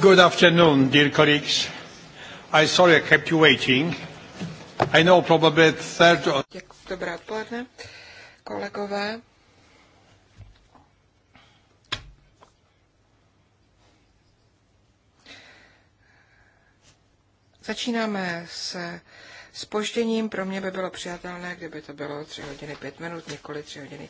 Good afternoon, dear colleagues. I sorry I kept you waiting. I know probably third or... Dobré odpoledne, kolegové. Začínáme s spožděním. Pro mě by bylo přijatelné, kdyby to bylo 3 hodiny 5 minut, nikoli 3 hodiny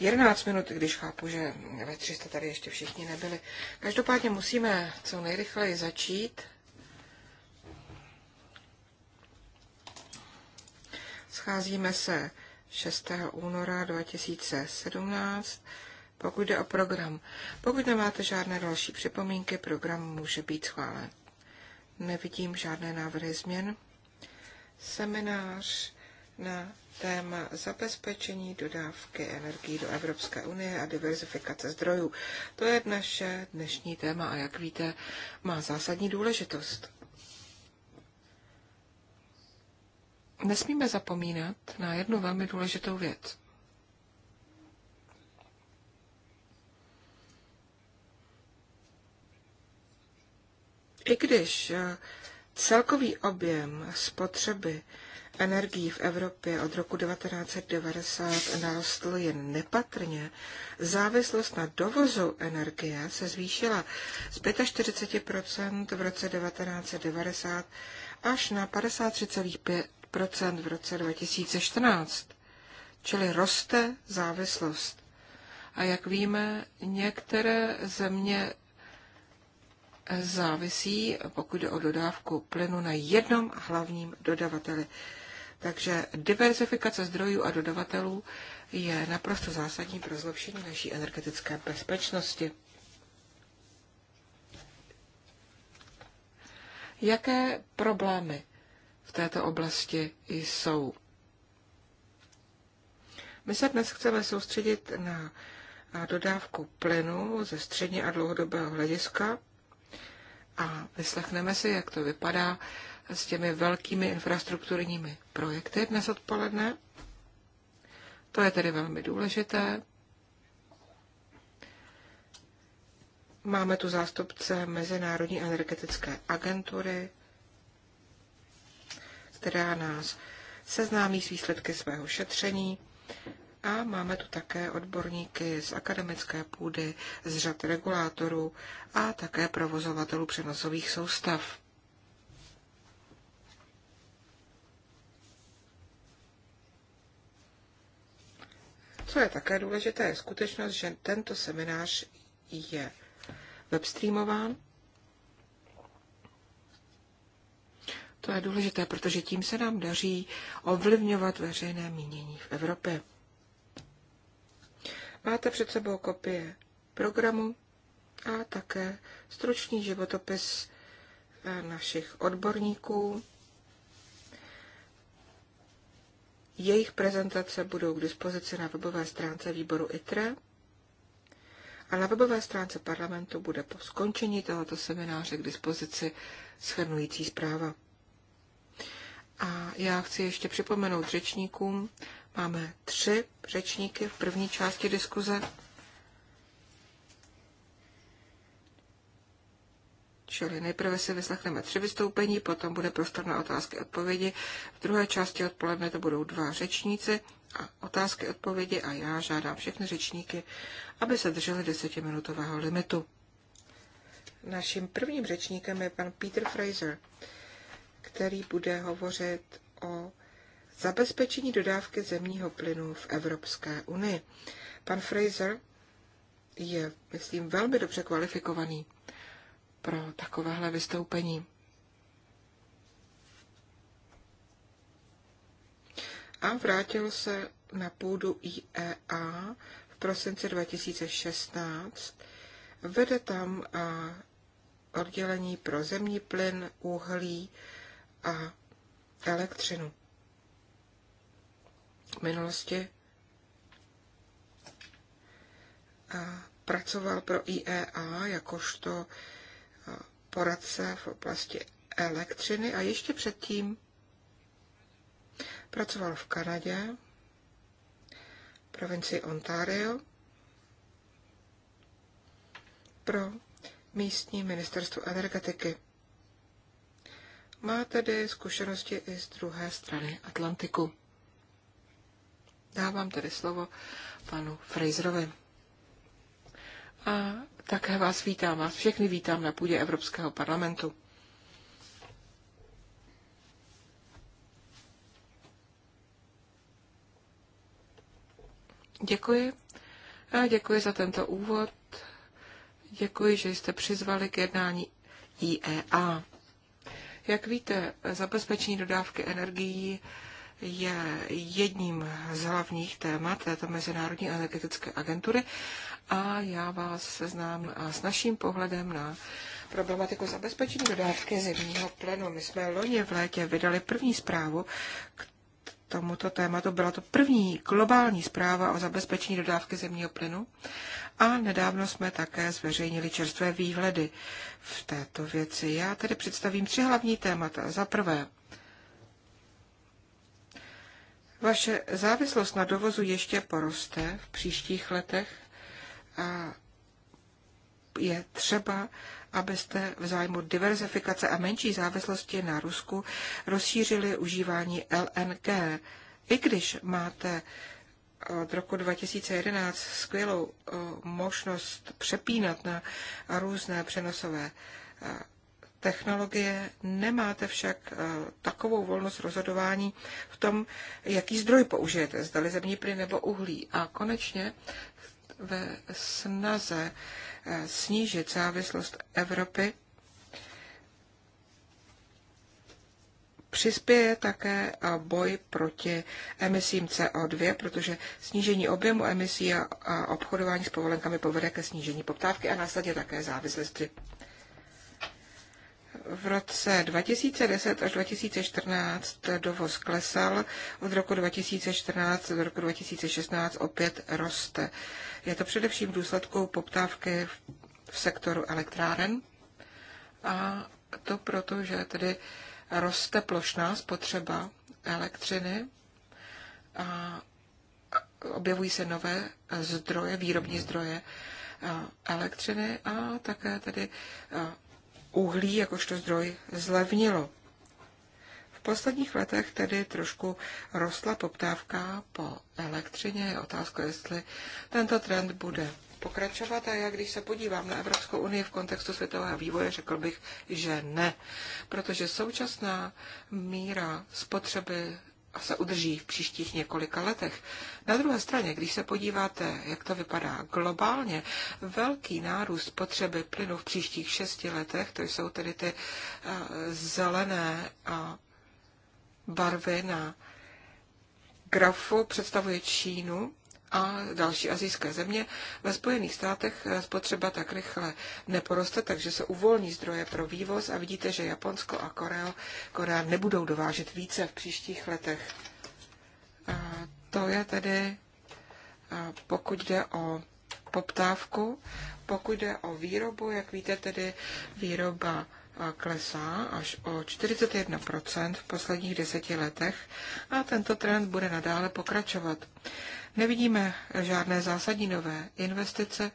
11 minut, když chápu, že ve 300 tady ještě všichni nebyli. Každopádně musíme co nejrychleji začít. Scházíme se 6. února 2017, pokud jde o program. Pokud nemáte žádné další připomínky, program může být schválen. Nevidím žádné návrhy změn. Seminář na téma zabezpečení dodávky energii do Evropské unie a diverzifikace zdrojů. To je naše dnešní téma a jak víte, má zásadní důležitost. Nesmíme zapomínat na jednu velmi důležitou věc. I když eh, celkový objem spotřeby energií v Evropě od roku 1990 narostl jen nepatrně, závislost na dovozu energie se zvýšila z 45% v roce 1990 až na 53,5% v roce 2014. Čili roste závislost. A jak víme, některé země závisí, pokud jde o dodávku plynu, na jednom hlavním dodavateli. Takže diversifikace zdrojů a dodavatelů je naprosto zásadní pro zlepšení naší energetické bezpečnosti. Jaké problémy v této oblasti jsou? My se dnes chceme soustředit na dodávku plynu ze středně a dlouhodobého hlediska a vyslechneme si, jak to vypadá s těmi velkými infrastrukturními projekty dnes odpoledne. To je tedy velmi důležité. Máme tu zástupce Mezinárodní energetické agentury, která nás seznámí s výsledky svého šetření. A máme tu také odborníky z akademické půdy, z řad regulátorů a také provozovatelů přenosových soustav. Co je také důležité, je skutečnost, že tento seminář je webstreamován. To je důležité, protože tím se nám daří ovlivňovat veřejné mínění v Evropě. Máte před sebou kopie programu a také stručný životopis eh, našich odborníků. Jejich prezentace budou k dispozici na webové stránce výboru ITRE a na webové stránce parlamentu bude po skončení tohoto semináře k dispozici shrnující zpráva. A já chci ještě připomenout řečníkům, máme tři řečníky v první části diskuze. Čili nejprve si vyslechneme tři vystoupení, potom bude prostor na otázky odpovědi. V druhé části odpoledne to budou dva řečníci a otázky odpovědi a já žádám všechny řečníky, aby se drželi desetiminutového limitu. Naším prvním řečníkem je pan Peter Fraser, který bude hovořit o zabezpečení dodávky zemního plynu v Evropské unii. Pan Fraser je, myslím, velmi dobře kvalifikovaný pro takovéhle vystoupení. A vrátil se na půdu IEA v prosinci 2016. Vede tam oddělení pro zemní plyn, uhlí a elektřinu. V minulosti pracoval pro IEA jakožto poradce v oblasti elektřiny a ještě předtím pracoval v Kanadě, provincii Ontario, pro místní ministerstvo energetiky. Má tedy zkušenosti i z druhé strany Atlantiku. Dávám tedy slovo panu Fraserovi. A také vás vítám, vás všechny vítám na půdě Evropského parlamentu. Děkuji. A děkuji za tento úvod. Děkuji, že jste přizvali k jednání IEA. Jak víte, zabezpečení dodávky energií je jedním z hlavních témat této Mezinárodní energetické agentury a já vás seznám s naším pohledem na problematiku zabezpečení dodávky zimního plynu. My jsme loni v létě vydali první zprávu k tomuto tématu. Byla to první globální zpráva o zabezpečení dodávky zemního plynu a nedávno jsme také zveřejnili čerstvé výhledy v této věci. Já tedy představím tři hlavní témata. Za prvé, vaše závislost na dovozu ještě poroste v příštích letech a je třeba, abyste v zájmu diverzifikace a menší závislosti na Rusku rozšířili užívání LNG. I když máte od roku 2011 skvělou možnost přepínat na různé přenosové technologie, nemáte však takovou volnost rozhodování v tom, jaký zdroj použijete, zdali zemní plyn nebo uhlí. A konečně ve snaze eh, snížit závislost Evropy přispěje také eh, boj proti emisím CO2, protože snížení objemu emisí a obchodování s povolenkami povede ke snížení poptávky a následně také závislosti v roce 2010 až 2014 dovoz klesal, od roku 2014 do roku 2016 opět roste. Je to především důsledkou poptávky v sektoru elektráren a to proto, že tedy roste plošná spotřeba elektřiny a objevují se nové zdroje, výrobní zdroje elektřiny a také tedy uhlí jakožto zdroj zlevnilo. V posledních letech tedy trošku rostla poptávka po elektřině. Je otázka, jestli tento trend bude pokračovat a já, když se podívám na Evropskou unii v kontextu světového vývoje, řekl bych, že ne. Protože současná míra spotřeby a se udrží v příštích několika letech. Na druhé straně, když se podíváte, jak to vypadá globálně, velký nárůst potřeby plynu v příštích šesti letech, to jsou tedy ty eh, zelené barvy na grafu, představuje Čínu, a další azijské země. Ve Spojených státech eh, spotřeba tak rychle neporoste, takže se uvolní zdroje pro vývoz a vidíte, že Japonsko a Korea, Korea nebudou dovážet více v příštích letech. A to je tedy, pokud jde o poptávku, pokud jde o výrobu, jak víte, tedy výroba klesá až o 41% v posledních deseti letech a tento trend bude nadále pokračovat. Nevidíme žádné zásadní nové investice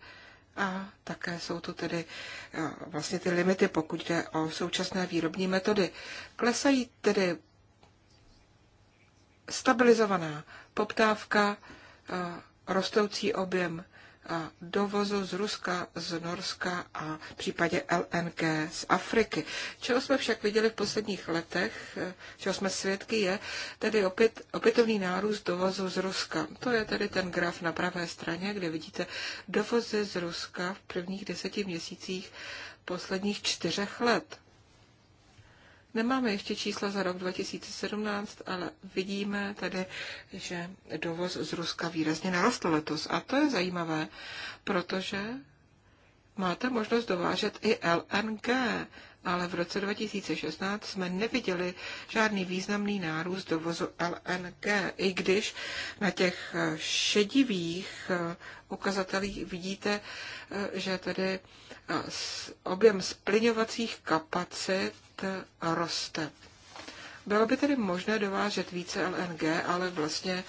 a také jsou tu tedy eh, vlastně ty limity, pokud jde o současné výrobní metody. Klesají tedy stabilizovaná poptávka, eh, rostoucí objem a dovozu z Ruska, z Norska a v případě LNG z Afriky. Čeho jsme však viděli v posledních letech, eh, čeho jsme svědky, je tedy opět, opětovný nárůst dovozu z Ruska. To je tedy ten graf na pravé straně, kde vidíte dovozy z Ruska v prvních deseti měsících posledních čtyřech let. Nemáme ještě čísla za rok 2017, ale vidíme tady, že dovoz z Ruska výrazně narostl letos. A to je zajímavé, protože máte možnost dovážet i LNG, ale v roce 2016 jsme neviděli žádný významný nárůst dovozu LNG, i když na těch šedivých eh, ukazatelích vidíte, eh, že tedy objem splyňovacích kapacit roste. Bylo by tedy možné dovážet více LNG, ale vlastně e,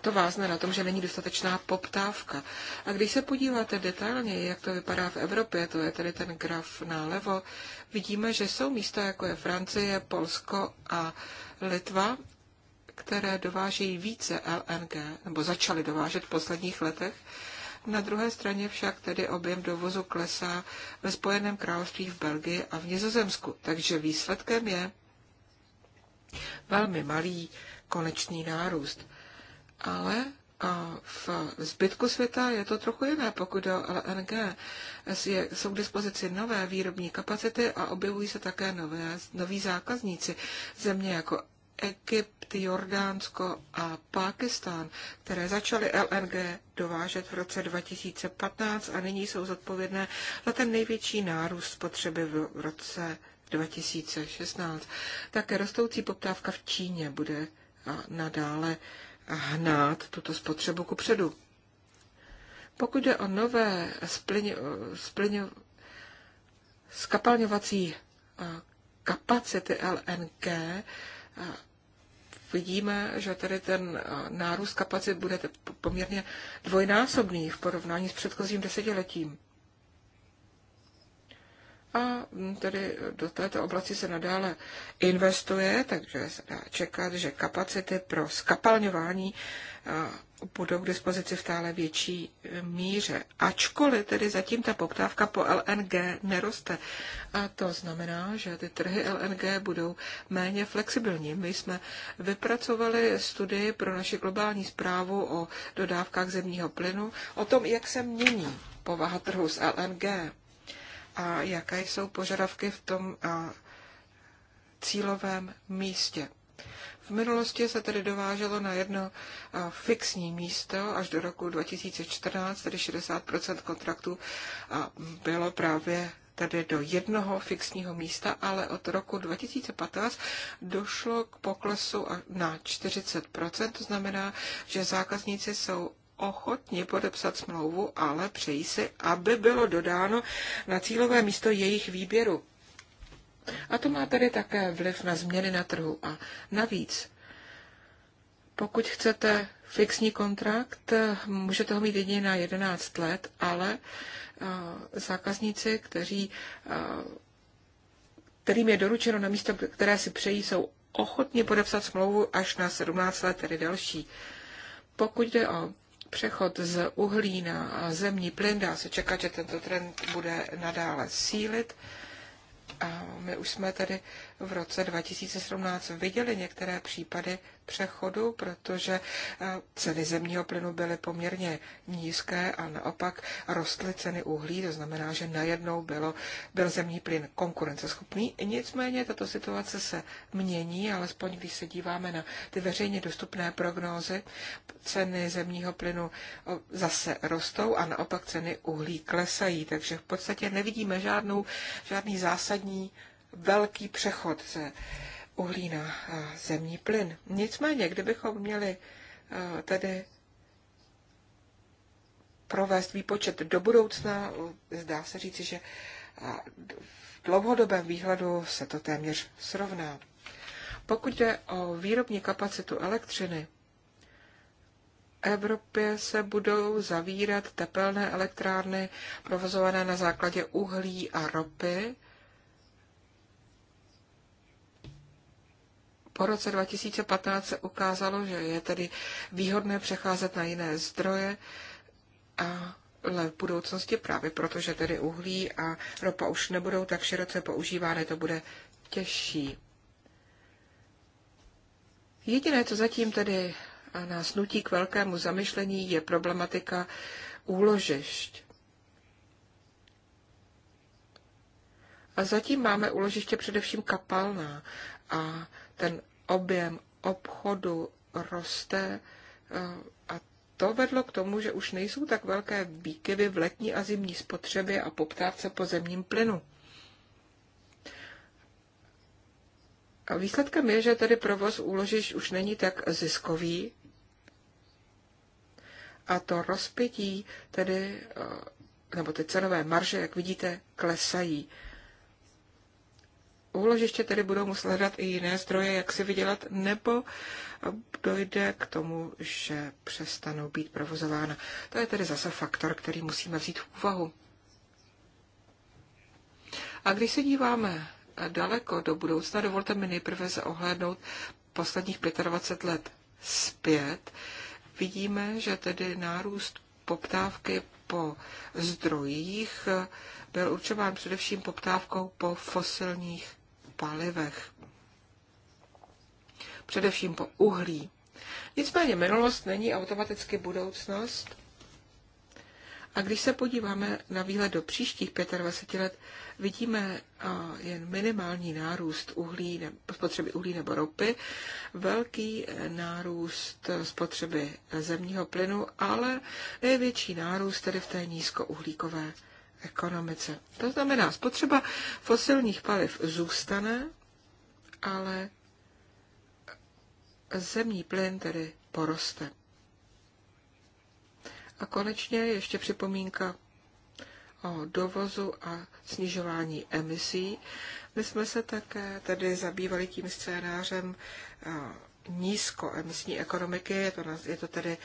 to vázne na tom, že není dostatečná poptávka. A když se podíváte detailně, jak to vypadá v Evropě, to je tedy ten graf nálevo, vidíme, že jsou místa, jako je Francie, Polsko a Litva, které dovážejí více LNG, nebo začaly dovážet v posledních letech, na druhé straně však tedy objem dovozu klesá ve Spojeném království v Belgii a v Nizozemsku. Takže výsledkem je velmi malý konečný nárůst. Ale a v zbytku světa je to trochu jiné, pokud o LNG jsou k dispozici nové výrobní kapacity a objevují se také nové, noví zákazníci. Země jako Egypt, Jordánsko a Pákistán, které začaly LNG dovážet v roce 2015 a nyní jsou zodpovědné za ten největší nárůst spotřeby v roce 2016. Také rostoucí poptávka v Číně bude nadále hnát tuto spotřebu ku předu. Pokud jde o nové skapalňovací kapacity LNG, vidíme, že tady ten eh, nárůst kapacit bude poměrně dvojnásobný v porovnání s předchozím desetiletím. A hm, tedy do této oblasti se nadále investuje, takže se dá čekat, že kapacity pro skapalňování eh, budou k dispozici v tále větší e, míře. Ačkoliv tedy zatím ta poptávka po LNG neroste. A to znamená, že ty trhy LNG budou méně flexibilní. My jsme vypracovali studii pro naši globální zprávu o dodávkách zemního plynu, o tom, jak se mění povaha trhu s LNG a jaké jsou požadavky v tom cílovém místě. V minulosti se tedy dováželo na jedno fixní místo až do roku 2014, tedy 60 kontraktů bylo právě tedy do jednoho fixního místa, ale od roku 2015 došlo k poklesu na 40%, to znamená, že zákazníci jsou ochotni podepsat smlouvu, ale přejí si, aby bylo dodáno na cílové místo jejich výběru. A to má tedy také vliv na změny na trhu. A navíc, pokud chcete fixní kontrakt, můžete ho mít jedině na 11 let, ale eh, zákazníci, kteří, eh, kterým je doručeno na místo, které si přejí, jsou ochotni podepsat smlouvu až na 17 let, tedy další. Pokud jde o přechod z uhlí na zemní plyn, dá se čekat, že tento trend bude nadále sílit. A my už jsme tedy v roce 2017 viděli některé případy přechodu, protože eh, ceny zemního plynu byly poměrně nízké a naopak rostly ceny uhlí, to znamená, že najednou bylo, byl zemní plyn konkurenceschopný. Nicméně tato situace se mění, alespoň když se díváme na ty veřejně dostupné prognózy, ceny zemního plynu zase rostou a naopak ceny uhlí klesají, takže v podstatě nevidíme žádnou, žádný zásadní velký přechod ze uhlí na zemní plyn. Nicméně, kdybychom měli tedy provést výpočet do budoucna, zdá se říci, že v dlouhodobém výhledu se to téměř srovná. Pokud jde o výrobní kapacitu elektřiny, Evropě se budou zavírat tepelné elektrárny provozované na základě uhlí a ropy, Po roce 2015 se ukázalo, že je tedy výhodné přecházet na jiné zdroje a v budoucnosti právě proto, že tedy uhlí a ropa už nebudou tak široce používány, to bude těžší. Jediné, co zatím tedy nás nutí k velkému zamyšlení, je problematika úložišť. A zatím máme úložiště především kapalná a ten objem obchodu roste eh, a to vedlo k tomu, že už nejsou tak velké výkyvy v letní a zimní spotřebě a poptávce po zemním plynu. A výsledkem je, že tedy provoz úložiš už není tak ziskový a to rozpětí tedy, eh, nebo ty cenové marže, jak vidíte, klesají úložiště tedy budou muset hledat i jiné zdroje, jak si vydělat, nebo dojde k tomu, že přestanou být provozována. To je tedy zase faktor, který musíme vzít v úvahu. A když se díváme daleko do budoucna, dovolte mi nejprve se ohlédnout posledních 25 let zpět. Vidíme, že tedy nárůst poptávky po zdrojích byl určován především poptávkou po fosilních palivech. Především po uhlí. Nicméně minulost není automaticky budoucnost. A když se podíváme na výhled do příštích 25 let, vidíme jen minimální nárůst uhlí, spotřeby uhlí nebo ropy, velký e, nárůst e, spotřeby zemního plynu, ale největší nárůst tedy v té nízkouhlíkové ekonomice. To znamená, spotřeba fosilních paliv zůstane, ale zemní plyn tedy poroste. A konečně ještě připomínka o dovozu a snižování emisí. My jsme se také tedy zabývali tím scénářem eh, nízkoemisní ekonomiky, je to, je to tedy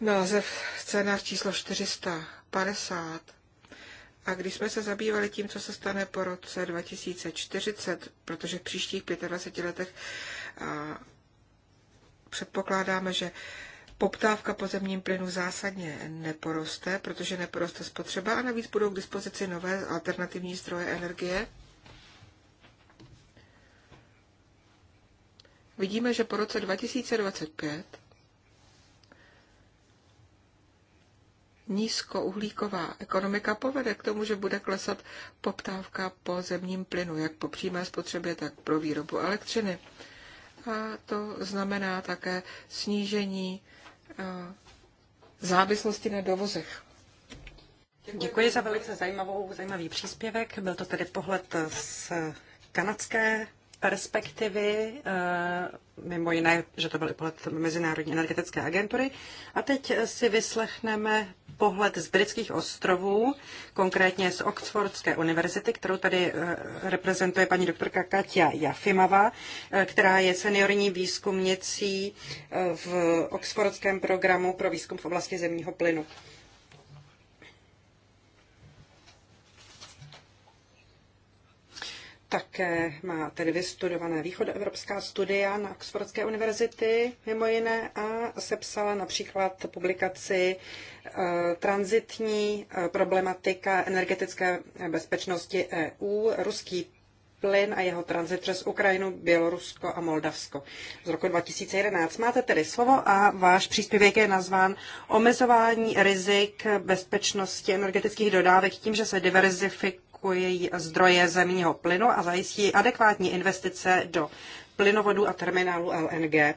název scénář číslo 450. A když jsme se zabývali tím, co se stane po roce 2040, protože v příštích 25 letech předpokládáme, že poptávka po zemním plynu zásadně neporoste, protože neporoste spotřeba a navíc budou k dispozici nové alternativní zdroje energie. Vidíme, že po roce 2025 nízkouhlíková ekonomika povede k tomu, že bude klesat poptávka po zemním plynu, jak po přímé spotřebě, tak pro výrobu elektřiny. A to znamená také snížení eh, závislosti na dovozech. Děkuji za velice zajímavou, zajímavý příspěvek. Byl to tedy pohled z kanadské perspektivy eh, mimo jiné, že to byl i pohled Mezinárodní energetické agentury. A teď si vyslechneme pohled z britských ostrovů, konkrétně z Oxfordské univerzity, kterou tady eh, reprezentuje paní doktorka Katia Jafimava, eh, která je seniorní výzkumnicí eh, v Oxfordském programu pro výzkum v oblasti zemního plynu. také má tedy vystudované východoevropská studia na Oxfordské univerzity, mimo jiné, a sepsala například publikaci eh, Transitní eh, problematika energetické bezpečnosti EU, ruský plyn a jeho tranzit přes Ukrajinu, Bělorusko a Moldavsko z roku 2011. Máte tedy slovo a váš příspěvek je nazván Omezování rizik bezpečnosti energetických dodávek tím, že se diverzifikuje zablokují zdroje zemního plynu a zajistí adekvátní investice do plynovodů a terminálu LNG.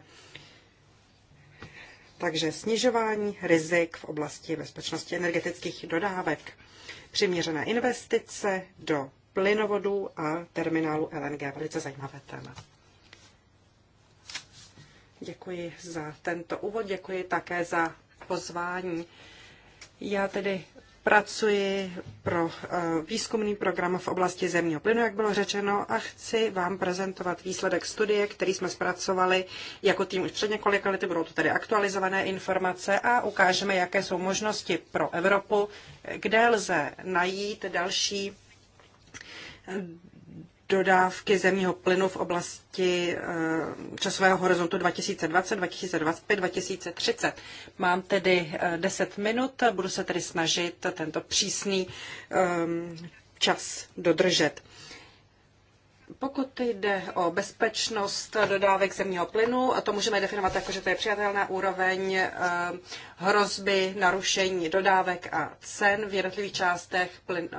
Takže snižování rizik v oblasti bezpečnosti energetických dodávek, přiměřené investice do plynovodů a terminálu LNG. Velice zajímavé téma. Děkuji za tento úvod, děkuji také za pozvání. Já tedy pracuji pro eh, výzkumný program v oblasti zemního plynu, jak bylo řečeno, a chci vám prezentovat výsledek studie, který jsme zpracovali jako tým už před několika lety. Budou to tedy aktualizované informace a ukážeme, jaké jsou možnosti pro Evropu, kde lze najít další dodávky zemního plynu v oblasti eh, časového horizontu 2020, 2025, 2030. Mám tedy 10 eh, minut, budu se tedy snažit tento přísný ehm, čas dodržet. Pokud jde o bezpečnost dodávek zemního plynu, to můžeme definovat jako, že to je přijatelná úroveň eh, hrozby narušení dodávek a cen v jednotlivých částech plyn, eh,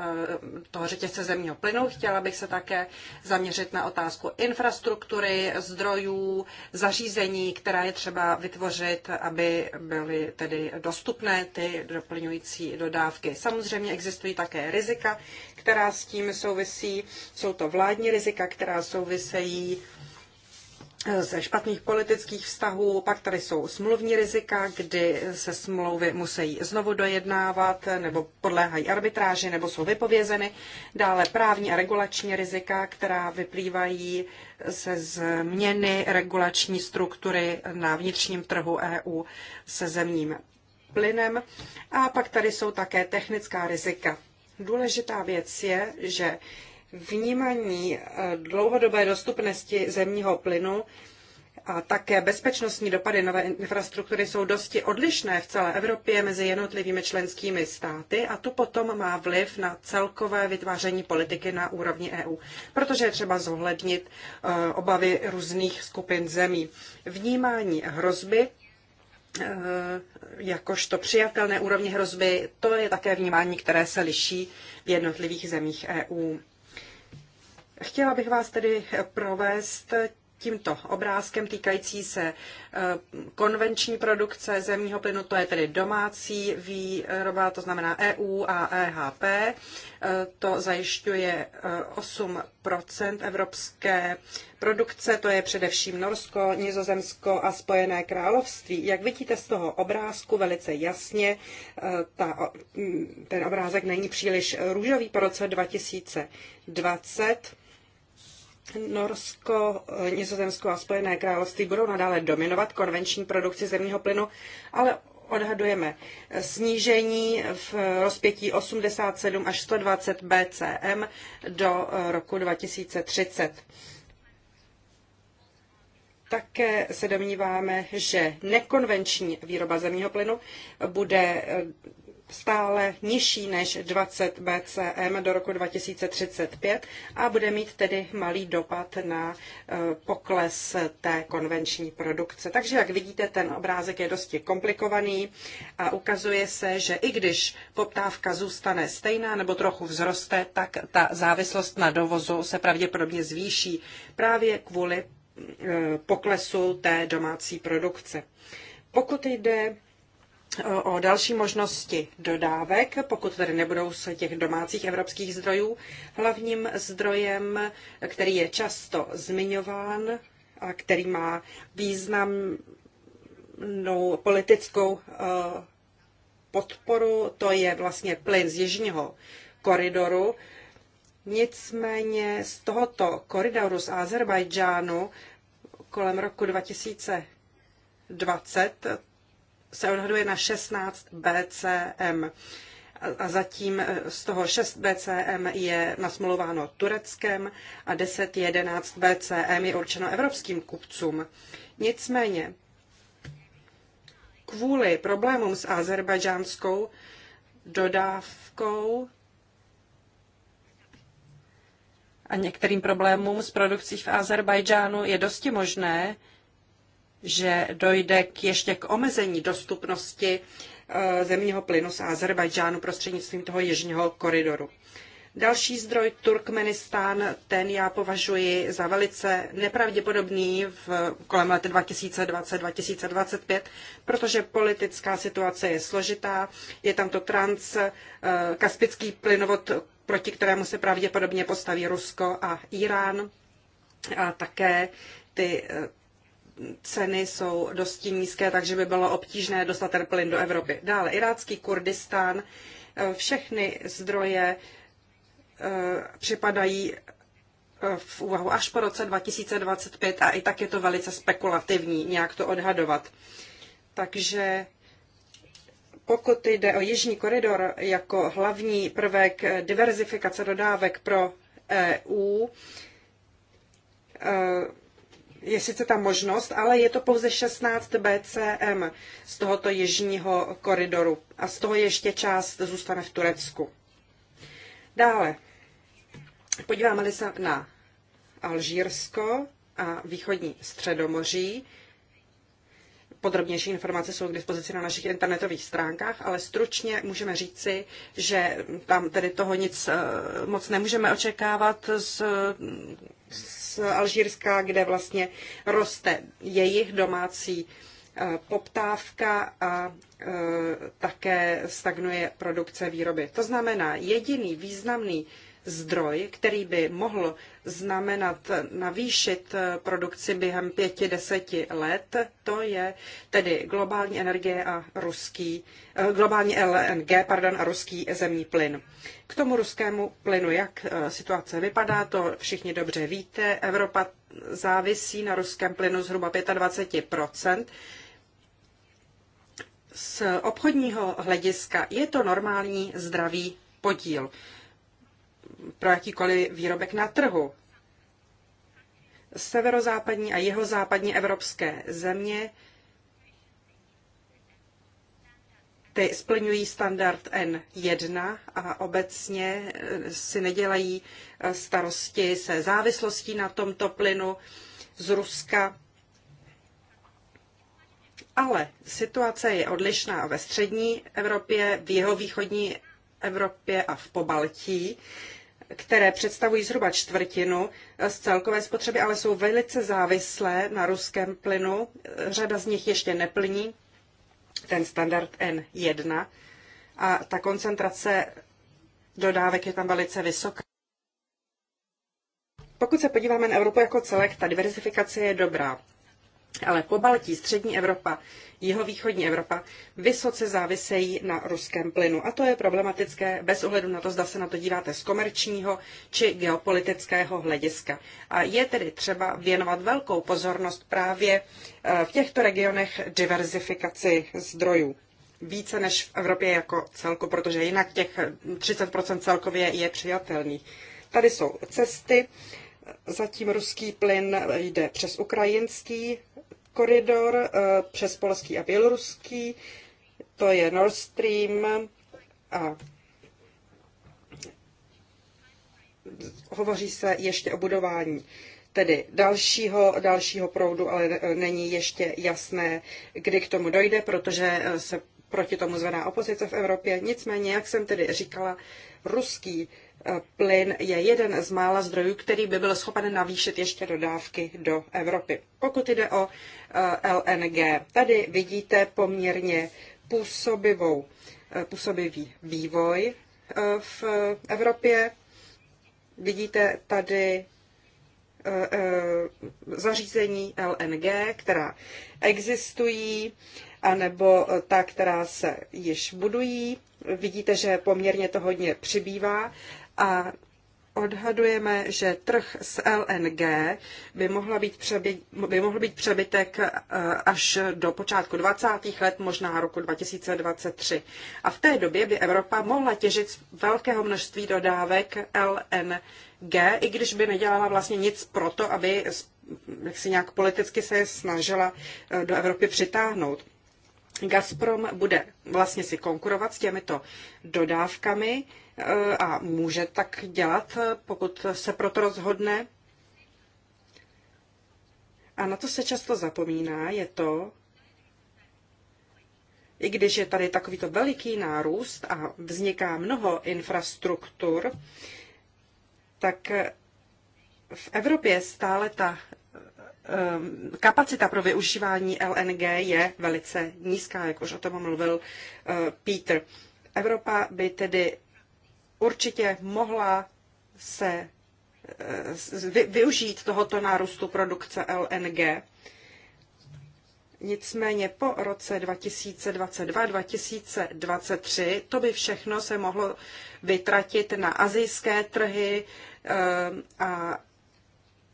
toho řetězce zemního plynu. Chtěla bych se také zaměřit na otázku infrastruktury, zdrojů, zařízení, která je třeba vytvořit, aby byly tedy dostupné ty doplňující dodávky. Samozřejmě existují také rizika, která s tím souvisí. Jsou to vládní rizika, rizika, která souvisejí eh, ze špatných politických vztahů. Pak tady jsou smluvní rizika, kdy se smlouvy musí znovu dojednávat eh, nebo podléhají arbitráži nebo jsou vypovězeny. Dále právní a regulační rizika, která vyplývají se změny regulační struktury na vnitřním trhu EU se zemním plynem. A pak tady jsou také technická rizika. Důležitá věc je, že vnímání eh, dlouhodobé dostupnosti zemního plynu a také bezpečnostní dopady nové infrastruktury jsou dosti odlišné v celé Evropě mezi jednotlivými členskými státy a to potom má vliv na celkové vytváření politiky na úrovni EU, protože je třeba zohlednit eh, obavy různých skupin zemí. Vnímání hrozby eh, jakožto přijatelné úrovně hrozby, to je také vnímání, které se liší v jednotlivých zemích EU. Chtěla bych vás tedy provést tímto obrázkem týkající se eh, konvenční produkce zemního plynu, to je tedy domácí výroba, to znamená EU a e EHP. To zajišťuje 8 eh, evropské produkce, to je především Norsko, Nizozemsko a Spojené království. Jak vidíte z toho obrázku velice jasně, eh, ta, mm, ten obrázek není příliš růžový po roce 2020 Norsko, Nizozemsko a Spojené království budou nadále dominovat konvenční produkci zemního plynu, ale odhadujeme snížení v rozpětí 87 až 120 BCM do roku 2030. Také se domníváme, že nekonvenční výroba zemního plynu bude stále nižší než 20 BCM do roku 2035 a bude mít tedy malý dopad na e, pokles té konvenční produkce. Takže, jak vidíte, ten obrázek je dosti komplikovaný a ukazuje se, že i když poptávka zůstane stejná nebo trochu vzroste, tak ta závislost na dovozu se pravděpodobně zvýší právě kvůli e, poklesu té domácí produkce. Pokud jde o další možnosti dodávek, pokud tedy nebudou z těch domácích evropských zdrojů. Hlavním zdrojem, který je často zmiňován a který má významnou politickou eh, podporu, to je vlastně plyn z jižního koridoru. Nicméně z tohoto koridoru z Azerbajdžánu kolem roku 2020 se odhaduje na 16 BCM. A zatím eh, z toho 6 BCM je nasmluváno Tureckem a 10-11 BCM je určeno evropským kupcům. Nicméně kvůli problémům s azerbajdžánskou dodávkou a některým problémům s produkcí v Azerbajdžánu je dosti možné, že dojde k ještě k omezení dostupnosti eh, zemního plynu z Azerbajdžánu prostřednictvím toho jižního koridoru. Další zdroj Turkmenistán, ten já považuji za velice nepravděpodobný v kolem let 2020-2025, protože politická situace je složitá. Je tam to transkaspický eh, plynovod, proti kterému se pravděpodobně postaví Rusko a Irán. A také ty eh, ceny jsou dosti nízké, takže by bylo obtížné dostat ten plyn do Evropy. Dále irácký Kurdistán, eh, všechny zdroje eh, připadají eh, v úvahu až po roce 2025 a i tak je to velice spekulativní nějak to odhadovat. Takže pokud jde o Jižní koridor jako hlavní prvek diverzifikace dodávek pro EU, je sice ta možnost, ale je to pouze 16 BCM z tohoto jižního koridoru a z toho ještě část zůstane v Turecku. Dále, podíváme-li se na Alžírsko a východní středomoří, podrobnější informace jsou k dispozici na našich internetových stránkách, ale stručně můžeme říci, že tam tedy toho nic eh, moc nemůžeme očekávat z, z Alžírska, kde vlastně roste jejich domácí e, poptávka a e, také stagnuje produkce výroby. To znamená, jediný významný zdroj, který by mohl znamenat navýšit produkci během pěti, deseti let, to je tedy globální energie a ruský, eh, globální LNG pardon, a ruský zemní plyn. K tomu ruskému plynu, jak eh, situace vypadá, to všichni dobře víte. Evropa závisí na ruském plynu zhruba 25 z obchodního hlediska je to normální zdravý podíl pro jakýkoliv výrobek na trhu. Severozápadní a jihozápadní evropské země ty splňují standard N1 a obecně eh, si nedělají eh, starosti se závislostí na tomto plynu z Ruska. Ale situace je odlišná ve střední Evropě, v jeho východní Evropě a v Pobaltí, které představují zhruba čtvrtinu eh, z celkové spotřeby, ale jsou velice závislé na ruském plynu. Eh, řada z nich ještě neplní ten standard N1 a ta koncentrace dodávek je tam velice vysoká. Pokud se podíváme na Evropu jako celek, ta diversifikace je dobrá. Ale po Baltí, střední Evropa, jihovýchodní Evropa vysoce závisejí na ruském plynu. A to je problematické bez ohledu na to, zda se na to díváte z komerčního či geopolitického hlediska. A je tedy třeba věnovat velkou pozornost právě eh, v těchto regionech diverzifikaci zdrojů více než v Evropě jako celku, protože jinak těch 30% hm, celkově je přijatelných. Tady jsou cesty, zatím ruský plyn jde přes ukrajinský koridor eh, přes polský a běloruský, to je Nord Stream a hovoří se ještě o budování tedy dalšího, dalšího proudu, ale eh, není ještě jasné, kdy k tomu dojde, protože eh, se proti tomu zvedá opozice v Evropě. Nicméně, jak jsem tedy říkala, ruský plyn je jeden z mála zdrojů, který by byl schopen navýšit ještě dodávky do Evropy. Pokud jde o eh, LNG, tady vidíte poměrně působivou, eh, působivý vývoj eh, v Evropě. Vidíte tady zařízení LNG, která existují, anebo ta, která se již budují. Vidíte, že poměrně to hodně přibývá a odhadujeme, že trh s LNG by, mohla být přebyt by mohl být přebytek eh, až do počátku 20. let, možná roku 2023. A v té době by Evropa mohla těžit z velkého množství dodávek LNG, i když by nedělala vlastně nic pro to, aby jak si nějak politicky se snažila eh, do Evropy přitáhnout. Gazprom bude vlastně si konkurovat s těmito dodávkami, a může tak dělat, pokud se proto rozhodne. A na to se často zapomíná, je to, i když je tady takovýto veliký nárůst a vzniká mnoho infrastruktur, tak v Evropě stále ta ehm, kapacita pro využívání LNG je velice nízká, jak už o tom mluvil eh, Peter. Evropa by tedy určitě mohla se eh, využít tohoto nárůstu produkce LNG. Nicméně po roce 2022-2023 to by všechno se mohlo vytratit na azijské trhy eh, a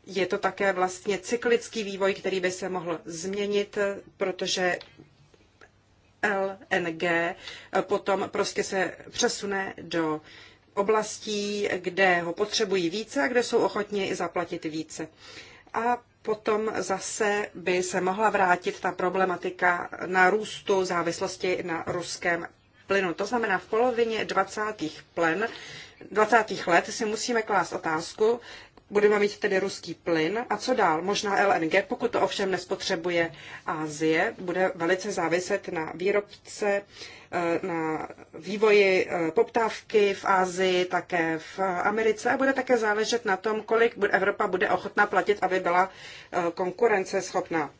je to také vlastně cyklický vývoj, který by se mohl změnit, protože LNG potom prostě se přesune do oblastí, kde ho potřebují více a kde jsou ochotni i zaplatit více. A potom zase by se mohla vrátit ta problematika na růstu závislosti na ruském plynu. To znamená, v polovině 20. plen 20. let si musíme klást otázku, budeme mít tedy ruský plyn a co dál? Možná LNG, pokud to ovšem nespotřebuje Ázie, bude velice záviset na výrobce, eh, na vývoji eh, poptávky v Ázii, také v Americe a bude také záležet na tom, kolik Evropa bude ochotná platit, aby byla eh, konkurenceschopná.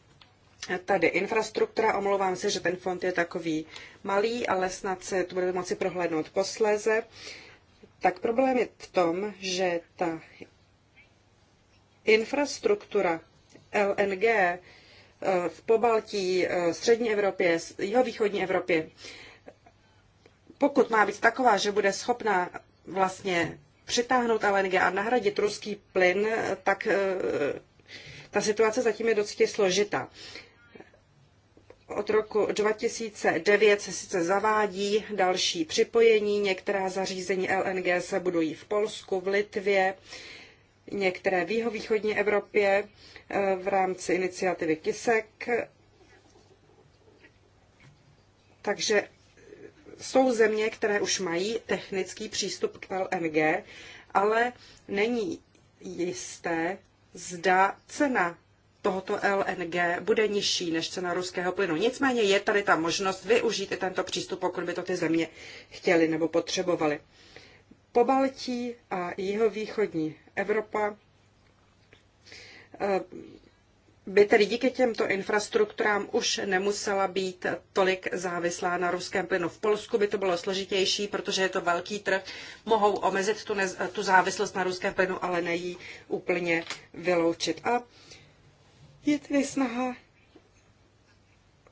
Tady infrastruktura, omlouvám se, že ten fond je takový malý, ale snad se to budete moci prohlédnout posléze. Tak problém je v tom, že ta Infrastruktura LNG eh, v Pobaltí, eh, střední Evropě, jihovýchodní Evropě, pokud má být taková, že bude schopná vlastně přitáhnout LNG a nahradit ruský plyn, eh, tak ta situace zatím je docela složitá. Od roku 2009 se sice zavádí další připojení, některá zařízení LNG se budují v Polsku, v Litvě, některé v jihovýchodní Evropě eh, v rámci iniciativy Kisek. Takže jsou země, které už mají technický přístup k LNG, ale není jisté, zda cena tohoto LNG bude nižší než cena ruského plynu. Nicméně je tady ta možnost využít i tento přístup, pokud by to ty země chtěly nebo potřebovaly. Po Baltí a jihovýchodní Evropa eh, by tedy díky těmto infrastrukturám už nemusela být tolik závislá na ruském plynu. V Polsku by to bylo složitější, protože je to velký trh. Mohou omezit tu, nez, tu závislost na ruském plynu, ale nejí úplně vyloučit. A je tedy snaha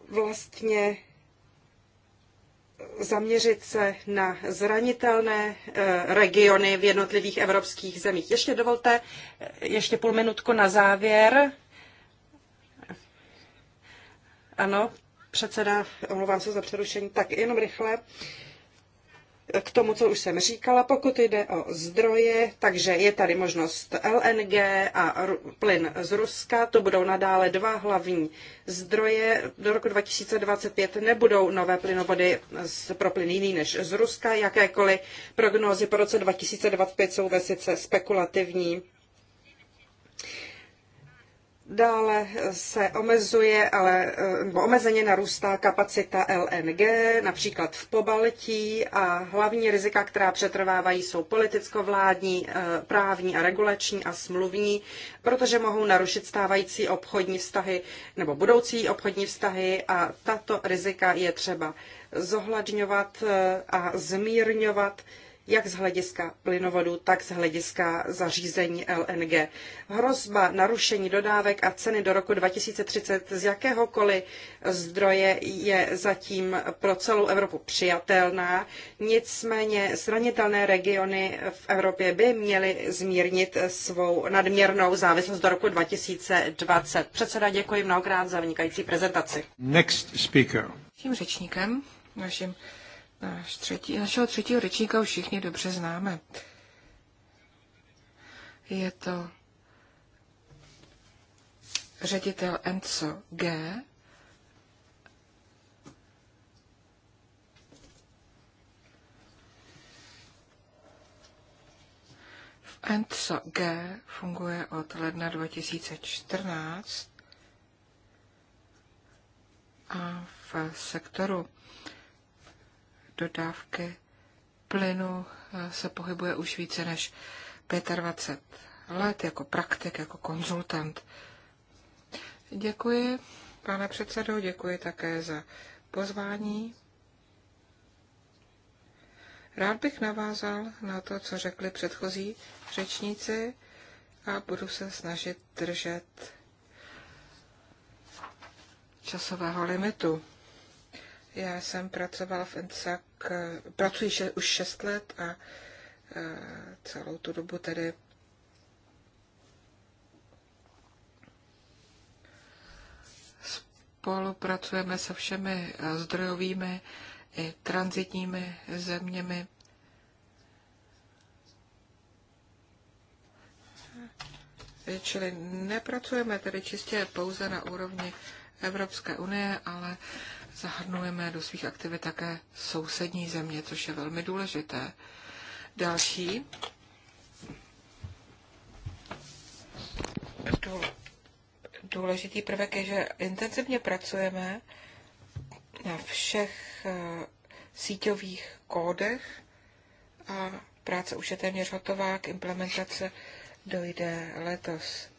vlastně zaměřit se na zranitelné eh, regiony v jednotlivých evropských zemích. Ještě dovolte, eh, ještě půl minutku na závěr. Ano, předseda, omlouvám se za přerušení, tak jenom rychle k tomu, co už jsem říkala, pokud jde o zdroje, takže je tady možnost LNG a plyn z Ruska, to budou nadále dva hlavní zdroje. Do roku 2025 nebudou nové plynovody pro plyn jiný než z Ruska. Jakékoliv prognózy po roce 2025 jsou vesice spekulativní. Dále se omezuje, ale nebo omezeně narůstá kapacita LNG, například v Pobaltí a hlavní rizika, která přetrvávají, jsou politicko-vládní, eh, právní a regulační a smluvní, protože mohou narušit stávající obchodní vztahy nebo budoucí obchodní vztahy a tato rizika je třeba zohledňovat eh, a zmírňovat jak z hlediska plynovodu, tak z hlediska zařízení LNG. Hrozba narušení dodávek a ceny do roku 2030 z jakéhokoliv zdroje je zatím pro celou Evropu přijatelná, nicméně zranitelné regiony v Evropě by měly zmírnit svou nadměrnou závislost do roku 2020. Předseda, děkuji mnohokrát za vynikající prezentaci. Next speaker. Tím řečníkem, naším Náš třetí, našeho třetího řečníka už všichni dobře známe. Je to ředitel Enzo G. V Enzo G funguje od ledna 2014 a v sektoru dodávky plynu eh, se pohybuje už více než 25 let jako praktik, jako konzultant. Děkuji, pane předsedo, děkuji také za pozvání. Rád bych navázal na to, co řekli předchozí řečníci a budu se snažit držet časového limitu. Já jsem pracoval v INSAC, pracuji še, už 6 let a, a e, celou tu dobu tedy spolupracujeme se všemi e, zdrojovými i transitními zeměmi. E, čili nepracujeme tedy čistě pouze na úrovni Evropské unie, ale uh, zahrnujeme do svých aktivit také sousední země, což je velmi důležité. Další. Důležitý prvek je, že intenzivně pracujeme na všech eh, síťových kódech a práce už je téměř hotová, k implementace dojde letos.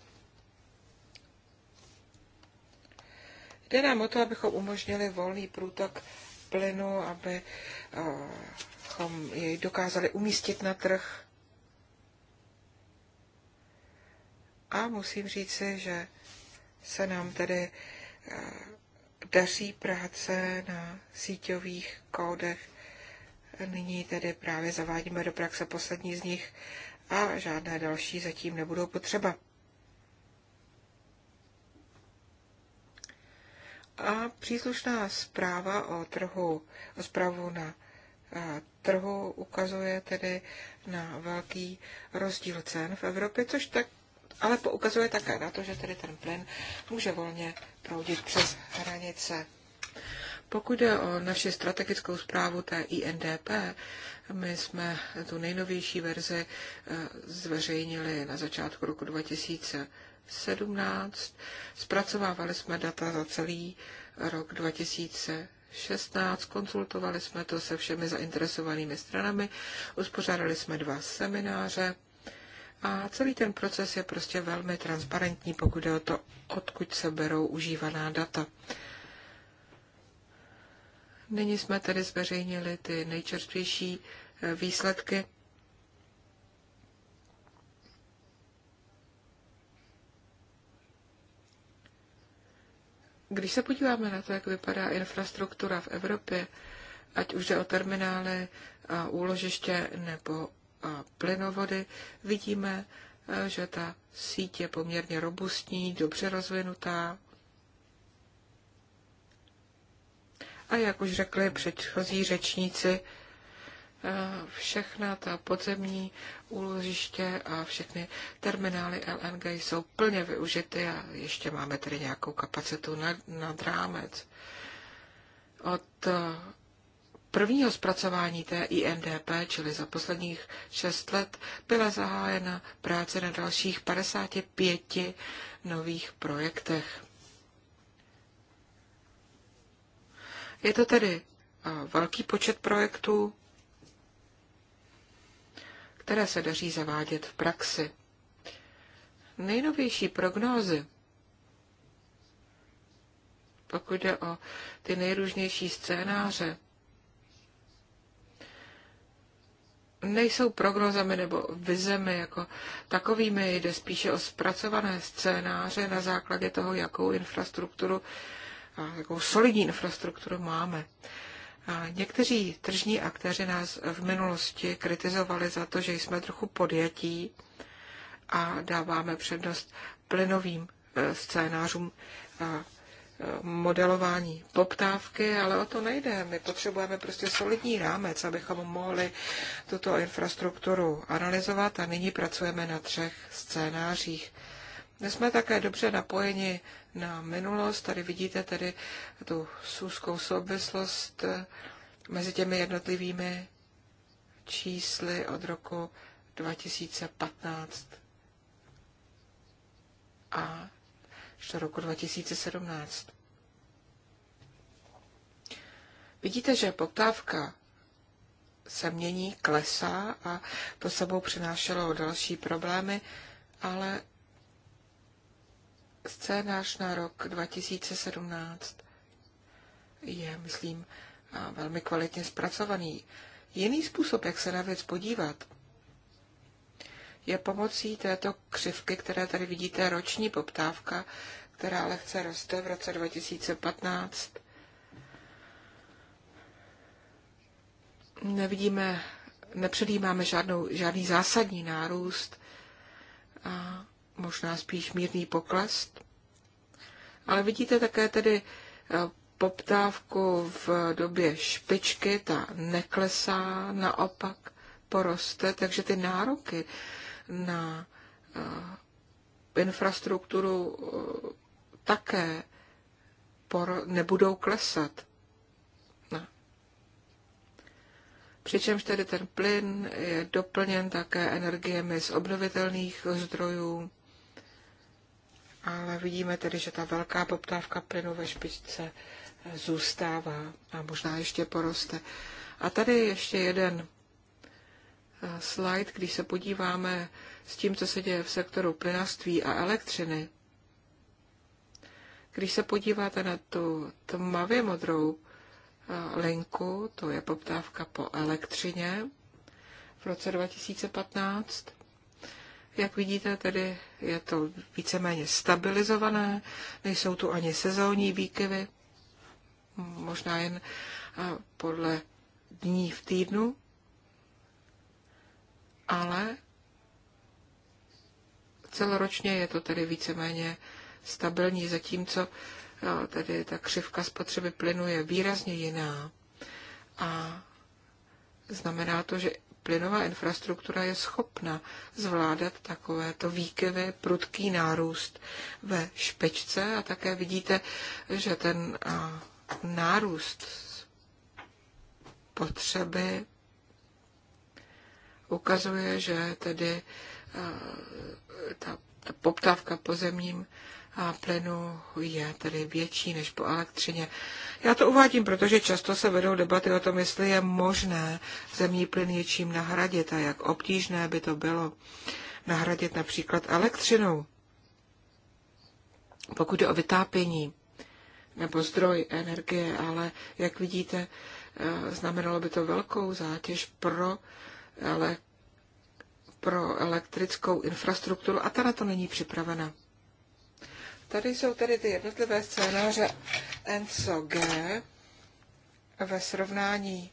Jde nám o to, abychom umožnili volný průtok plynu, eh, abychom jej dokázali umístit na trh. A musím říci, že se nám tedy eh, daří práce na síťových kódech. Nyní tedy právě zavádíme do praxe poslední z nich a žádné další zatím nebudou potřeba. a příslušná zpráva o trhu, o zprávu na trhu ukazuje tedy na velký rozdíl cen v Evropě, což tak ale poukazuje také na to, že tedy ten plyn může volně proudit přes hranice. Pokud jde o naši strategickou zprávu té INDP, my jsme tu nejnovější verzi e, zveřejnili na začátku roku 2000 2017. Zpracovávali jsme data za celý rok 2016, konzultovali jsme to se všemi zainteresovanými stranami, uspořádali jsme dva semináře a celý ten proces je prostě velmi transparentní, pokud je o to, odkud se berou užívaná data. Nyní jsme tedy zveřejnili ty nejčerstvější eh, výsledky Když se podíváme na to, jak vypadá infrastruktura v Evropě, ať už jde o terminály, a úložiště nebo a plynovody, vidíme, e, že ta síť je poměrně robustní, dobře rozvinutá. A jak už řekli předchozí řečníci, Eh, všechna ta podzemní úložiště a všechny terminály LNG jsou plně využity a ještě máme tedy nějakou kapacitu nad, nad rámec. Od eh, prvního zpracování té INDP, čili za posledních šest let, byla zahájena práce na dalších 55 nových projektech. Je to tedy eh, velký počet projektů, které se daří zavádět v praxi. Nejnovější prognózy, pokud jde o ty nejrůznější scénáře, nejsou prognozami nebo vizemi jako takovými, jde spíše o zpracované scénáře na základě toho, jakou infrastrukturu, jakou solidní infrastrukturu máme. Někteří tržní aktéři nás v minulosti kritizovali za to, že jsme trochu podjetí a dáváme přednost plynovým e, scénářům e, modelování poptávky, ale o to nejde. My potřebujeme prostě solidní rámec, abychom mohli tuto infrastrukturu analyzovat a nyní pracujeme na třech scénářích. My jsme také dobře napojeni na minulost. Tady vidíte tedy tu sůzkou souvislost eh, mezi těmi jednotlivými čísly od roku 2015 a až do roku 2017. Vidíte, že poptávka se mění, klesá a to sebou přinášelo další problémy, ale scénář na rok 2017 je, myslím, velmi kvalitně zpracovaný. Jiný způsob, jak se na věc podívat, je pomocí této křivky, které tady vidíte, roční poptávka, která lehce roste v roce 2015. Nevidíme, nepředjímáme žádnou, žádný zásadní nárůst. A možná spíš mírný pokles. Ale vidíte také tedy eh, poptávku v době špičky, ta neklesá, naopak poroste, takže ty nároky na eh, infrastrukturu eh, také nebudou klesat. No. Přičemž tedy ten plyn je doplněn také energiemi z obnovitelných zdrojů ale vidíme tedy, že ta velká poptávka plynu ve špičce eh, zůstává a možná ještě poroste. A tady ještě jeden eh, slide, když se podíváme s tím, co se děje v sektoru plynaství a elektřiny. Když se podíváte na tu tmavě modrou eh, linku, to je poptávka po elektřině v roce 2015, jak vidíte, tedy je to víceméně stabilizované, nejsou tu ani sezónní výkyvy, možná jen podle dní v týdnu, ale celoročně je to tedy víceméně stabilní, zatímco tedy ta křivka spotřeby plynu je výrazně jiná. A znamená to, že plynová infrastruktura je schopna zvládat takovéto výkyvy, prudký nárůst ve špečce a také vidíte, že ten nárůst potřeby ukazuje, že tedy ta, ta poptávka po zemním a plynu je tedy větší než po elektřině. Já to uvádím, protože často se vedou debaty o tom, jestli je možné zemní plyn něčím nahradit a jak obtížné by to bylo nahradit například elektřinou. Pokud je o vytápění nebo zdroj energie, ale jak vidíte, eh, znamenalo by to velkou zátěž pro, ale, pro elektrickou infrastrukturu a ta na to není připravena. Tady jsou tedy ty jednotlivé scénáře ENSO G ve srovnání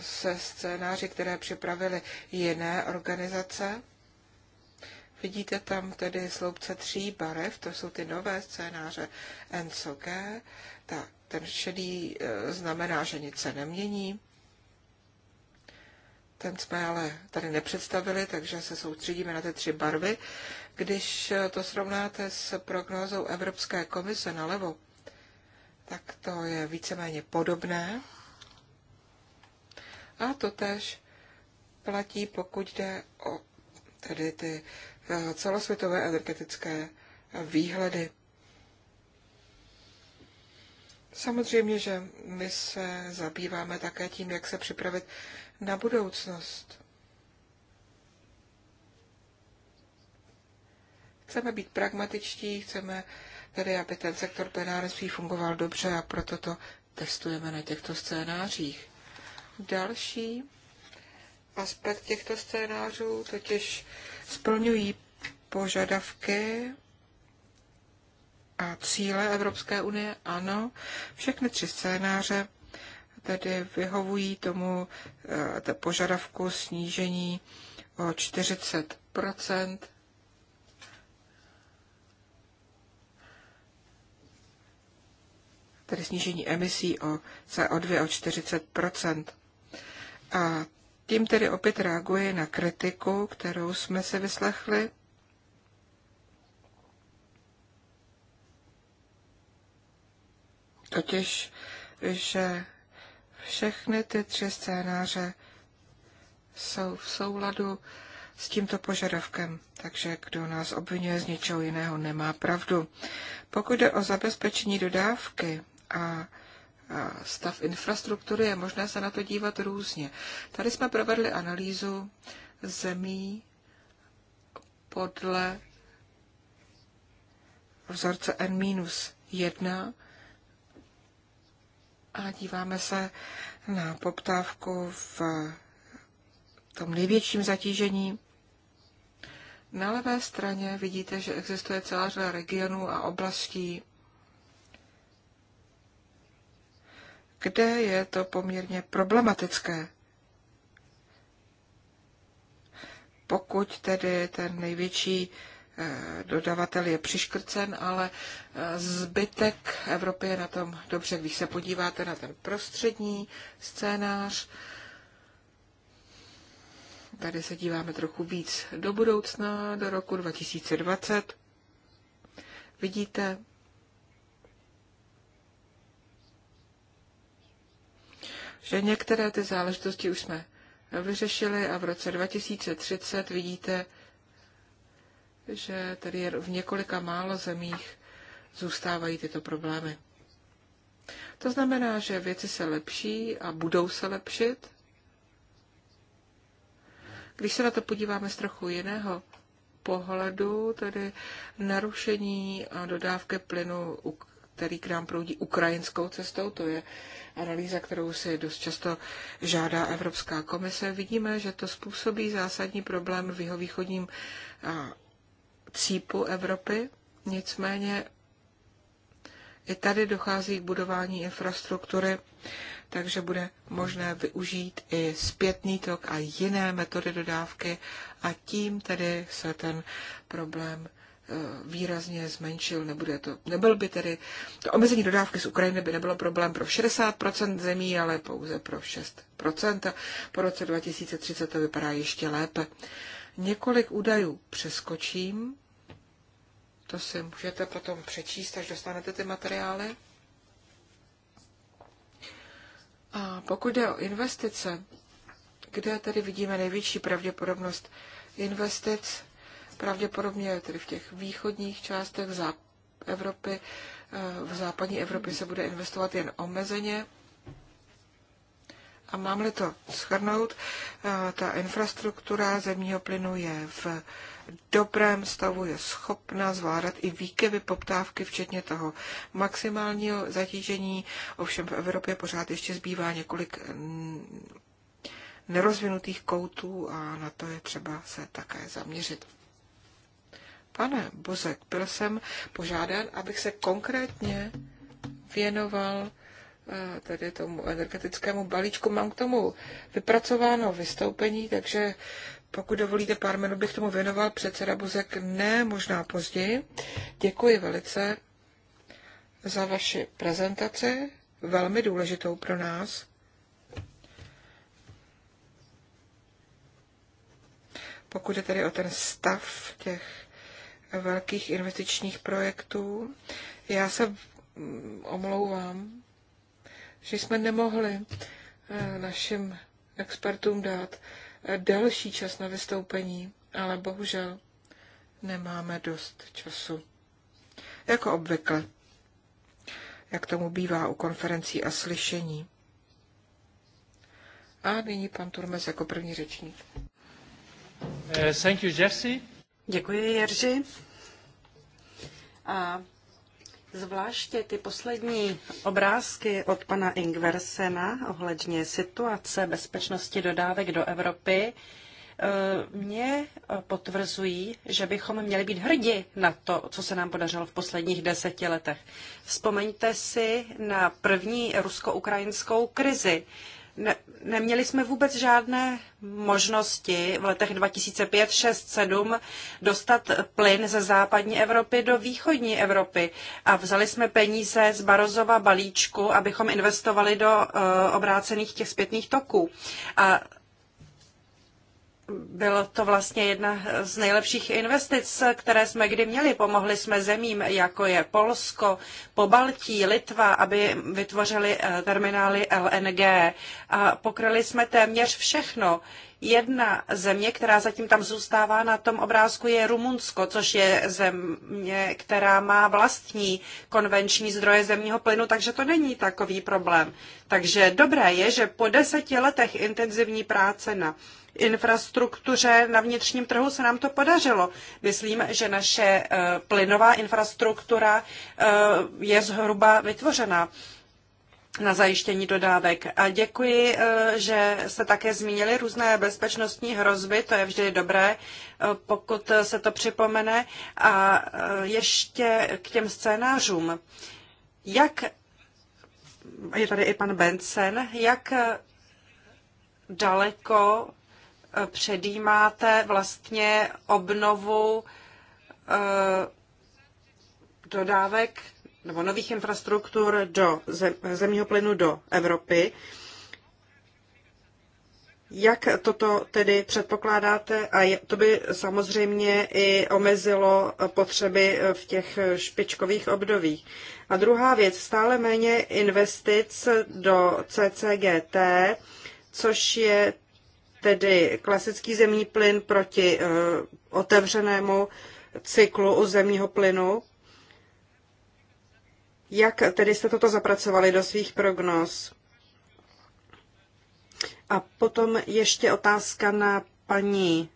se scénáři, které připravili jiné organizace. Vidíte tam tedy sloupce tří barev, to jsou ty nové scénáře ENSO G. Ta, ten šedý e, znamená, že nic se nemění. Ten jsme ale tady nepředstavili, takže se soustředíme na ty tři barvy. Když to srovnáte s prognózou Evropské komise na levo, tak to je víceméně podobné. A to tež platí, pokud jde o tedy ty eh, celosvětové energetické výhledy. Samozřejmě, že my se zabýváme také tím, jak se připravit na budoucnost. Chceme být pragmatičtí, chceme tedy, aby ten sektor plenárenství fungoval dobře a proto to testujeme na těchto scénářích. Další aspekt těchto scénářů totiž splňují požadavky a cíle Evropské unie, ano, všechny tři scénáře tedy vyhovují tomu eh, požadavku snížení o 40 tedy snížení emisí o CO2 o 40 A tím tedy opět reaguji na kritiku, kterou jsme se vyslechli. Totiž, že všechny ty tři scénáře jsou v souladu s tímto požadavkem, takže kdo nás obvinuje z něčeho jiného, nemá pravdu. Pokud jde o zabezpečení dodávky, a stav infrastruktury, je možné se na to dívat různě. Tady jsme provedli analýzu zemí podle vzorce N-1 a díváme se na poptávku v tom největším zatížení. Na levé straně vidíte, že existuje celá řada regionů a oblastí, kde je to poměrně problematické. Pokud tedy ten největší eh, dodavatel je přiškrcen, ale eh, zbytek Evropy je na tom dobře. Když se podíváte na ten prostřední scénář, tady se díváme trochu víc do budoucna, do roku 2020, vidíte, že některé ty záležitosti už jsme vyřešili a v roce 2030 vidíte, že tady v několika málo zemích zůstávají tyto problémy. To znamená, že věci se lepší a budou se lepšit. Když se na to podíváme z trochu jiného pohledu, tedy narušení dodávky plynu který k nám proudí ukrajinskou cestou. To je analýza, kterou si dost často žádá Evropská komise. Vidíme, že to způsobí zásadní problém v jeho východním cípu Evropy. Nicméně i tady dochází k budování infrastruktury, takže bude možné využít i zpětný tok a jiné metody dodávky a tím tedy se ten problém Eh, výrazně zmenšil. Nebude to, nebyl by tedy, to omezení dodávky z Ukrajiny by nebylo problém pro 60% zemí, ale pouze pro 6%. A po roce 2030 to vypadá ještě lépe. Několik údajů přeskočím. To si můžete potom přečíst, až dostanete ty materiály. A pokud jde o investice, kde tedy vidíme největší pravděpodobnost investic, Pravděpodobně tedy v těch východních částech zá- Evropy, eh, v západní Evropě se bude investovat jen omezeně. A mám-li to schrnout, eh, ta infrastruktura zemního plynu je v dobrém stavu, je schopna zvládat i výkyvy poptávky, včetně toho maximálního zatížení. Ovšem v Evropě pořád ještě zbývá několik mm, nerozvinutých koutů a na to je třeba se také zaměřit. Pane Bozek, byl jsem požádán, abych se konkrétně věnoval eh, tedy tomu energetickému balíčku. Mám k tomu vypracováno vystoupení, takže pokud dovolíte pár minut, bych tomu věnoval předseda Bozek, ne možná později. Děkuji velice za vaši prezentaci, velmi důležitou pro nás. Pokud je tedy o ten stav těch velkých investičních projektů. Já se omlouvám, že jsme nemohli eh, našim expertům dát eh, delší čas na vystoupení, ale bohužel nemáme dost času. Jako obvykle, jak tomu bývá u konferencí a slyšení. A nyní pan Turmes jako první řečník. Uh, thank you, Jesse. Děkuji, Jerži. A zvláště ty poslední obrázky od pana Ingversena ohledně situace bezpečnosti dodávek do Evropy eh, mě potvrzují, že bychom měli být hrdi na to, co se nám podařilo v posledních deseti letech. Vzpomeňte si na první rusko-ukrajinskou krizi. Ne, neměli jsme vůbec žádné možnosti v letech 2005, 6, 7 dostat plyn ze západní Evropy do východní Evropy. A vzali jsme peníze z Barozova balíčku, abychom investovali do uh, obrácených těch zpětných toků. A byla to vlastně jedna z nejlepších investic, které jsme kdy měli. Pomohli jsme zemím, jako je Polsko, Pobaltí, Litva, aby vytvořili eh, terminály LNG. A pokryli jsme téměř všechno. Jedna země, která zatím tam zůstává na tom obrázku, je Rumunsko, což je země, která má vlastní konvenční zdroje zemního plynu, takže to není takový problém. Takže dobré je, že po deseti letech intenzivní práce na infrastruktuře na vnitřním trhu se nám to podařilo. Myslím, že naše eh, plynová infrastruktura eh, je zhruba vytvořena na zajištění dodávek. A děkuji, eh, že se také zmínili různé bezpečnostní hrozby, to je vždy dobré, pokud se to připomene. A ještě k těm scénářům. Jak, je tady i pan Benson, jak daleko předjímáte vlastně obnovu eh, dodávek nebo nových infrastruktur do zemního plynu do Evropy. Jak toto tedy předpokládáte? A to by samozřejmě i omezilo potřeby v těch špičkových obdobích. A druhá věc, stále méně investic do CCGT, což je tedy klasický zemní plyn proti eh, otevřenému cyklu u zemního plynu. Jak tedy jste toto zapracovali do svých prognóz? A potom ještě otázka na paní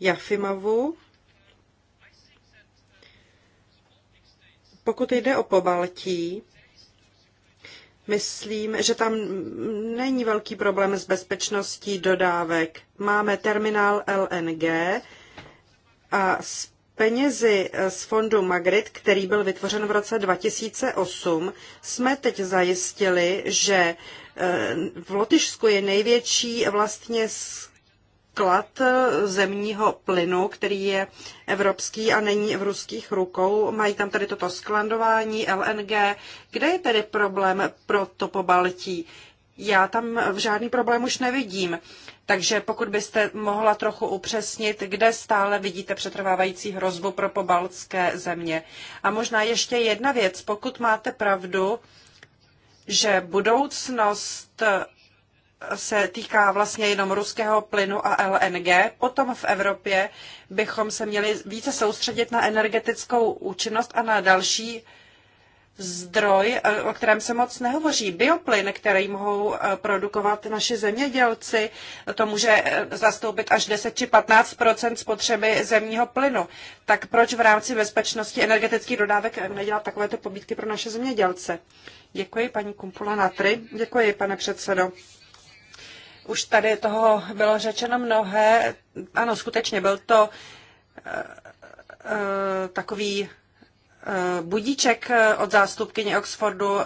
Jafimovu. Pokud jde o pobaltí, Myslím, že tam není velký problém s bezpečností dodávek. Máme terminál LNG a s penězi z fondu Magrit, který byl vytvořen v roce 2008, jsme teď zajistili, že eh, v Lotyšsku je největší vlastně sklad zemního plynu, který je evropský a není v ruských rukou. Mají tam tady toto sklandování LNG. Kde je tedy problém pro to Baltí? Já tam žádný problém už nevidím. Takže pokud byste mohla trochu upřesnit, kde stále vidíte přetrvávající hrozbu pro pobaltské země. A možná ještě jedna věc. Pokud máte pravdu, že budoucnost se týká vlastně jenom ruského plynu a LNG. Potom v Evropě bychom se měli více soustředit na energetickou účinnost a na další zdroj, eh, o kterém se moc nehovoří. Bioplyn, který mohou eh, produkovat naši zemědělci, to může eh, zastoupit až 10 či 15 spotřeby zemního plynu. Tak proč v rámci bezpečnosti energetických dodávek nedělat takovéto pobídky pro naše zemědělce? Děkuji, paní Kumpula Natry. Děkuji, pane předsedo. Už tady toho bylo řečeno mnohé. Ano, skutečně byl to eh, eh, takový eh, budíček od zástupkyně Oxfordu,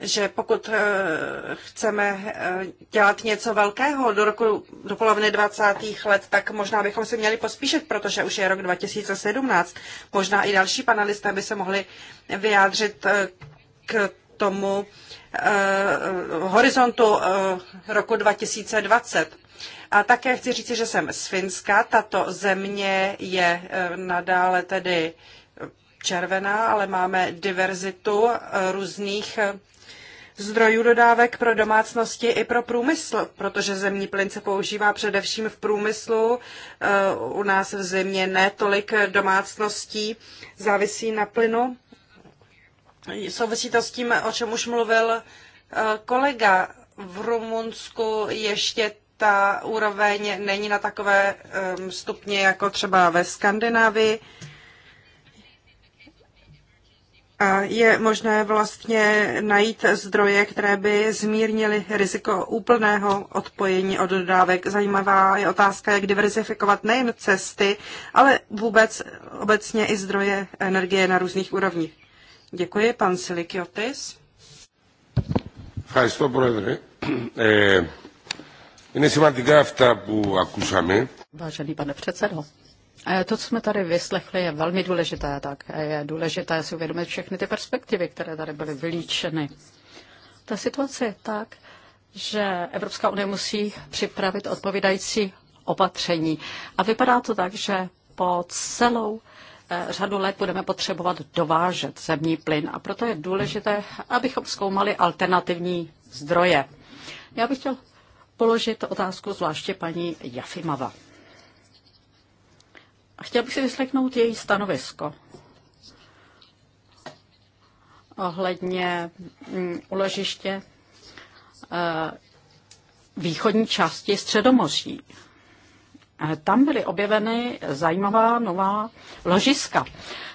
že pokud chceme dělat něco velkého do roku do poloviny 20. let, tak možná bychom se měli pospíšet, protože už je rok 2017. Možná i další panelisté by se mohli vyjádřit k tomu eh, horizontu eh, roku 2020. A také chci říct, že jsem z Finska. Tato země je eh, nadále tedy červená, ale máme diverzitu různých zdrojů dodávek pro domácnosti i pro průmysl, protože zemní plyn se používá především v průmyslu. U nás v zimě ne tolik domácností závisí na plynu. Souvisí to s tím, o čem už mluvil eh, kolega. V Rumunsku ještě ta úroveň není na takové ehm, stupni jako třeba ve Skandinávii. A je možné vlastně najít zdroje, které by zmírnily riziko úplného odpojení od dodávek. Zajímavá je otázka, jak diverzifikovat nejen cesty, ale vůbec obecně i zdroje energie na různých úrovních. Děkuji, pan Silikiotis. Ευχαριστώ, Πρόεδρε. Ε, είναι σημαντικά αυτά που ακούσαμε. Vážený pane předsedo, to, co jsme tady vyslechli, je velmi důležité. Tak e, je důležité si uvědomit všechny ty perspektivy, které tady byly vylíčeny. Ta situace je tak, že Evropská unie musí připravit odpovídající opatření. A vypadá to tak, že po celou Eh, řadu let budeme potřebovat dovážet zemní plyn a proto je důležité, abychom zkoumali alternativní zdroje. Já bych chtěl položit otázku zvláště paní Jafimava. A chtěl bych si vyslechnout její stanovisko ohledně uložiště mm, eh, východní části Středomoří. Tam byly objeveny zajímavá nová ložiska.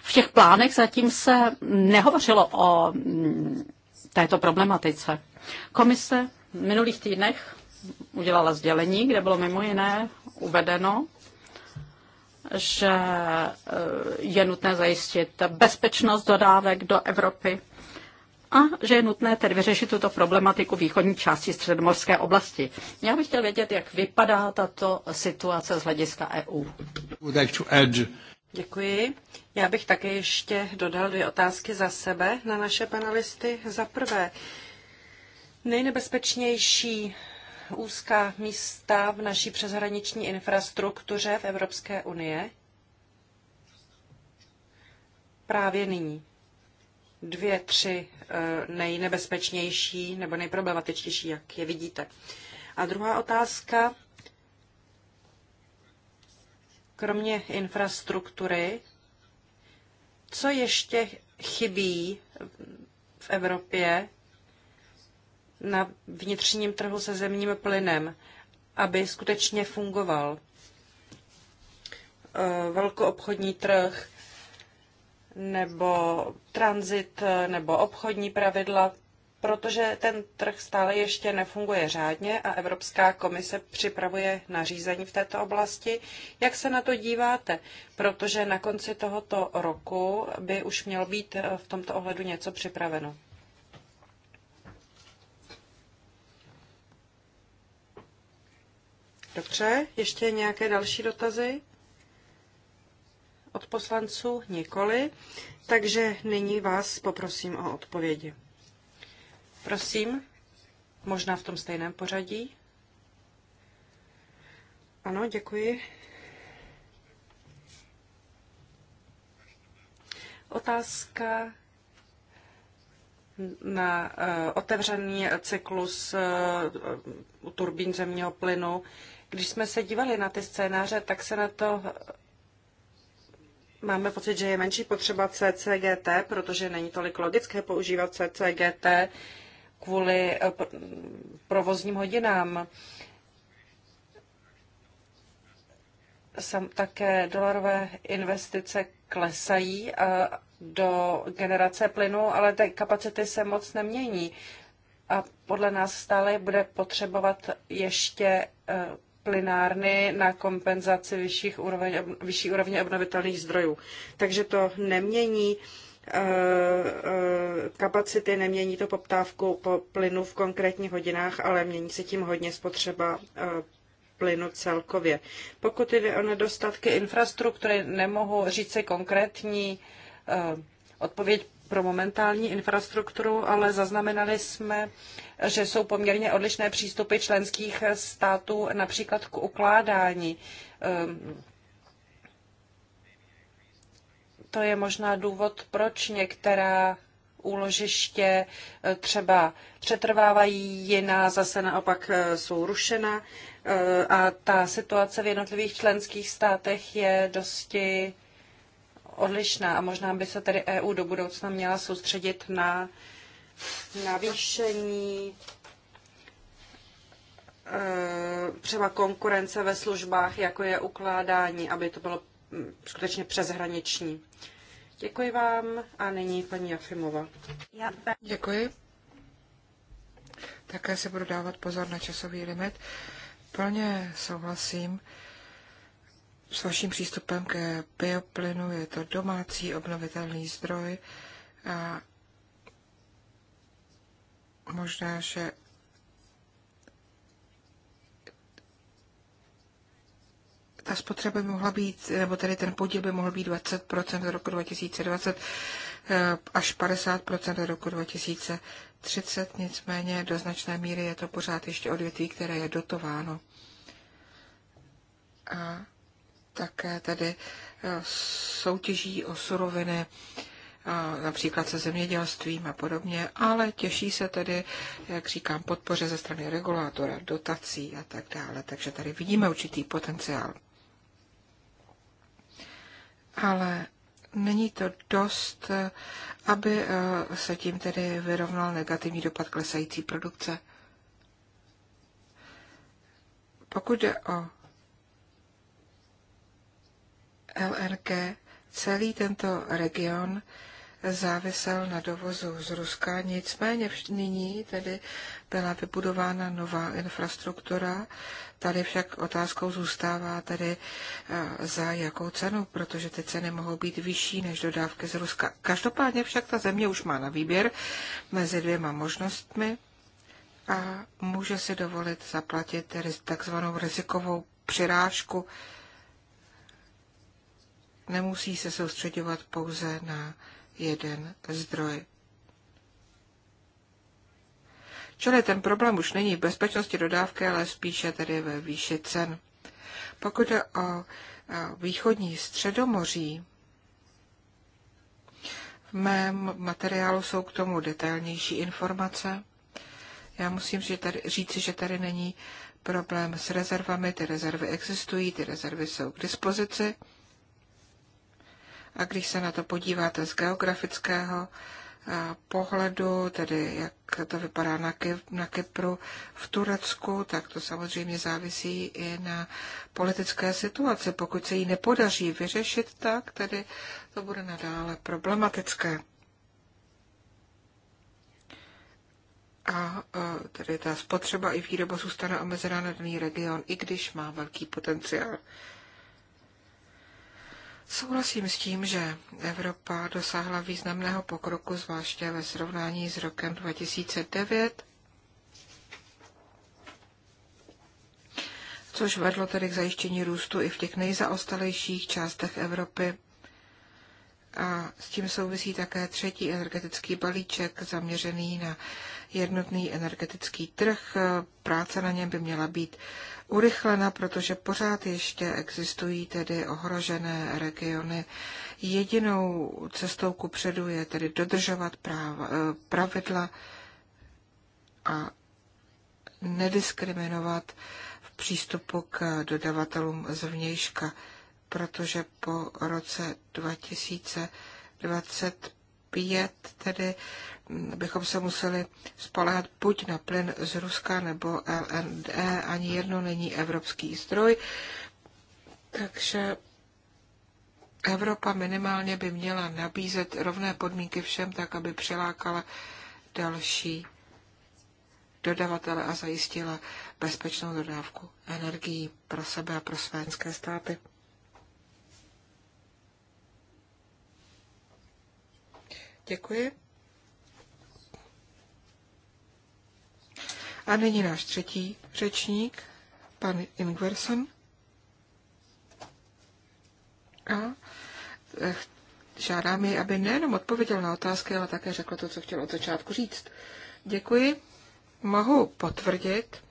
V těch plánech zatím se nehovořilo o mm, této problematice. Komise v minulých týdnech udělala sdělení, kde bylo mimo jiné uvedeno, že e, je nutné zajistit bezpečnost dodávek do Evropy a že je nutné tedy vyřešit tuto problematiku východní části středomorské oblasti. Já bych chtěl vědět, jak vypadá tato situace z hlediska EU. Děkuji. Já bych také ještě dodal dvě otázky za sebe na naše panelisty. Za prvé, nejnebezpečnější úzká místa v naší přeshraniční infrastruktuře v Evropské unie? Právě nyní. Dvě, tři Eh, nejnebezpečnější nebo nejproblematičtější, jak je vidíte. A druhá otázka. Kromě infrastruktury, co ještě chybí v Evropě na vnitřním trhu se zemním plynem, aby skutečně fungoval? Eh, velkoobchodní trh, nebo tranzit nebo obchodní pravidla, protože ten trh stále ještě nefunguje řádně a Evropská komise připravuje nařízení v této oblasti. Jak se na to díváte? Protože na konci tohoto roku by už mělo být eh, v tomto ohledu něco připraveno. Dobře, ještě nějaké další dotazy? od poslanců? Nikoli. Takže nyní vás poprosím o odpovědi. Prosím, možná v tom stejném pořadí. Ano, děkuji. Otázka na eh, otevřený cyklus eh, turbín zemního plynu. Když jsme se dívali na ty scénáře, tak se na to Máme pocit, že je menší potřeba CCGT, protože není tolik logické používat CCGT kvůli eh, provozním hodinám. Sam také dolarové investice klesají eh, do generace plynu, ale ty kapacity se moc nemění. A podle nás stále bude potřebovat ještě eh, plynárny na kompenzaci vyšších úroveň, vyšší úrovně obnovitelných zdrojů. Takže to nemění eh, eh, kapacity, nemění to poptávku po plynu v konkrétních hodinách, ale mění se tím hodně spotřeba eh, plynu celkově. Pokud jde o nedostatky infrastruktury, nemohu říct si konkrétní odpověď pro momentální infrastrukturu, ale zaznamenali jsme, že jsou poměrně odlišné přístupy členských států například k ukládání. Ehm, to je možná důvod, proč některá úložiště e, třeba přetrvávají, jiná zase naopak e, jsou rušena e, a ta situace v jednotlivých členských státech je dosti odlišná a možná by se tedy EU do budoucna měla soustředit na navýšení e, třeba konkurence ve službách, jako je ukládání, aby to bylo mm, skutečně přeshraniční. Děkuji vám a nyní paní Jafimova. Děkuji. Také si budu dávat pozor na časový limit. Plně souhlasím s vaším přístupem ke bioplynu. Je to domácí obnovitelný zdroj a možná, že ta spotřeba by mohla být, nebo tedy ten podíl by mohl být 20% do roku 2020 eh, až 50% do roku 2030, nicméně do značné míry je to pořád ještě odvětví, které je dotováno. A také tedy e, soutěží o suroviny, e, například se zemědělstvím a podobně, ale těší se tedy, jak říkám, podpoře ze strany regulátora, dotací a tak dále. Takže tady vidíme určitý potenciál. Ale není to dost, e, aby se tím tedy vyrovnal negativní dopad klesající produkce. Pokud jde o LNG celý tento region závisel na dovozu z Ruska, nicméně nyní tedy byla vybudována nová infrastruktura. Tady však otázkou zůstává tedy eh, za jakou cenu, protože ty ceny mohou být vyšší než dodávky z Ruska. Každopádně však ta země už má na výběr mezi dvěma možnostmi a může si dovolit zaplatit takzvanou rizikovou přirážku nemusí se soustředovat pouze na jeden zdroj. Čili ten problém už není v bezpečnosti dodávky, ale spíše tedy ve výši cen. Pokud je o východní středomoří, v mém materiálu jsou k tomu detailnější informace. Já musím že tady, říci, že tady není problém s rezervami. Ty rezervy existují, ty rezervy jsou k dispozici. A když se na to podíváte z geografického eh, pohledu, tedy jak to vypadá na, Kyp, na Kypru v Turecku, tak to samozřejmě závisí i na politické situaci. Pokud se ji nepodaří vyřešit, tak tedy to bude nadále problematické. A eh, tedy ta spotřeba i výroba zůstane omezená na daný region, i když má velký potenciál. Souhlasím s tím, že Evropa dosáhla významného pokroku, zvláště ve srovnání s rokem 2009, což vedlo tedy k zajištění růstu i v těch nejzaostalejších částech Evropy. A s tím souvisí také třetí energetický balíček zaměřený na jednotný energetický trh. Práce na něm by měla být urychlena, protože pořád ještě existují tedy ohrožené regiony. Jedinou cestou ku předu je tedy dodržovat práva, eh, pravidla a nediskriminovat v přístupu k dodavatelům zvnějška, protože po roce 2020 pět, tedy mm, bychom se museli spolehat buď na plyn z Ruska nebo LND, ani jedno není evropský zdroj. Takže Evropa minimálně by měla nabízet rovné podmínky všem, tak aby přilákala další dodavatele a zajistila bezpečnou dodávku energií pro sebe a pro své státy. Děkuji. A nyní náš třetí řečník, pan Ingverson. A eh, žádám jej, aby nejenom odpověděl na otázky, ale také řekl to, co chtěl od začátku říct. Děkuji. Mohu potvrdit,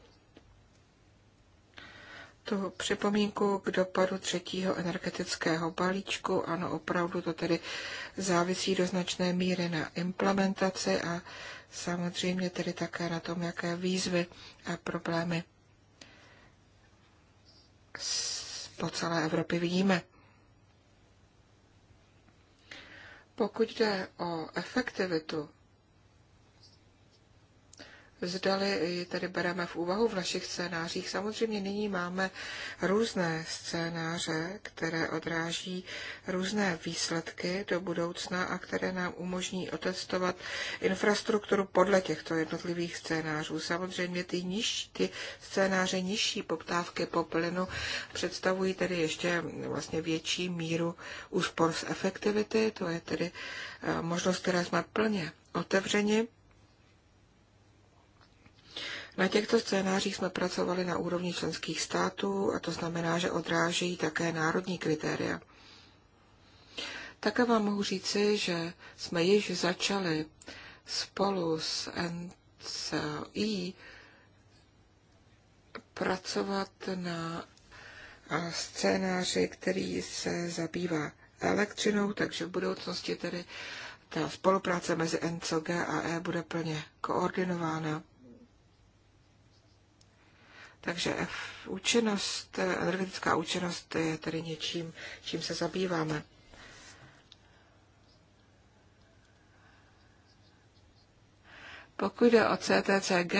tu připomínku k dopadu třetího energetického balíčku. Ano, opravdu to tedy závisí do značné míry na implementaci a samozřejmě tedy také na tom, jaké výzvy a problémy po celé Evropě vidíme. Pokud jde o efektivitu zdali ji tedy bereme v úvahu v našich scénářích. Samozřejmě nyní máme různé scénáře, které odráží různé výsledky do budoucna a které nám umožní otestovat infrastrukturu podle těchto jednotlivých scénářů. Samozřejmě ty, niž, ty scénáře nižší poptávky po plynu představují tedy ještě vlastně větší míru úspor z efektivity, to je tedy eh, možnost, které jsme plně otevřeni na těchto scénářích jsme pracovali na úrovni členských států a to znamená, že odrážejí také národní kritéria. Také vám mohu říci, že jsme již začali spolu s NCI pracovat na eh, scénáři, který se zabývá elektřinou, takže v budoucnosti tedy ta spolupráce mezi NCG a E bude plně koordinována. Takže účinnost, energetická účinnost je tedy něčím, čím se zabýváme. Pokud jde o CTCG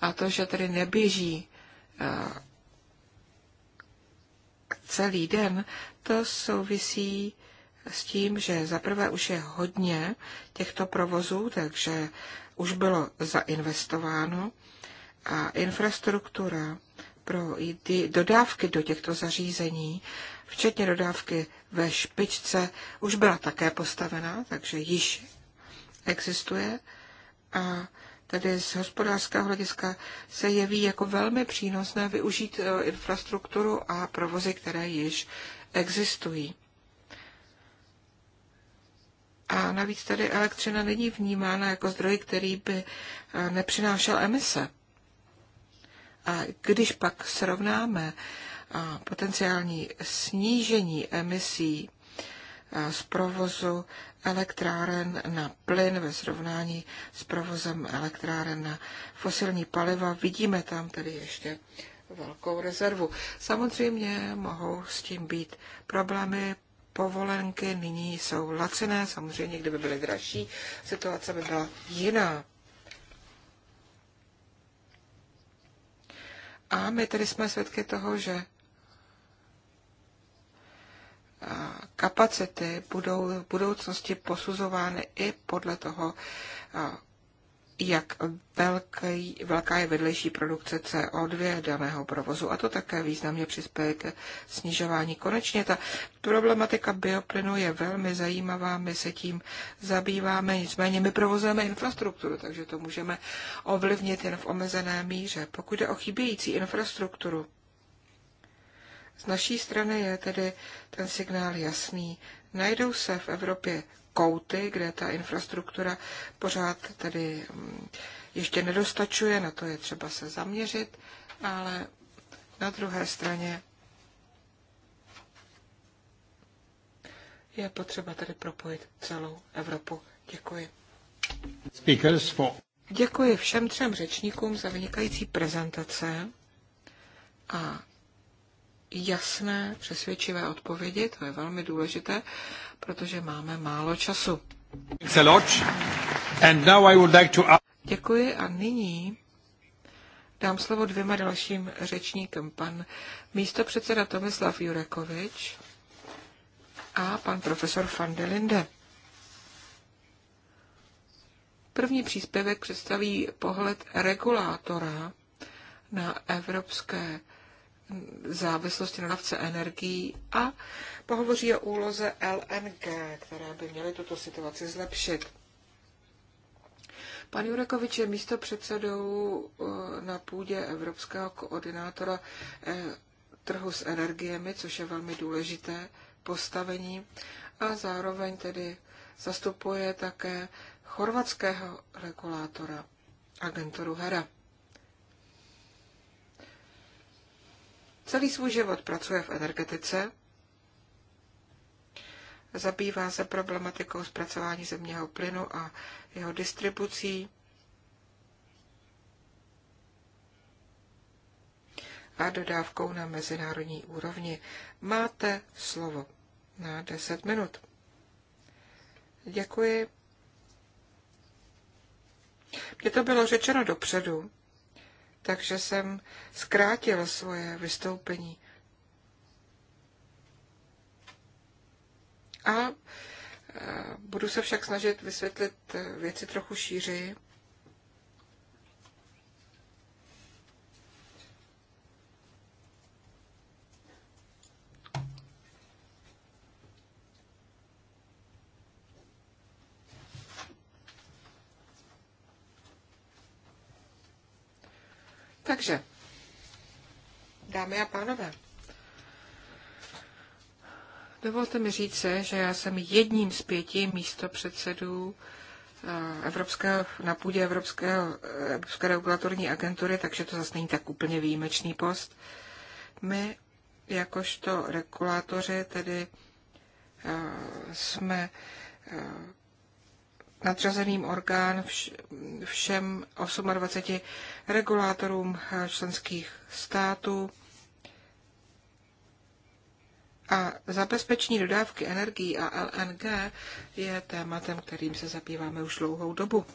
a to, že tedy neběží eh, celý den, to souvisí s tím, že zaprvé už je hodně těchto provozů, takže už bylo zainvestováno a infrastruktura pro dodávky do těchto zařízení, včetně dodávky ve špičce, už byla také postavena, takže již existuje. A tedy z hospodářského hlediska se jeví jako velmi přínosné využít e, infrastrukturu a provozy, které již existují. A navíc tady elektřina není vnímána jako zdroj, který by e, nepřinášel emise. A když pak srovnáme potenciální snížení emisí z provozu elektráren na plyn ve srovnání s provozem elektráren na fosilní paliva, vidíme tam tedy ještě velkou rezervu. Samozřejmě mohou s tím být problémy, povolenky nyní jsou laciné, samozřejmě kdyby byly dražší, situace by byla jiná. A my tedy jsme svědky toho, že kapacity budou v budoucnosti posuzovány i podle toho, jak velký, velká je vedlejší produkce CO2 daného provozu a to také významně přispěje ke snižování. Konečně ta problematika bioplynu je velmi zajímavá, my se tím zabýváme, nicméně my provozujeme infrastrukturu, takže to můžeme ovlivnit jen v omezené míře. Pokud jde o chybějící infrastrukturu, z naší strany je tedy ten signál jasný. Najdou se v Evropě kouty, kde ta infrastruktura pořád tedy mm, ještě nedostačuje, na to je třeba se zaměřit, ale na druhé straně je potřeba tedy propojit celou Evropu. Děkuji. Speakers Děkuji všem třem řečníkům za vynikající prezentace a jasné, přesvědčivé odpovědi, to je velmi důležité, protože máme málo času. Děkuji a nyní dám slovo dvěma dalším řečníkům. Pan místopředseda Tomislav Jurekovič a pan profesor van de Linde. První příspěvek představí pohled regulátora na evropské závislosti na nafce energií a pohovoří o úloze LNG, které by měly tuto situaci zlepšit. Pan Jurekovič je místo předsedou eh, na půdě Evropského koordinátora eh, trhu s energiemi, což je velmi důležité postavení, a zároveň tedy zastupuje také chorvatského regulátora, agenturu HERA. Celý svůj život pracuje v energetice, zabývá se problematikou zpracování zemního plynu a jeho distribucí. a dodávkou na mezinárodní úrovni. Máte slovo na 10 minut. Děkuji. Mně to bylo řečeno dopředu, takže jsem zkrátil svoje vystoupení. A e, budu se však snažit vysvětlit e, věci trochu šířeji. Takže, dámy a pánové, dovolte mi říct se, že já jsem jedním z pěti místopředsedů eh, Evropského, na půdě Evropského, Evropské regulatorní agentury, takže to zase není tak úplně výjimečný post. My, jakožto regulátoři, tedy eh, jsme eh, nadřazeným orgán všem 28 regulátorům členských států a zabezpečení dodávky energií a LNG je tématem, kterým se zabýváme už dlouhou dobu.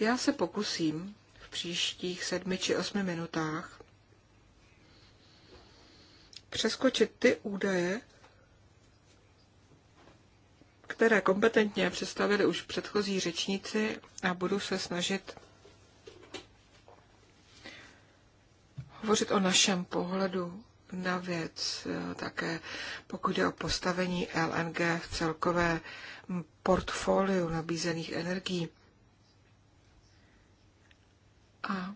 Já se pokusím v příštích sedmi či osmi minutách přeskočit ty údaje, které kompetentně představili už předchozí řečníci a budu se snažit hovořit o našem pohledu na věc, eh, také pokud je o postavení LNG v celkové portfoliu nabízených energií. A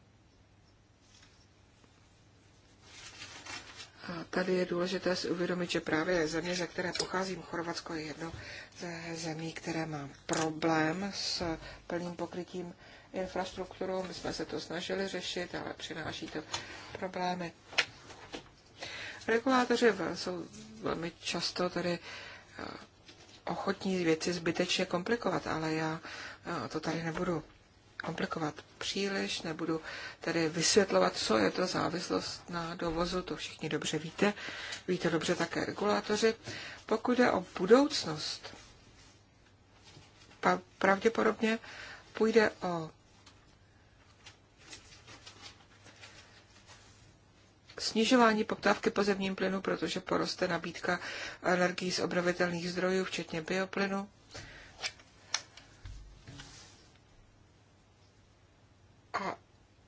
tady je důležité si uvědomit, že právě země, ze které pocházím, Chorvatsko je jedno ze zemí, které má problém s plným pokrytím infrastrukturou. My jsme se to snažili řešit, ale přináší to problémy. Regulátoři jsou velmi často tady eh, ochotní věci zbytečně komplikovat, ale já eh, to tady nebudu komplikovat příliš, nebudu tedy vysvětlovat, co je to závislost na dovozu, to všichni dobře víte, víte dobře také regulátoři. Pokud je o budoucnost, pravděpodobně půjde o snižování poptávky po zemním plynu, protože poroste nabídka energií z obnovitelných zdrojů, včetně bioplynu.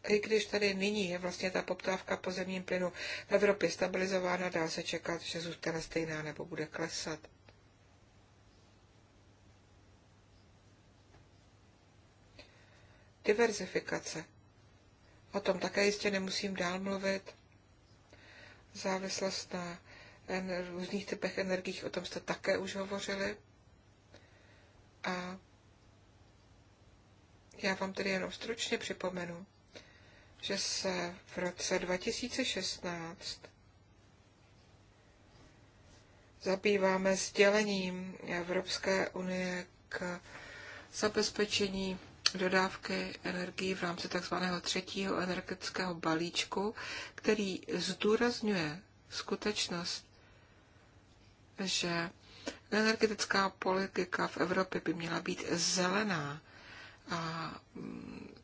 i když tady nyní je vlastně ta poptávka po zemním plynu v Evropě stabilizována, dá se čekat, že zůstane stejná nebo bude klesat. Diverzifikace. O tom také jistě nemusím dál mluvit. Závislost na různých typech energií, o tom jste také už hovořili. A já vám tedy jenom stručně připomenu, že se v roce 2016 zabýváme sdělením Evropské unie k zabezpečení dodávky energii v rámci tzv. třetího energetického balíčku, který zdůrazňuje skutečnost, že energetická politika v Evropě by měla být zelená a mm,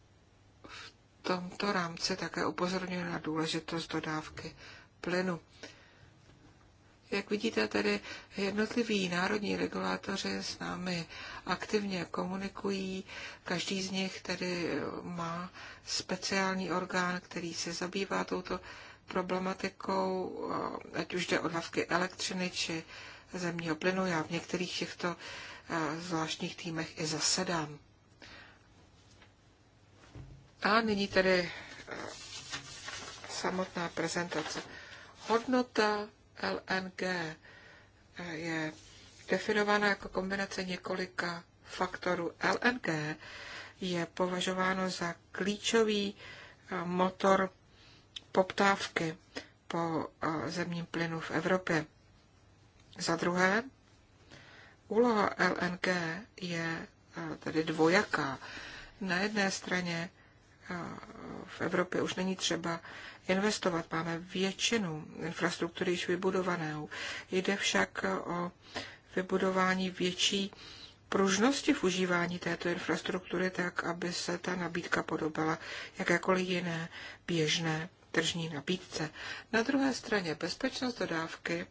tomto rámci také upozorňuje na důležitost dodávky plynu. Jak vidíte tedy, jednotliví národní regulátoři s námi aktivně komunikují, každý z nich tedy má speciální orgán, který se zabývá touto problematikou, ať už jde o dávky elektřiny či zemního plynu. Já v některých těchto eh, zvláštních týmech i zasedám. A nyní tedy eh, samotná prezentace. Hodnota LNG eh, je definována jako kombinace několika faktorů. LNG je považováno za klíčový eh, motor poptávky po zemním plynu v Evropě. Za druhé, úloha LNG je tedy dvojaká. Na jedné straně v Evropě už není třeba investovat. Máme většinu infrastruktury již vybudovanou. Jde však o vybudování větší pružnosti v užívání této infrastruktury tak, aby se ta nabídka podobala jakékoliv jiné běžné tržní nabídce. Na druhé straně bezpečnost dodávky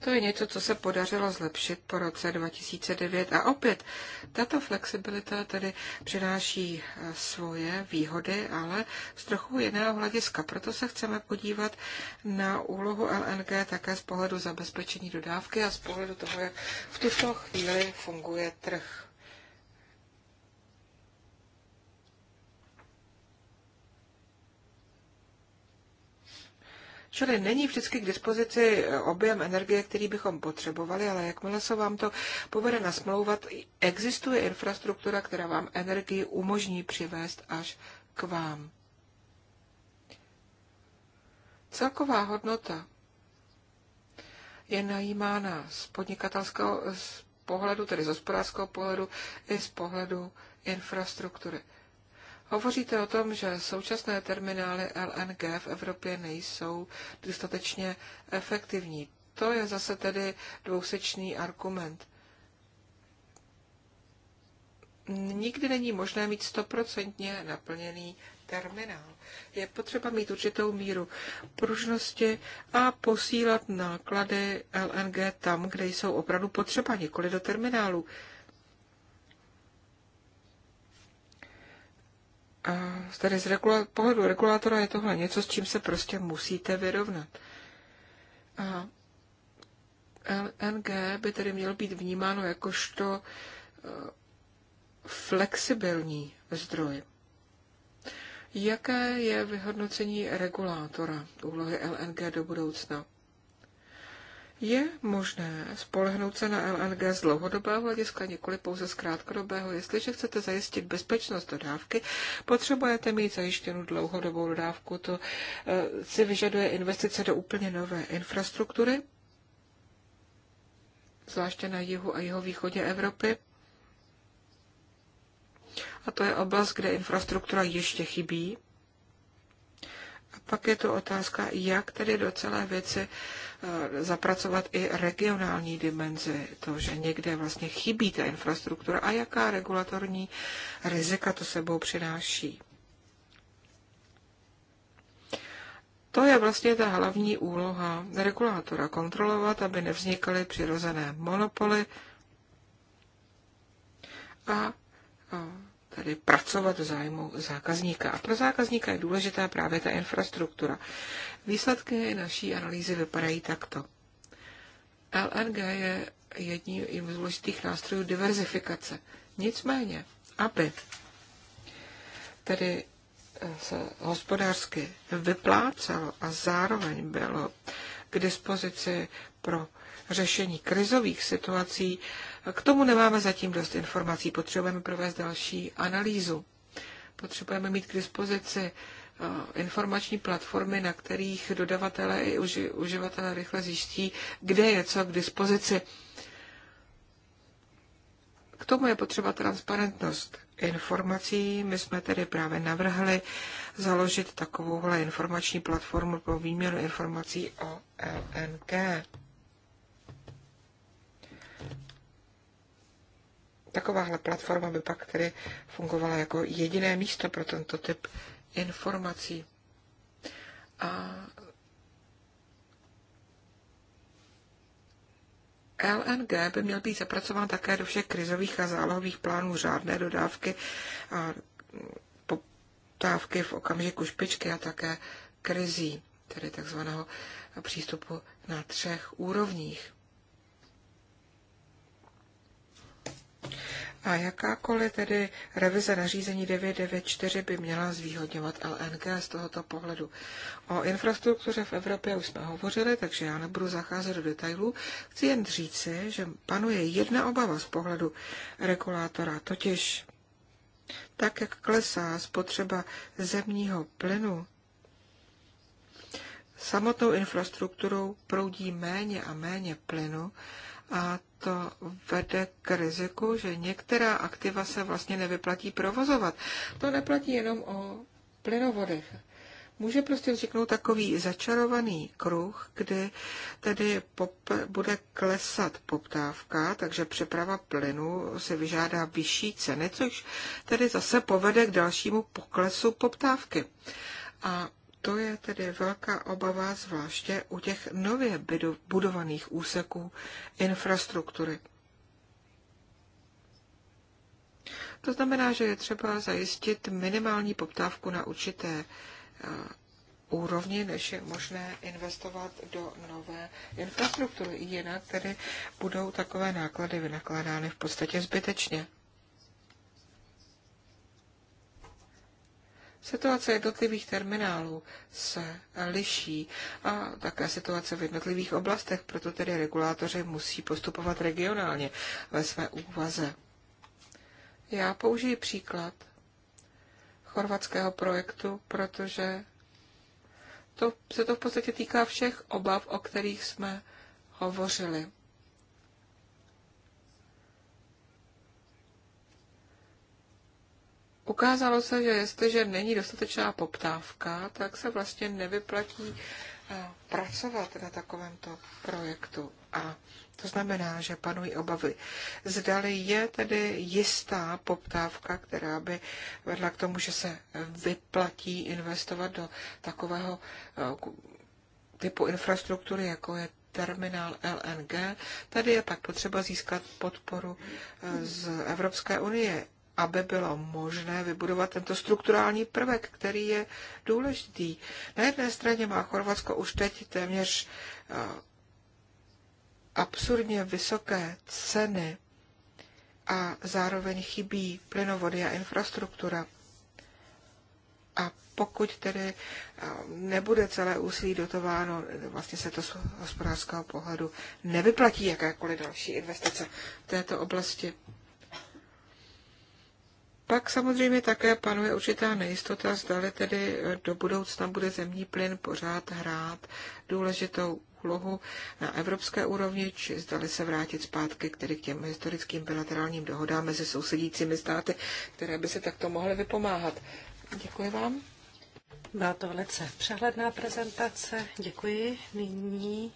to je něco, co se podařilo zlepšit po roce 2009 a opět tato flexibilita tedy přináší eh, svoje výhody, ale z trochu jiného hlediska. Proto se chceme podívat na úlohu LNG také z pohledu zabezpečení dodávky a z pohledu toho, jak v tuto chvíli funguje trh. Čili není vždycky k dispozici eh, objem energie, který bychom potřebovali, ale jakmile se vám to povede nasmlouvat, existuje infrastruktura, která vám energii umožní přivést až k vám. Celková hodnota je najímána z podnikatelského z pohledu, tedy z hospodářského pohledu, i z pohledu infrastruktury. Hovoříte o tom, že současné terminály LNG v Evropě nejsou dostatečně efektivní. To je zase tedy dvousečný argument. Nikdy není možné mít stoprocentně naplněný terminál. Je potřeba mít určitou míru pružnosti a posílat náklady LNG tam, kde jsou opravdu potřeba, nikoli do terminálu. A tady z regula- pohledu regulátora je tohle něco, s čím se prostě musíte vyrovnat. A LNG by tedy mělo být vnímáno jakožto e, flexibilní zdroj. Jaké je vyhodnocení regulátora úlohy LNG do budoucna? Je možné spolehnout se na LNG z dlouhodobého hlediska, nikoli pouze z krátkodobého. Jestliže chcete zajistit bezpečnost dodávky, potřebujete mít zajištěnu dlouhodobou dodávku. To eh, si vyžaduje investice do úplně nové infrastruktury, zvláště na jihu a jeho východě Evropy. A to je oblast, kde infrastruktura ještě chybí. Pak je to otázka, jak tedy do celé věci eh, zapracovat i regionální dimenzi, to, že někde vlastně chybí ta infrastruktura a jaká regulatorní rizika to sebou přináší. To je vlastně ta hlavní úloha regulátora, kontrolovat, aby nevznikaly přirozené monopoly a eh, tady pracovat v zájmu zákazníka. A pro zákazníka je důležitá právě ta infrastruktura. Výsledky naší analýzy vypadají takto. LNG je jedním z důležitých nástrojů diverzifikace. Nicméně, aby tedy eh, se hospodářsky vyplácelo a zároveň bylo k dispozici pro řešení krizových situací, k tomu nemáme zatím dost informací, potřebujeme provést další analýzu. Potřebujeme mít k dispozici eh, informační platformy, na kterých dodavatelé i uži, uživatelé rychle zjistí, kde je co k dispozici. K tomu je potřeba transparentnost informací. My jsme tedy právě navrhli založit takovouhle informační platformu pro výměnu informací o LNK. E takováhle platforma by pak tedy fungovala jako jediné místo pro tento typ informací. A LNG by měl být zapracován také do všech krizových a zálohových plánů řádné dodávky a poptávky v okamžiku špičky a také krizí, tedy takzvaného přístupu na třech úrovních. A jakákoliv tedy revize nařízení 994 by měla zvýhodňovat LNG z tohoto pohledu. O infrastruktuře v Evropě už jsme hovořili, takže já nebudu zacházet do detailů. Chci jen říci, že panuje jedna obava z pohledu regulátora, totiž tak, jak klesá spotřeba zemního plynu, samotnou infrastrukturou proudí méně a méně plynu a to vede k riziku, že některá aktiva se vlastně nevyplatí provozovat. To neplatí jenom o plynovodech. Může prostě vzniknout takový začarovaný kruh, kdy tedy pop, bude klesat poptávka, takže přeprava plynu se vyžádá vyšší ceny, což tedy zase povede k dalšímu poklesu poptávky. A to je tedy velká obava, zvláště u těch nově budovaných úseků infrastruktury. To znamená, že je třeba zajistit minimální poptávku na určité eh, úrovni, než je možné investovat do nové infrastruktury. Jinak tedy budou takové náklady vynakládány v podstatě zbytečně. Situace jednotlivých terminálů se liší a také situace v jednotlivých oblastech, proto tedy regulátoři musí postupovat regionálně ve své úvaze. Já použiji příklad chorvatského projektu, protože to, se to v podstatě týká všech obav, o kterých jsme hovořili. Ukázalo se, že jestliže není dostatečná poptávka, tak se vlastně nevyplatí eh, pracovat na takovémto projektu. A to znamená, že panují obavy. Zdali je tedy jistá poptávka, která by vedla k tomu, že se vyplatí investovat do takového eh, typu infrastruktury, jako je terminál LNG. Tady je pak potřeba získat podporu eh, z Evropské unie aby bylo možné vybudovat tento strukturální prvek, který je důležitý. Na jedné straně má Chorvatsko už teď téměř eh, absurdně vysoké ceny a zároveň chybí plynovody a infrastruktura. A pokud tedy eh, nebude celé úsilí dotováno, vlastně se to z hospodářského pohledu nevyplatí jakékoliv další investice v této oblasti. Pak samozřejmě také panuje určitá nejistota, zdali tedy eh, do budoucna bude zemní plyn pořád hrát důležitou úlohu na evropské úrovni, či zdali se vrátit zpátky k, tedy k těm historickým bilaterálním dohodám mezi sousedícími státy, které by se takto mohly vypomáhat. Děkuji vám. Byla to velice přehledná prezentace. Děkuji. Nyní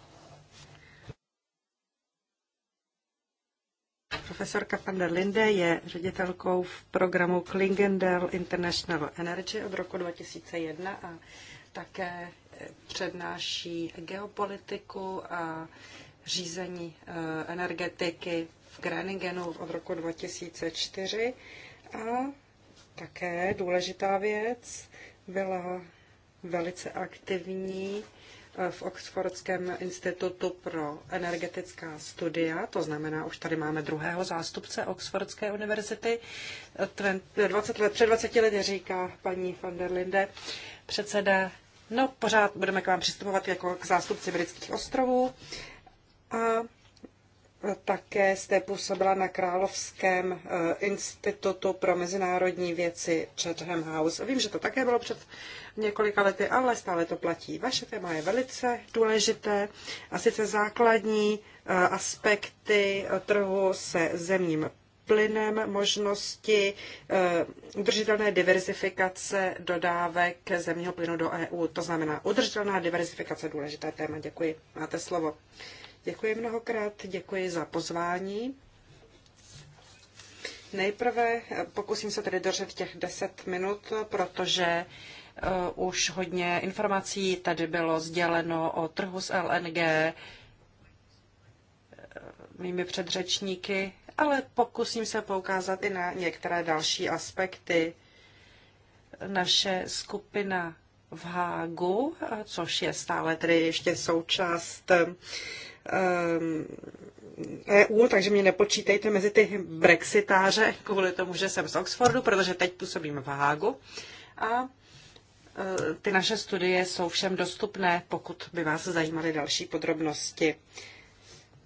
Profesorka van der Linde je ředitelkou v programu Klingendel International Energy od roku 2001 a také eh, přednáší geopolitiku a řízení eh, energetiky v Greningenu od roku 2004. A také důležitá věc byla velice aktivní v Oxfordském institutu pro energetická studia, to znamená, už tady máme druhého zástupce Oxfordské univerzity. 20 let, před 20 lety říká paní van der Linde, předseda, no pořád budeme k vám přistupovat jako k zástupci britských ostrovů. A také jste působila na Královském eh, institutu pro mezinárodní věci Chatham House. Vím, že to také bylo před několika lety, ale stále to platí. Vaše téma je velice důležité a sice základní eh, aspekty trhu se zemním plynem, možnosti eh, udržitelné diverzifikace dodávek zemního plynu do EU. To znamená udržitelná diverzifikace, důležité téma. Děkuji. Máte slovo. Děkuji mnohokrát, děkuji za pozvání. Nejprve eh, pokusím se tedy držet těch 10 minut, protože uh, už hodně informací tady bylo sděleno o trhu s LNG eh, mými předřečníky, ale pokusím se poukázat i na některé další aspekty. Naše skupina v Hágu, což je stále tedy ještě součást EU, ehm, e takže mě nepočítejte mezi ty brexitáře kvůli tomu, že jsem z Oxfordu, protože teď působím v Hágu. A e, ty naše studie jsou všem dostupné, pokud by vás zajímaly další podrobnosti.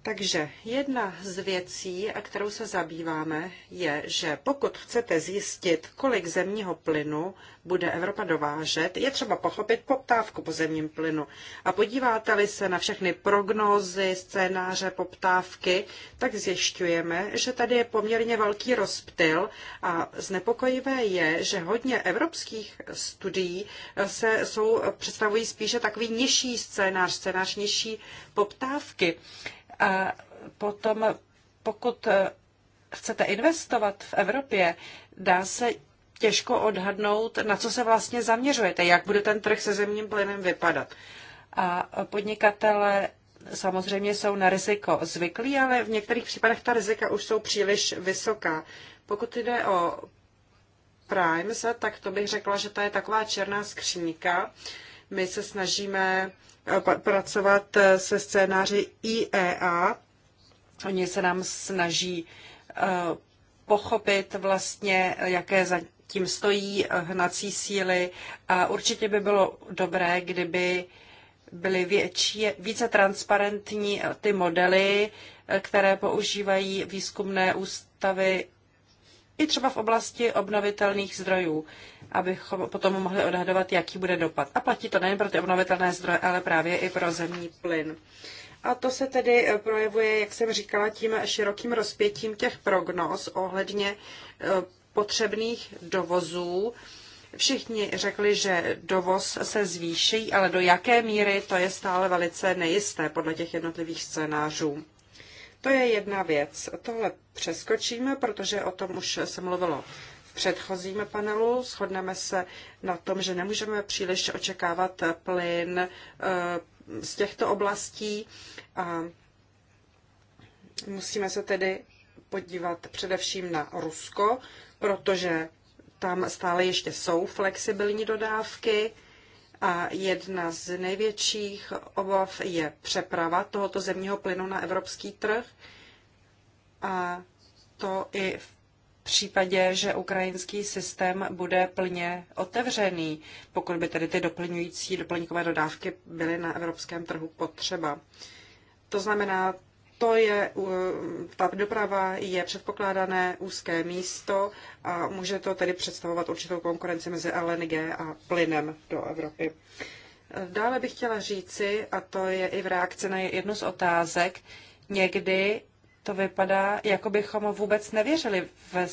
Takže jedna z věcí, a kterou se zabýváme, je, že pokud chcete zjistit, kolik zemního plynu bude Evropa dovážet, je třeba pochopit poptávku po zemním plynu. A podíváte-li se na všechny prognózy, scénáře, poptávky, tak zjišťujeme, že tady je poměrně velký rozptyl a znepokojivé je, že hodně evropských studií se jsou, představují spíše takový nižší scénář, scénář nižší poptávky. A potom, pokud eh, chcete investovat v Evropě, dá se těžko odhadnout, na co se vlastně zaměřujete, jak bude ten trh se zemním plynem vypadat. A podnikatele samozřejmě jsou na riziko zvyklí, ale v některých případech ta rizika už jsou příliš vysoká. Pokud jde o Primes, tak to bych řekla, že to je taková černá skřínka. My se snažíme pracovat eh, se scénáři IEA. Oni se nám snaží eh, pochopit vlastně, jaké za tím stojí eh, hnací síly a určitě by bylo dobré, kdyby byly větší, více transparentní ty modely, které používají výzkumné ústavy i třeba v oblasti obnovitelných zdrojů abychom potom mohli odhadovat, jaký bude dopad. A platí to nejen pro ty obnovitelné zdroje, ale právě i pro zemní plyn. A to se tedy projevuje, jak jsem říkala, tím širokým rozpětím těch prognóz ohledně e, potřebných dovozů. Všichni řekli, že dovoz se zvýší, ale do jaké míry to je stále velice nejisté podle těch jednotlivých scénářů. To je jedna věc. Tohle přeskočíme, protože o tom už se mluvilo předchozím panelu. Shodneme se na tom, že nemůžeme příliš očekávat plyn eh, z těchto oblastí a musíme se tedy podívat především na Rusko, protože tam stále ještě jsou flexibilní dodávky a jedna z největších obav je přeprava tohoto zemního plynu na evropský trh a to i v případě, že ukrajinský systém bude plně otevřený, pokud by tedy ty doplňující doplňkové dodávky byly na evropském trhu potřeba. To znamená, to je, ta doprava je předpokládané úzké místo a může to tedy představovat určitou konkurenci mezi LNG a plynem do Evropy. Dále bych chtěla říci, a to je i v reakci na jednu z otázek, někdy to vypadá, jako bychom vůbec nevěřili ve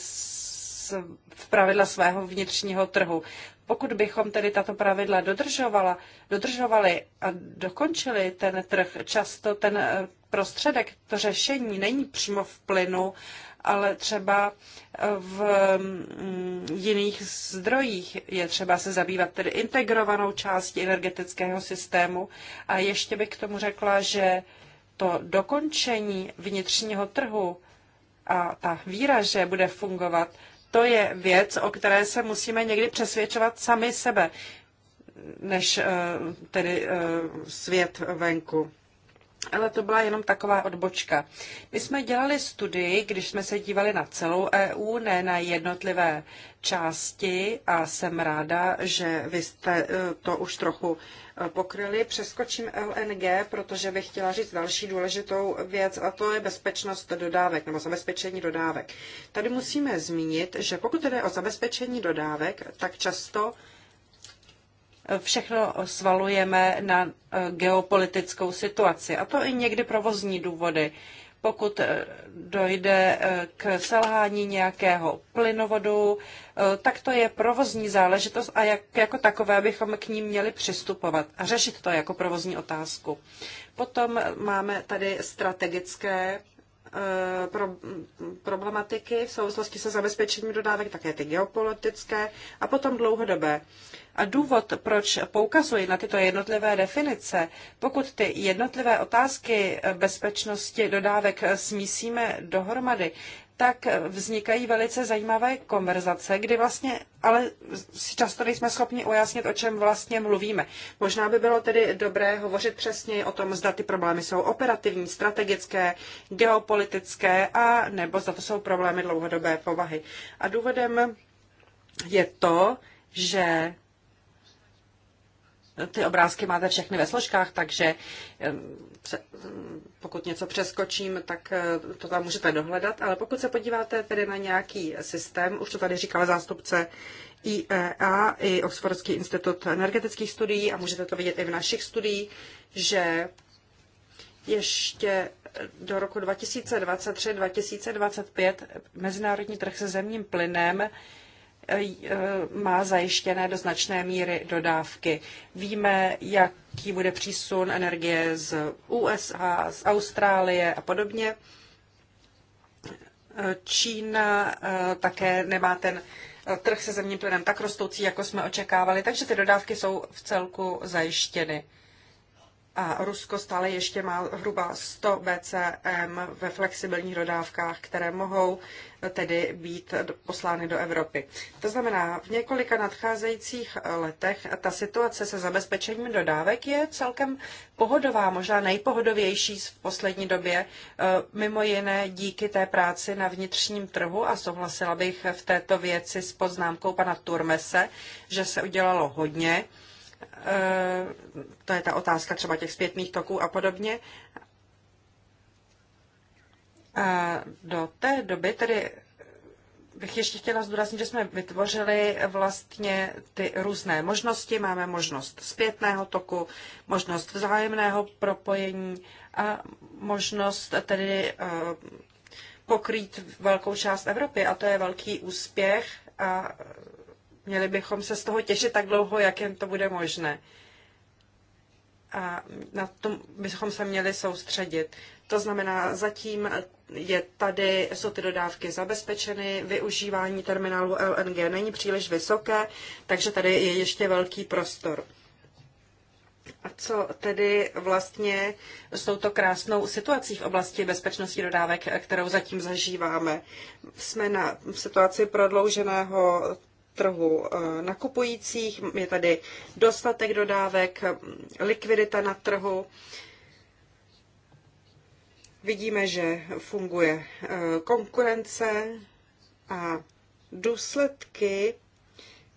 v pravidla svého vnitřního trhu. Pokud bychom tedy tato pravidla dodržovala, dodržovali a dokončili ten trh, často ten eh, prostředek, to řešení není přímo v plynu, ale třeba eh, v mm, jiných zdrojích je třeba se zabývat tedy integrovanou částí energetického systému. A ještě bych k tomu řekla, že to dokončení vnitřního trhu a ta víra, že bude fungovat, to je věc, o které se musíme někdy přesvědčovat sami sebe, než eh, tedy eh, svět venku. Ale to byla jenom taková odbočka. My jsme dělali studii, když jsme se dívali na celou EU, ne na jednotlivé části a jsem ráda, že vy jste e, to už trochu e, pokryli. Přeskočím LNG, protože bych chtěla říct další důležitou věc a to je bezpečnost dodávek nebo zabezpečení dodávek. Tady musíme zmínit, že pokud jde o zabezpečení dodávek, tak často všechno svalujeme na eh, geopolitickou situaci. A to i někdy provozní důvody. Pokud eh, dojde eh, k selhání nějakého plynovodu, tak to je provozní záležitost a jak, jako takové bychom k ní měli přistupovat a řešit to jako provozní otázku. Potom máme tady strategické pro, problematiky v souvislosti se zabezpečením dodávek, také ty geopolitické a potom dlouhodobé. A důvod, proč poukazuji na tyto jednotlivé definice, pokud ty jednotlivé otázky bezpečnosti dodávek smísíme dohromady, tak vznikají velice zajímavé konverzace, kdy vlastně, ale často nejsme schopni ujasnit, o čem vlastně mluvíme. Možná by bylo tedy dobré hovořit přesně o tom, zda ty problémy jsou operativní, strategické, geopolitické a nebo zda to jsou problémy dlouhodobé povahy. A důvodem je to, že ty obrázky máte všechny ve složkách, takže pokud něco přeskočím, tak eh, to tam můžete dohledat, ale pokud se podíváte tedy na nějaký systém, už to tady říkala zástupce IEA i Oxfordský institut energetických studií a můžete to vidět i v našich studiích, že ještě do roku 2023-2025 mezinárodní trh se zemním plynem má zajištěné do značné míry dodávky. Víme, jaký bude přísun energie z USA, z Austrálie a podobně. Čína eh, také nemá ten eh, trh se zemním plynem tak rostoucí, jako jsme očekávali, takže ty dodávky jsou v celku zajištěny. A Rusko stále ještě má hruba 100 BCM ve flexibilních dodávkách, které mohou tedy být poslány do Evropy. To znamená, v několika nadcházejících eh, letech ta situace se zabezpečením dodávek je celkem pohodová, možná nejpohodovější v poslední době, eh, mimo jiné díky té práci na vnitřním trhu a souhlasila bych v této věci s poznámkou pana Turmese, že se udělalo hodně eh, to je ta otázka třeba těch zpětných toků a podobně, do té doby tedy bych ještě chtěla zdůraznit, že jsme vytvořili vlastně ty různé možnosti. Máme možnost zpětného toku, možnost vzájemného propojení a možnost tedy eh, pokrýt velkou část Evropy. A to je velký úspěch a měli bychom se z toho těšit tak dlouho, jak jen to bude možné. A na tom bychom se měli soustředit. To znamená, zatím je tady, jsou ty dodávky zabezpečeny, využívání terminálu LNG není příliš vysoké, takže tady je ještě velký prostor. A co tedy vlastně s touto krásnou situací v oblasti bezpečnosti dodávek, kterou zatím zažíváme? Jsme na situaci prodlouženého trhu eh, nakupujících, je tady dostatek dodávek, mm, likvidita na trhu. Vidíme, že funguje eh, konkurence a důsledky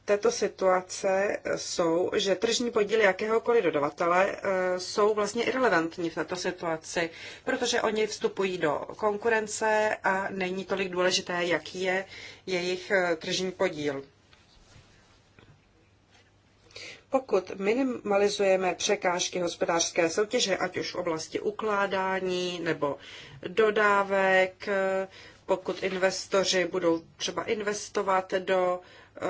této situace jsou, že tržní podíly jakéhokoliv dodavatele eh, jsou vlastně irrelevantní v této situaci, protože oni vstupují do konkurence a není tolik důležité, jaký je jejich tržní podíl. Pokud minimalizujeme překážky hospodářské soutěže, ať už v oblasti ukládání nebo dodávek, pokud investoři budou třeba investovat do eh,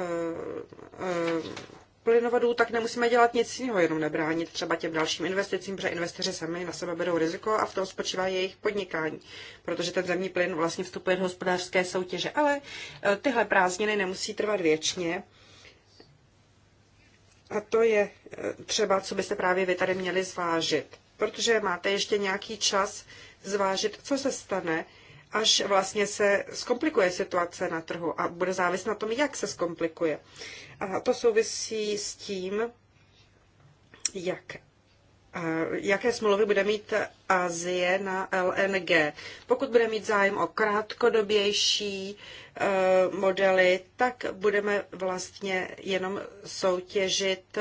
eh, plynovodů, tak nemusíme dělat nic jiného, jenom nebránit třeba těm dalším investicím, protože investoři sami na sebe berou riziko a v tom spočívá jejich podnikání, protože ten zemní plyn vlastně vstupuje do hospodářské soutěže. Ale eh, tyhle prázdniny nemusí trvat věčně. A to je e, třeba, co byste právě vy tady měli zvážit, protože máte ještě nějaký čas zvážit, co se stane, až vlastně se zkomplikuje situace na trhu a bude záviset na tom, jak se zkomplikuje. A to souvisí s tím, jak jaké smlouvy bude mít Azie na LNG. Pokud bude mít zájem o krátkodobější e, modely, tak budeme vlastně jenom soutěžit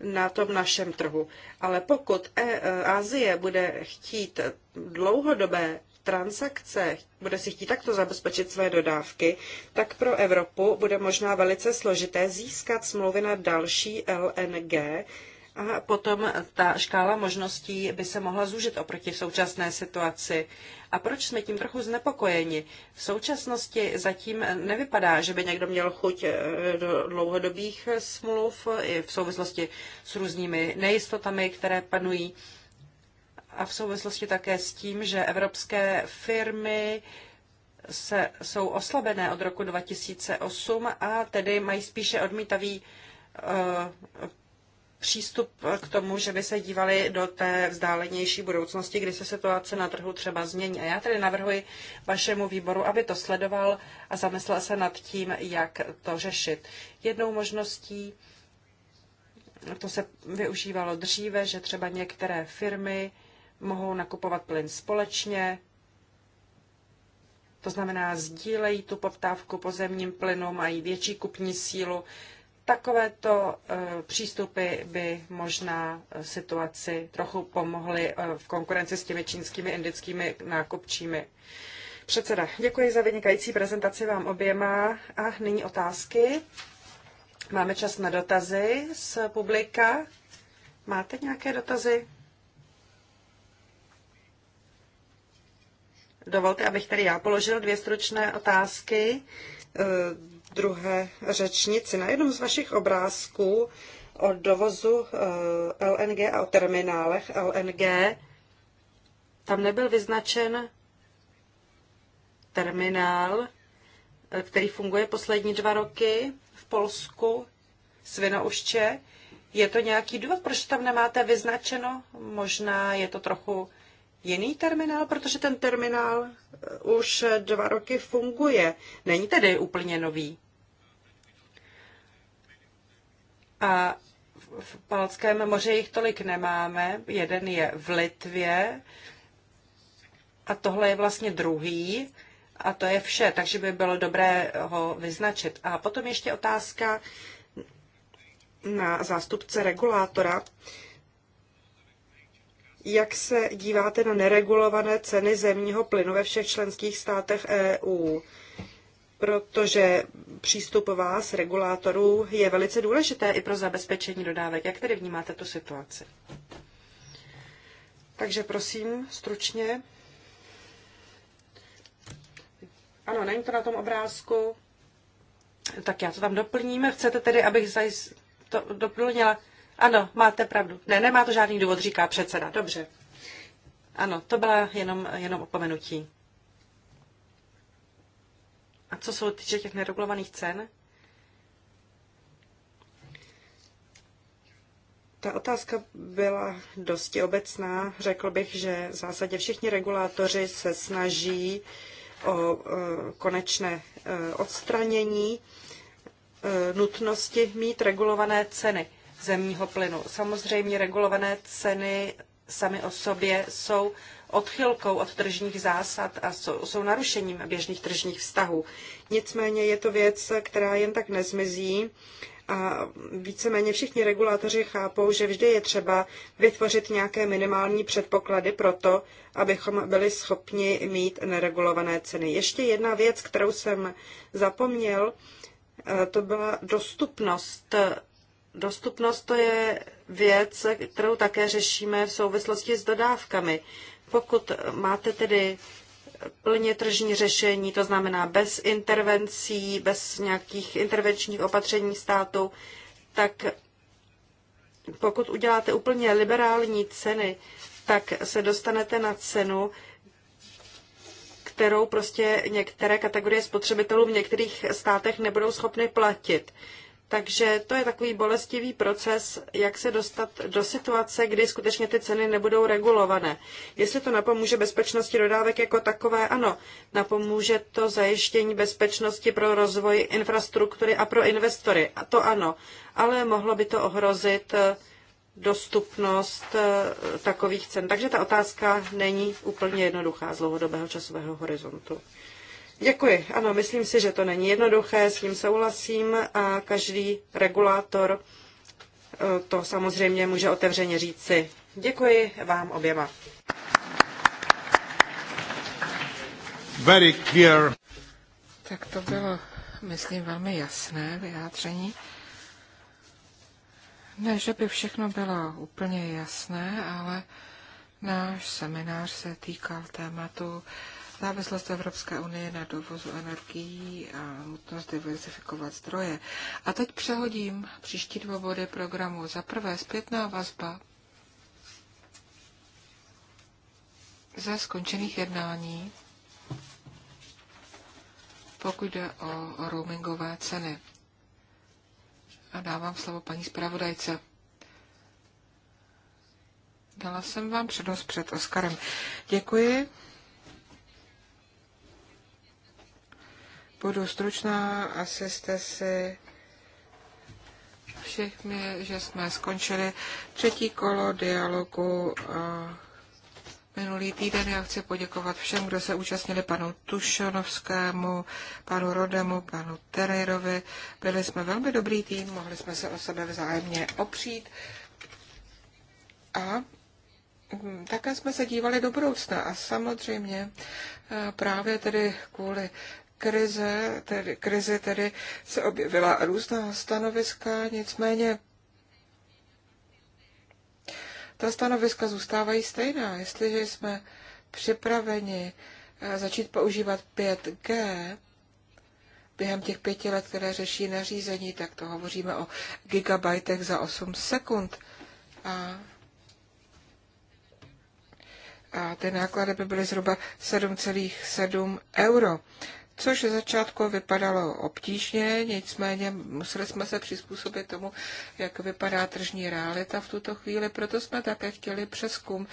na tom našem trhu. Ale pokud e, e, Asie bude chtít dlouhodobé transakce, bude si chtít takto zabezpečit své dodávky, tak pro Evropu bude možná velice složité získat smlouvy na další LNG, potom ta škála možností by se mohla zúžit oproti současné situaci. A proč jsme tím trochu znepokojeni? V současnosti zatím nevypadá, že by někdo měl chuť eh, do dlouhodobých smluv i v souvislosti s různými nejistotami, které panují. A v souvislosti také s tím, že evropské firmy se, jsou oslabené od roku 2008 a tedy mají spíše odmítavý eh, přístup k tomu, že by se dívali do té vzdálenější budoucnosti, kdy se situace na trhu třeba změní. A já tedy navrhuji vašemu výboru, aby to sledoval a zamyslel se nad tím, jak to řešit. Jednou možností, to se využívalo dříve, že třeba některé firmy mohou nakupovat plyn společně, to znamená sdílejí tu poptávku po zemním plynu, mají větší kupní sílu, Takovéto e, přístupy by možná e, situaci trochu pomohly e, v konkurenci s těmi čínskými indickými nákupčími. Předseda, děkuji za vynikající prezentaci vám oběma a nyní otázky. Máme čas na dotazy z publika. Máte nějaké dotazy? Dovolte, abych tady já položil dvě stručné otázky druhé řečnici. Na jednom z vašich obrázků o dovozu eh, LNG a o terminálech LNG tam nebyl vyznačen terminál, eh, který funguje poslední dva roky v Polsku, Svinouště. Je to nějaký důvod, proč tam nemáte vyznačeno? Možná je to trochu jiný terminál, protože ten terminál eh, už eh, dva roky funguje. Není tedy úplně nový. A v Palackém moře jich tolik nemáme. Jeden je v Litvě a tohle je vlastně druhý. A to je vše, takže by bylo dobré ho vyznačit. A potom ještě otázka na zástupce regulátora. Uh, jak se díváte na neregulované ceny zemního plynu ve všech členských státech EU, protože přístup vás, regulátorů, je velice důležité i pro zabezpečení dodávek. Jak tedy vnímáte tu situaci? Takže prosím, stručně. Ano, není to na tom obrázku. Tak já to tam doplním. Chcete tedy, abych zajist... to doplnila? Ano, máte pravdu. Ne, nemá to žádný důvod, říká předseda. Dobře. Ano, to byla jenom, jenom opomenutí. A co jsou týče těch neregulovaných cen? Ta otázka byla dosti obecná. Řekl bych, že v zásadě všichni regulátoři se snaží o e, konečné e, odstranění e, nutnosti mít regulované ceny zemního plynu. Samozřejmě regulované ceny sami o sobě jsou odchylkou od tržních zásad a jsou, jsou narušením běžných tržních vztahů. Nicméně je to věc, která jen tak nezmizí a víceméně všichni regulátoři chápou, že vždy je třeba vytvořit nějaké minimální předpoklady pro to, abychom byli schopni mít neregulované ceny. Ještě jedna věc, kterou jsem zapomněl, e, to byla dostupnost Dostupnost to je věc, kterou také řešíme v souvislosti s dodávkami. Pokud máte tedy plně tržní řešení, to znamená bez intervencí, bez nějakých intervenčních opatření státu, tak pokud uděláte úplně liberální ceny, tak se dostanete na cenu, kterou prostě některé kategorie spotřebitelů v některých státech nebudou schopny platit. Takže to je takový bolestivý proces, jak se dostat do situace, kdy skutečně ty ceny nebudou regulované. Jestli to napomůže bezpečnosti dodávek jako takové, ano, napomůže to zajištění bezpečnosti pro rozvoj infrastruktury a pro investory, a to ano, ale mohlo by to ohrozit eh, dostupnost eh, takových cen. Takže ta otázka není úplně jednoduchá z dlouhodobého časového horizontu. Děkuji. Ano, myslím si, že to není jednoduché, s tím souhlasím a každý regulátor eh, to samozřejmě může otevřeně říci. Děkuji vám oběma. Very clear. Tak to bylo, myslím, velmi jasné vyjádření. Ne, že by všechno bylo úplně jasné, ale náš seminář se týkal tématu závislost Evropské unie na dovozu energií a nutnost diversifikovat zdroje. A teď přehodím příští dva body programu. Za prvé zpětná vazba ze skončených jednání, pokud jde o roamingové ceny. A dávám slovo paní zpravodajce. Dala jsem vám přednost před Oskarem. Děkuji. Budu stručná, asi jste si všichni, že jsme skončili třetí kolo dialogu minulý týden. Já chci poděkovat všem, kdo se účastnili panu Tušonovskému, panu Rodemu, panu Terejrovi. Byli jsme velmi dobrý tým, mohli jsme se o sebe vzájemně opřít. A mm, také jsme se dívali do budoucna a samozřejmě e, právě tedy kvůli krize, tedy, krizi tedy se objevila různá stanoviska, nicméně ta stanoviska zůstávají stejná. Jestliže jsme připraveni eh, začít používat 5G během těch pěti let, které řeší nařízení, tak to hovoříme o gigabajtech za 8 sekund. A a ty náklady by byly zhruba 7,7 euro což ze začátku vypadalo obtížně, nicméně museli jsme se přizpůsobit tomu, jak vypadá tržní realita v tuto chvíli, proto jsme také chtěli přeskum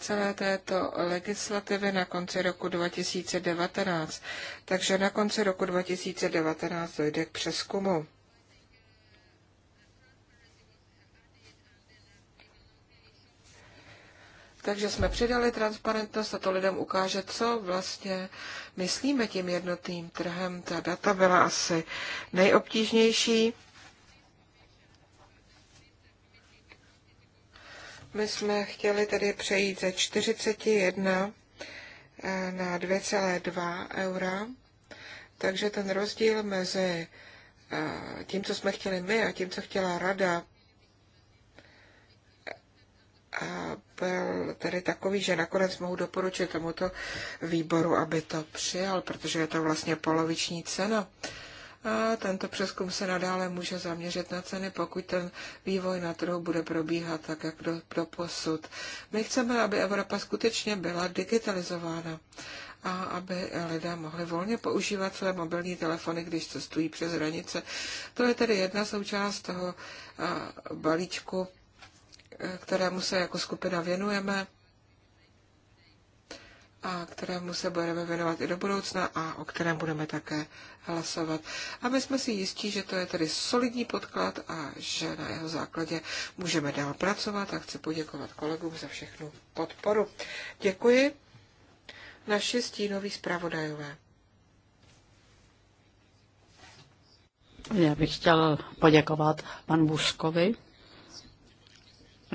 celé této legislativy na konci roku 2019. Takže na konci roku 2019 dojde k přeskumu. Takže jsme přidali transparentnost a to lidem ukáže, co vlastně myslíme tím jednotným trhem. Ta data byla asi nejobtížnější. My jsme chtěli tedy přejít ze 41 eh, na 2,2 eura, takže ten rozdíl mezi eh, tím, co jsme chtěli my a tím, co chtěla rada, a byl tedy takový, že nakonec mohu doporučit tomuto výboru, aby to přijal, protože je to vlastně poloviční cena. A tento přeskum se nadále může zaměřit na ceny, pokud ten vývoj na trhu bude probíhat tak, jak do, do posud. My chceme, aby Evropa skutečně byla digitalizována a aby lidé mohli volně používat své mobilní telefony, když cestují přes hranice. To je tedy jedna součást toho balíčku kterému se jako skupina věnujeme a kterému se budeme věnovat i do budoucna a o kterém budeme také hlasovat. A my jsme si jistí, že to je tedy solidní podklad a že na jeho základě můžeme dál pracovat a chci poděkovat kolegům za všechnu podporu. Děkuji naši stínoví zpravodajové. Já bych chtěl poděkovat panu Buskovi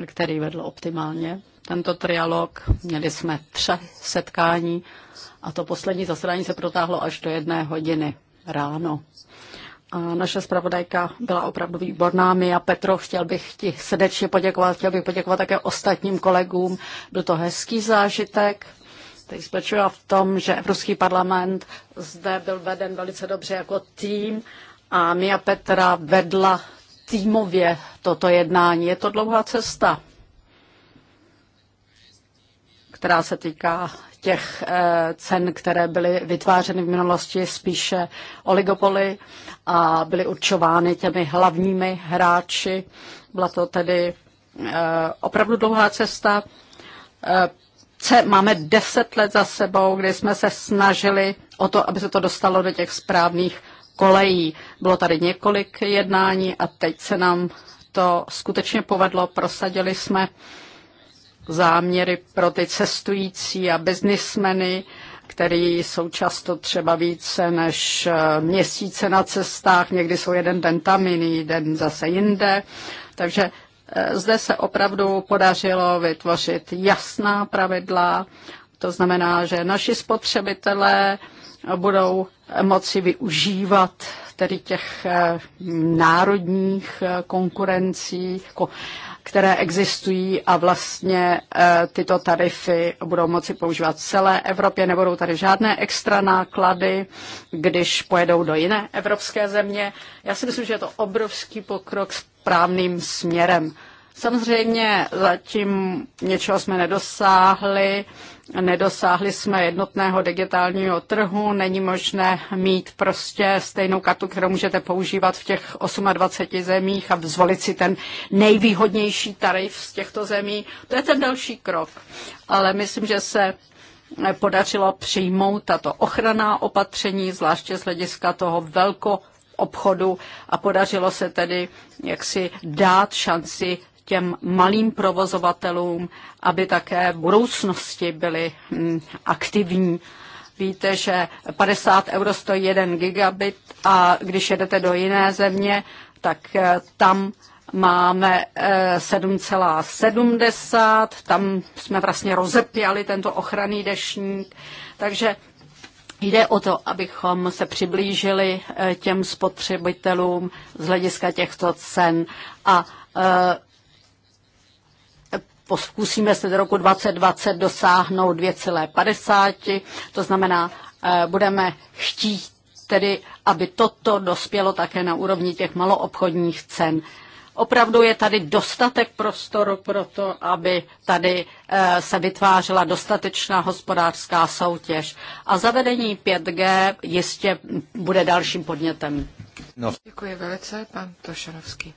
který vedl optimálně tento trialog. Měli jsme tři setkání a to poslední zasedání se protáhlo až do jedné hodiny ráno. A naše zpravodajka byla opravdu výborná. My a Petro, chtěl bych ti srdečně poděkovat, chtěl bych poděkovat také ostatním kolegům. Byl to hezký zážitek. Teď spočívá v tom, že Evropský parlament zde byl veden velice dobře jako tým a Mia Petra vedla týmově toto jednání. Je to dlouhá cesta, která se týká těch eh, cen, které byly vytvářeny v minulosti spíše oligopoly a byly určovány těmi hlavními hráči. Byla to tedy eh, opravdu dlouhá cesta. Eh, máme deset let za sebou, kdy jsme se snažili o to, aby se to dostalo do těch správných kolejí. Bylo tady několik jednání a teď se nám to skutečně povedlo. Prosadili jsme záměry pro ty cestující a biznismeny, který jsou často třeba více než eh, měsíce na cestách, někdy jsou jeden den tam, jiný den zase jinde. Takže eh, zde se opravdu podařilo vytvořit jasná pravidla, to znamená, že naši spotřebitelé budou moci využívat tedy těch eh, národních eh, konkurencí, které existují a vlastně eh, tyto tarify budou moci používat v celé Evropě. Nebudou tady žádné extra náklady, když pojedou do jiné evropské země. Já si myslím, že je to obrovský pokrok správným směrem. Samozřejmě zatím něčeho jsme nedosáhli, nedosáhli jsme jednotného digitálního trhu, není možné mít prostě stejnou kartu, kterou můžete používat v těch 28 zemích a zvolit si ten nejvýhodnější tarif z těchto zemí. To je ten další krok, ale myslím, že se podařilo přijmout tato ochranná opatření, zvláště z hlediska toho velko obchodu a podařilo se tedy jaksi dát šanci těm malým provozovatelům, aby také v budoucnosti byli hm, aktivní. Víte, že 50 euro stojí 1 gigabit a když jedete do jiné země, tak eh, tam máme 7,70, eh, tam jsme vlastně rozepěli tento ochranný dešník, takže Jde o to, abychom se přiblížili eh, těm spotřebitelům z hlediska těchto cen a Pokusíme se do roku 2020 dosáhnout 2,50, to znamená, eh, budeme chtít tedy, aby toto dospělo také na úrovni těch maloobchodních cen. Opravdu je tady dostatek prostoru pro to, aby tady eh, se vytvářela dostatečná hospodářská soutěž. A zavedení 5G jistě bude dalším podnětem. No. Děkuji velice, pan Tošanovský.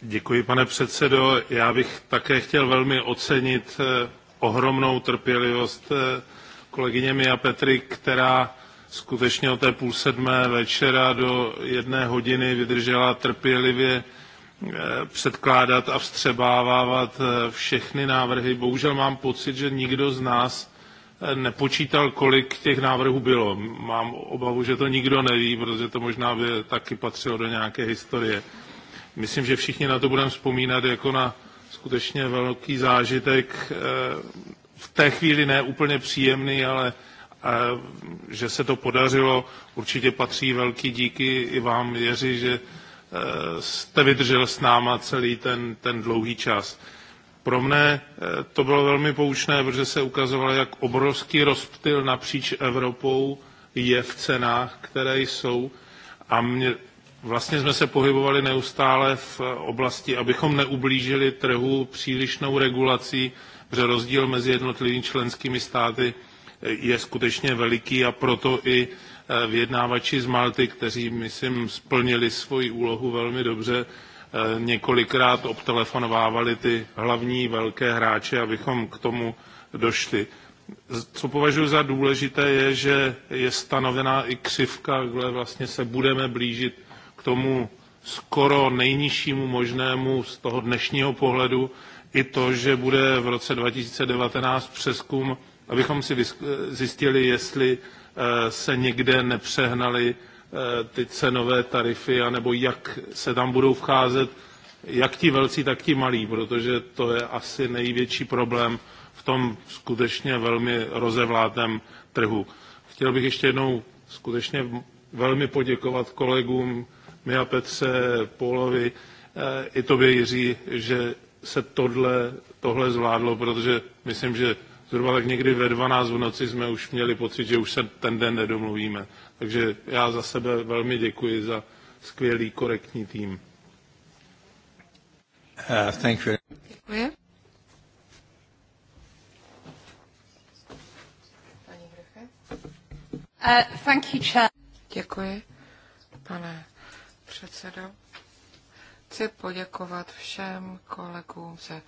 Děkuji, pane předsedo. Já bych také chtěl velmi ocenit eh, ohromnou trpělivost eh, kolegyně Mia Petry, která skutečně od té půl sedmé večera do jedné hodiny vydržela trpělivě eh, předkládat a vstřebávávat všechny návrhy. Bohužel mám pocit, že nikdo z nás nepočítal, kolik těch návrhů bylo. Mám obavu, že to nikdo neví, protože to možná by taky patřilo do nějaké historie. Myslím, že všichni na to budeme vzpomínat jako na skutečně velký zážitek. Eh, v té chvíli ne úplně příjemný, ale eh, že se to podařilo. Určitě patří velký díky i vám, Jeři, že eh, jste vydržel s náma celý ten, ten dlouhý čas. Pro mne to bylo velmi poučné, protože se ukazovalo, jak obrovský rozptyl napříč Evropou je v cenách, které jsou. A mě vlastně jsme se pohybovali neustále v oblasti, abychom neublížili trhu přílišnou regulací, protože rozdíl mezi jednotlivými členskými státy je skutečně veliký a proto i eh, vyjednávači z Malty, kteří, myslím, splnili svoji úlohu velmi dobře, eh, několikrát obtelefonovávali ty hlavní velké hráče, abychom k tomu došli. Co považuji za důležité je, že je stanovená i křivka, kde vlastně se budeme blížit k tomu skoro nejnižšímu možnému z toho dnešního pohledu i to, že bude v roce 2019 přeskum, abychom si zjistili, jestli eh, se někde nepřehnaly eh, ty cenové tarify, anebo jak se tam budou vcházet jak ti velcí, tak ti malí, protože to je asi největší problém v tom skutečně velmi rozevlátém trhu. Chtěl bych ještě jednou skutečně velmi poděkovat kolegům, my a Petře Pólovi, eh, i tobě Jiří, že se tohle, tohle zvládlo, protože myslím, že zhruba tak někdy ve 12 v noci jsme už měli pocit, že už se ten den nedomluvíme. Takže já za sebe velmi děkuji za skvělý, korektní tým. Uh, thank you. Děkuji. Uh, thank you, Chair. Děkuji, pane předsedo. Chci poděkovat všem kolegům ze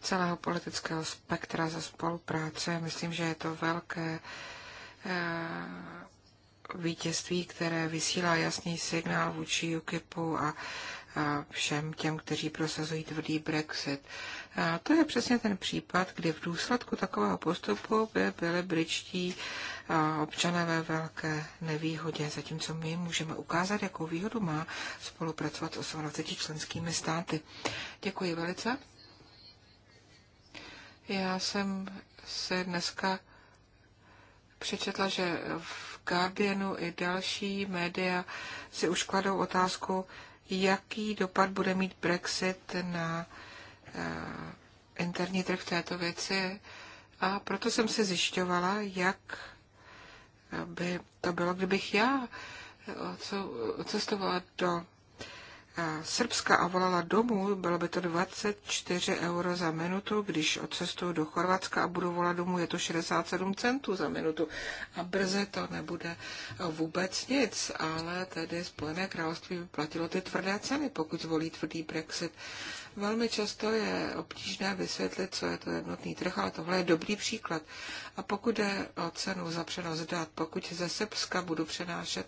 celého politického spektra za spolupráci. Myslím, že je to velké eh, vítězství, které vysílá jasný signál vůči UKIPu a všem těm, kteří prosazují tvrdý Brexit. A to je přesně ten případ, kdy v důsledku takového postupu by byly britští občané ve velké nevýhodě, zatímco my můžeme ukázat, jakou výhodu má spolupracovat s 28 členskými státy. Děkuji velice. Já jsem se dneska přečetla, že v Guardianu i další média si už kladou otázku, jaký dopad bude mít Brexit na Eh, interní trh v této věci a proto jsem se zjišťovala, jak by to bylo, kdybych já eh, cestovala do eh, Srbska a volala domů, bylo by to 24 euro za minutu, když odcestuju do Chorvatska a budu volat domů, je to 67 centů za minutu a brze to nebude vůbec nic, ale tedy Spojené království by platilo ty tvrdé ceny, pokud zvolí tvrdý Brexit. Velmi často je obtížné vysvětlit, co je to jednotný trh, ale tohle je dobrý příklad. A pokud jde o cenu za přenos dat, pokud ze Srbska budu přenášet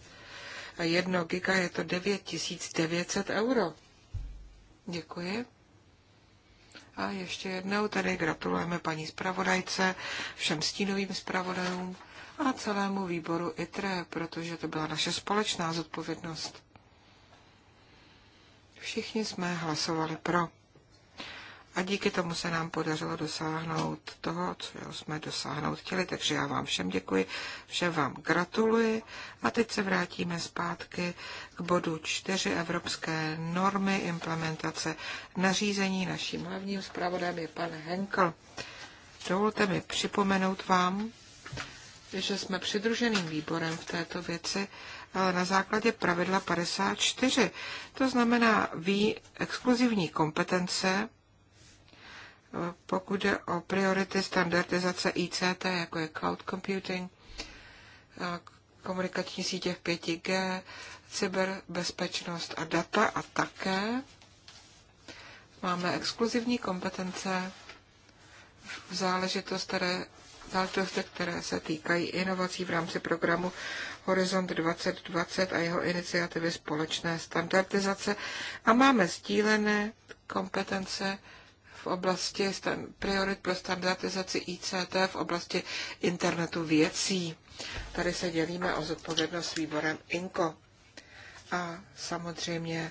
1 giga, je to 9900 euro. Děkuji. A ještě jednou tady gratulujeme paní zpravodajce, všem stínovým zpravodajům a celému výboru ITRE, protože to byla naše společná zodpovědnost. Všichni jsme hlasovali pro. A díky tomu se nám podařilo dosáhnout toho, co jsme dosáhnout chtěli. Takže já vám všem děkuji, všem vám gratuluji. A teď se vrátíme zpátky k bodu čtyři evropské normy implementace nařízení. Naším hlavním zpravodajem je pan Henkel. Dovolte mi připomenout vám, že jsme přidruženým výborem v této věci, ale na základě pravidla 54. To znamená, ví exkluzivní kompetence pokud jde o priority standardizace ICT, jako je cloud computing, komunikační sítě v 5G, cyberbezpečnost a data a také máme exkluzivní kompetence v záležitost, které, záležitosti, které se týkají inovací v rámci programu Horizont 2020 a jeho iniciativy společné standardizace a máme sdílené kompetence v oblasti priorit pro standardizaci ICT v oblasti internetu věcí. Tady se dělíme o zodpovědnost s výborem INCO. A samozřejmě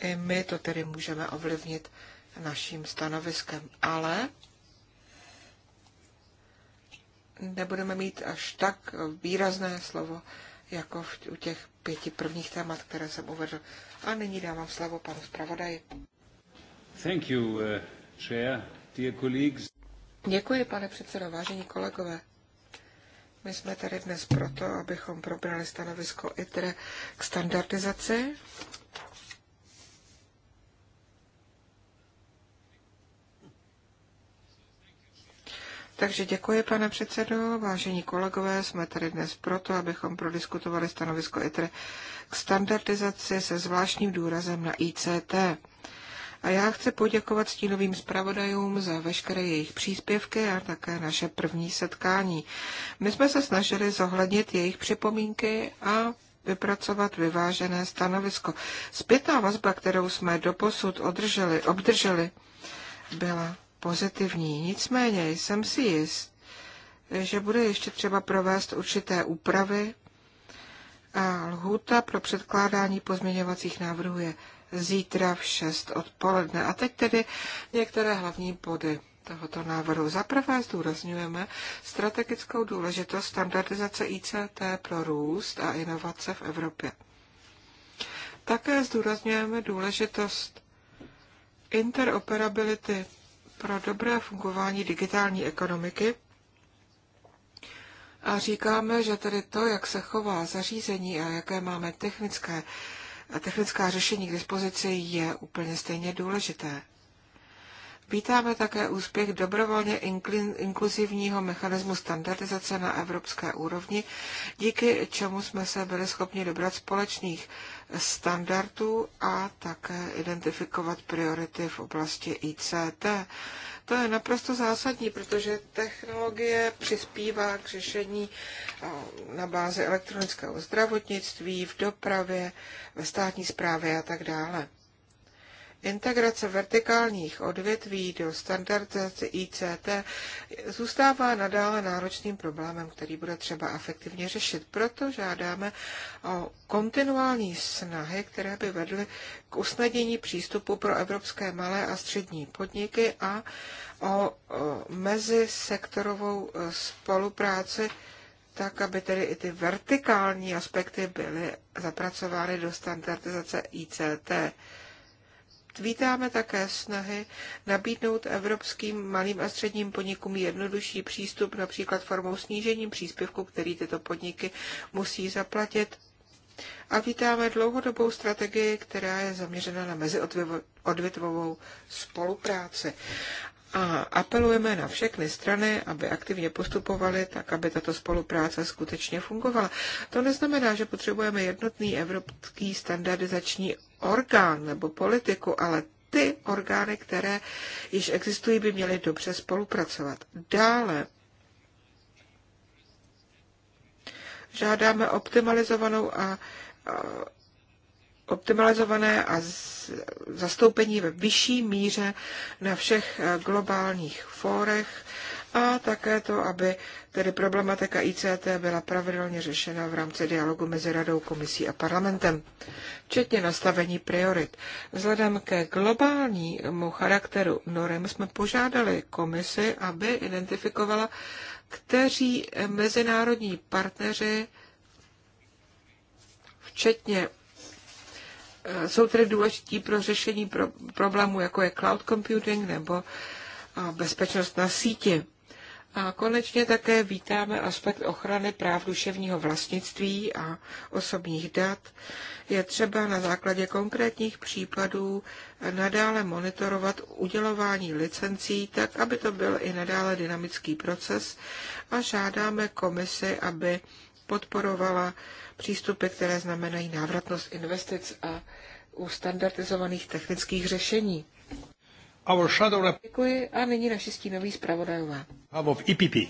i my to tedy můžeme ovlivnit naším stanoviskem. Ale nebudeme mít až tak výrazné slovo jako v, u těch pěti prvních témat, které jsem uvedl. A nyní dávám slovo panu zpravodaji. Thank you, uh... Děkuji, pane předsedo, vážení kolegové. My jsme tady dnes proto, abychom probrali stanovisko ITRE k standardizaci. Takže děkuji, pane předsedo. Vážení kolegové, jsme tady dnes proto, abychom prodiskutovali stanovisko ITRE k standardizaci se zvláštním důrazem na ICT. A já chci poděkovat stínovým zpravodajům za veškeré jejich příspěvky a také naše první setkání. My jsme se snažili zohlednit jejich připomínky a vypracovat vyvážené stanovisko. Zpětná vazba, kterou jsme doposud održeli, obdrželi, byla pozitivní. Nicméně jsem si jist, že bude ještě třeba provést určité úpravy a lhůta pro předkládání pozměňovacích návrhů je zítra v 6 odpoledne. A teď tedy některé hlavní body tohoto návrhu. Za prvé zdůrazňujeme strategickou důležitost standardizace ICT pro růst a inovace v Evropě. Také zdůrazňujeme důležitost interoperability pro dobré fungování digitální ekonomiky a říkáme, že tedy to, jak se chová zařízení a jaké máme technické technická řešení k dispozici je úplně stejně důležité. Vítáme také úspěch dobrovolně inkluzivního mechanismu standardizace na evropské úrovni, díky čemu jsme se byli schopni dobrat společných standardů a také identifikovat priority v oblasti ICT. To je naprosto zásadní, protože technologie přispívá k řešení eh, na bázi elektronického zdravotnictví, v dopravě, ve státní správě a tak dále. Integrace vertikálních odvětví do standardizace ICT zůstává nadále náročným problémem, který bude třeba efektivně řešit. Proto žádáme o kontinuální snahy, které by vedly k usnadnění přístupu pro evropské malé a střední podniky a o mezisektorovou e, spolupráci tak, aby tedy i ty vertikální aspekty byly zapracovány do standardizace ICT. Vítáme také snahy nabídnout evropským malým a středním podnikům jednodušší přístup, například formou snížení příspěvku, který tyto podniky musí zaplatit. A vítáme dlouhodobou strategii, která je zaměřena na meziodvětvovou spolupráci. A apelujeme na všechny strany, aby aktivně postupovali, tak aby tato spolupráce skutečně fungovala. To neznamená, že potřebujeme jednotný evropský standardizační orgán nebo politiku, ale ty orgány, které již existují, by měly dobře spolupracovat. Dále žádáme optimalizovanou a, a optimalizované a z, zastoupení ve vyšší míře na všech eh, globálních fórech a také to, aby tedy problematika ICT byla pravidelně řešena v rámci dialogu mezi Radou, Komisí a parlamentem, včetně nastavení priorit. Vzhledem ke globálnímu charakteru norem jsme požádali Komisi, aby identifikovala, kteří mezinárodní partneři včetně eh, jsou tedy důležití pro řešení pro, problémů, jako je cloud computing nebo eh, bezpečnost na síti. A konečně také vítáme aspekt ochrany práv duševního vlastnictví a osobních dat. Je třeba na základě konkrétních případů nadále monitorovat udělování licencí, tak aby to byl i nadále dynamický proces a žádáme komisi, aby podporovala přístupy, které znamenají návratnost investic a u standardizovaných technických řešení. Děkuji a nyní naši stínový zpravodajové. Abov IPP. E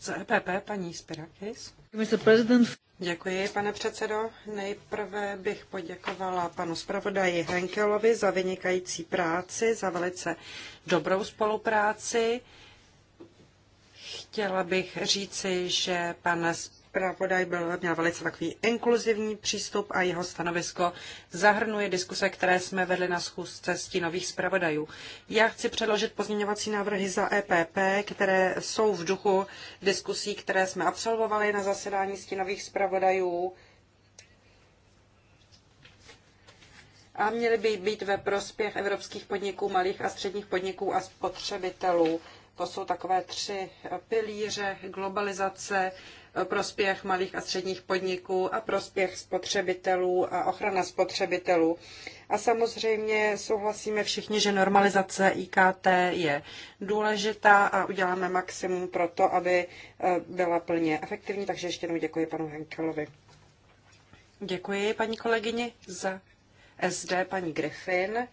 za EPP paní Spirakis. Děkuji, pane předsedo. Nejprve bych poděkovala panu zpravodaji Henkelovi za vynikající práci, za velice dobrou spolupráci. Chtěla bych říci, že pan zpravodaj byl, měl velice takový inkluzivní přístup a jeho stanovisko zahrnuje diskuse, které jsme vedli na schůzce stínových zpravodajů. Já chci předložit pozměňovací návrhy za EPP, které jsou v duchu diskusí, které jsme absolvovali na zasedání stínových zpravodajů. a měly by být ve prospěch evropských podniků, malých a středních podniků a spotřebitelů. To jsou takové tři pilíře globalizace, Eh, prospěch malých a středních podniků a prospěch spotřebitelů a ochrana spotřebitelů. A samozřejmě souhlasíme všichni, že normalizace IKT je důležitá a uděláme maximum pro to, aby eh, byla plně efektivní. Takže ještě jednou děkuji panu Henkelovi. Děkuji paní kolegyni za SD, paní Griffin.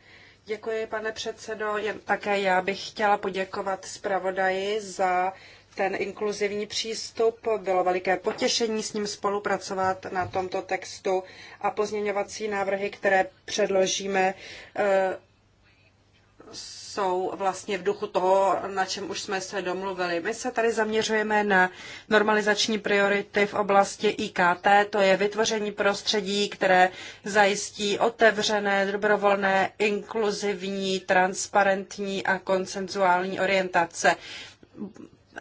Děkuji, pane předsedo. Také já bych chtěla poděkovat zpravodaji za ten inkluzivní přístup. Bylo veliké potěšení s ním spolupracovat na tomto textu a pozměňovací návrhy, které předložíme, eh, jsou vlastně v duchu toho, na čem už jsme se domluvili. My se tady zaměřujeme na normalizační priority v oblasti IKT, to je vytvoření prostředí, které zajistí otevřené, dobrovolné, inkluzivní, transparentní a konsenzuální orientace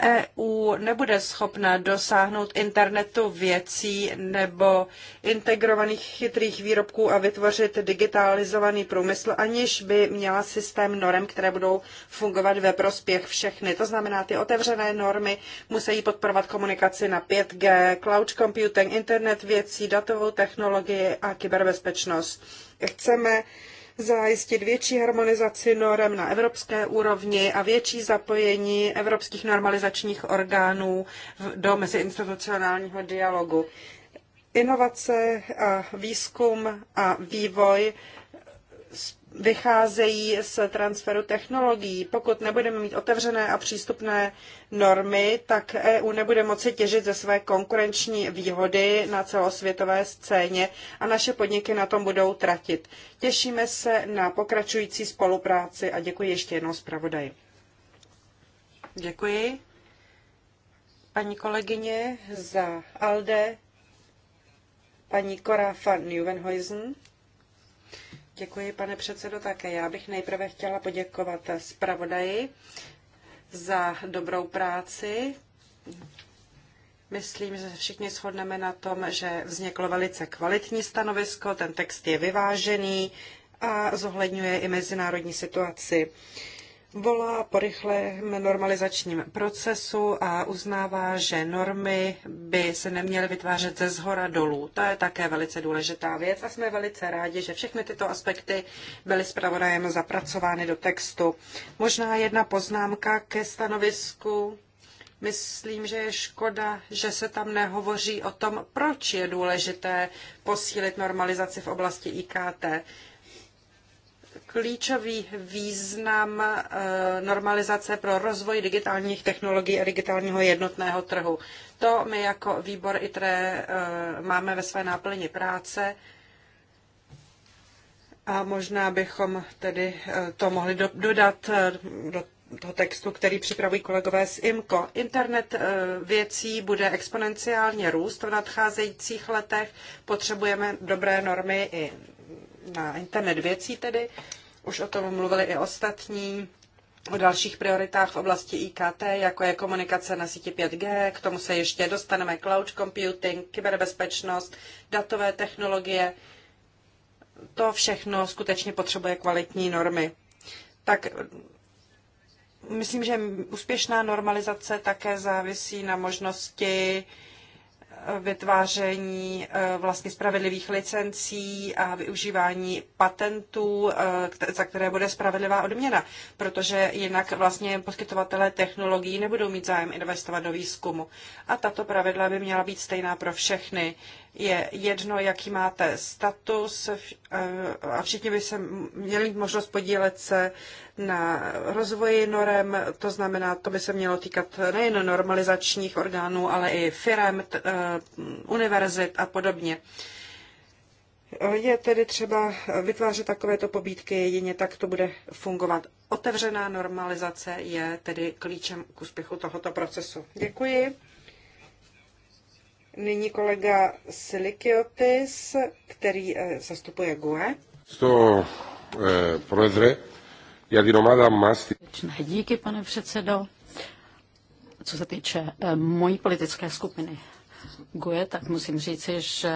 EU nebude schopna dosáhnout internetu věcí nebo integrovaných chytrých výrobků a vytvořit digitalizovaný průmysl, aniž by měla systém norm, které budou fungovat ve prospěch všechny. To znamená, ty otevřené normy musí podporovat komunikaci na 5G, cloud computing, internet věcí, datovou technologii a kyberbezpečnost. Chceme zajistit větší harmonizaci norem na evropské úrovni a větší zapojení evropských normalizačních orgánů do meziinstitucionálního dialogu. Inovace a výzkum a vývoj vycházejí z transferu technologií. Pokud nebudeme mít otevřené a přístupné normy, tak EU nebude moci těžit ze své konkurenční výhody na celosvětové scéně a naše podniky na tom budou tratit. Těšíme se na pokračující spolupráci a děkuji ještě jednou zpravodaji. Děkuji. Paní kolegyně za ALDE, paní Cora van Děkuji, pane předsedo, také já bych nejprve chtěla poděkovat zpravodaji za dobrou práci. Myslím, že všichni shodneme na tom, že vzniklo velice kvalitní stanovisko, ten text je vyvážený a zohledňuje i mezinárodní situaci. Uh, volá po rychlém normalizačním procesu a uznává, že normy by se neměly vytvářet ze zhora dolů. To je také velice důležitá věc a jsme velice rádi, že všechny tyto aspekty byly zpravodajem zapracovány do textu. Možná jedna poznámka ke stanovisku. Myslím, že je škoda, že se tam nehovoří o tom, proč je důležité posílit normalizaci v oblasti IKT klíčový význam eh, normalizace pro rozvoj digitálních technologií a digitálního jednotného trhu. To my jako výbor ITRE eh, máme ve své náplni práce. A možná bychom tedy eh, to mohli dodat do toho textu, který připravují kolegové z IMCO. Internet věcí bude exponenciálně růst v nadcházejících letech. Potřebujeme dobré normy i na internet věcí tedy. Už o tom mluvili i ostatní o dalších prioritách v oblasti IKT, jako je komunikace na síti 5G, k tomu se ještě dostaneme cloud computing, kyberbezpečnost, datové technologie. To všechno skutečně potřebuje kvalitní normy. Tak myslím, že úspěšná normalizace také závisí na možnosti vytváření eh, vlastně spravedlivých licencí a využívání patentů, eh, za které bude spravedlivá odměna, protože jinak vlastně poskytovatelé technologií nebudou mít zájem investovat do výzkumu. A tato pravidla by měla být stejná pro všechny je jedno, jaký máte status eh, a všichni by se měli možnost podílet se na rozvoji norem, to znamená, to by se mělo týkat nejen normalizačních orgánů, ale i firem, eh, univerzit a podobně. Je tedy třeba vytvářet takovéto pobídky, jedině tak to bude fungovat. Otevřená normalizace je tedy klíčem k úspěchu tohoto procesu. Děkuji. Nyní kolega Silikiotis, který eh, zastupuje GUE. Sto, eh, já Díky, pane předsedo. Co se týče eh, mojí politické skupiny GUE, tak musím říci, že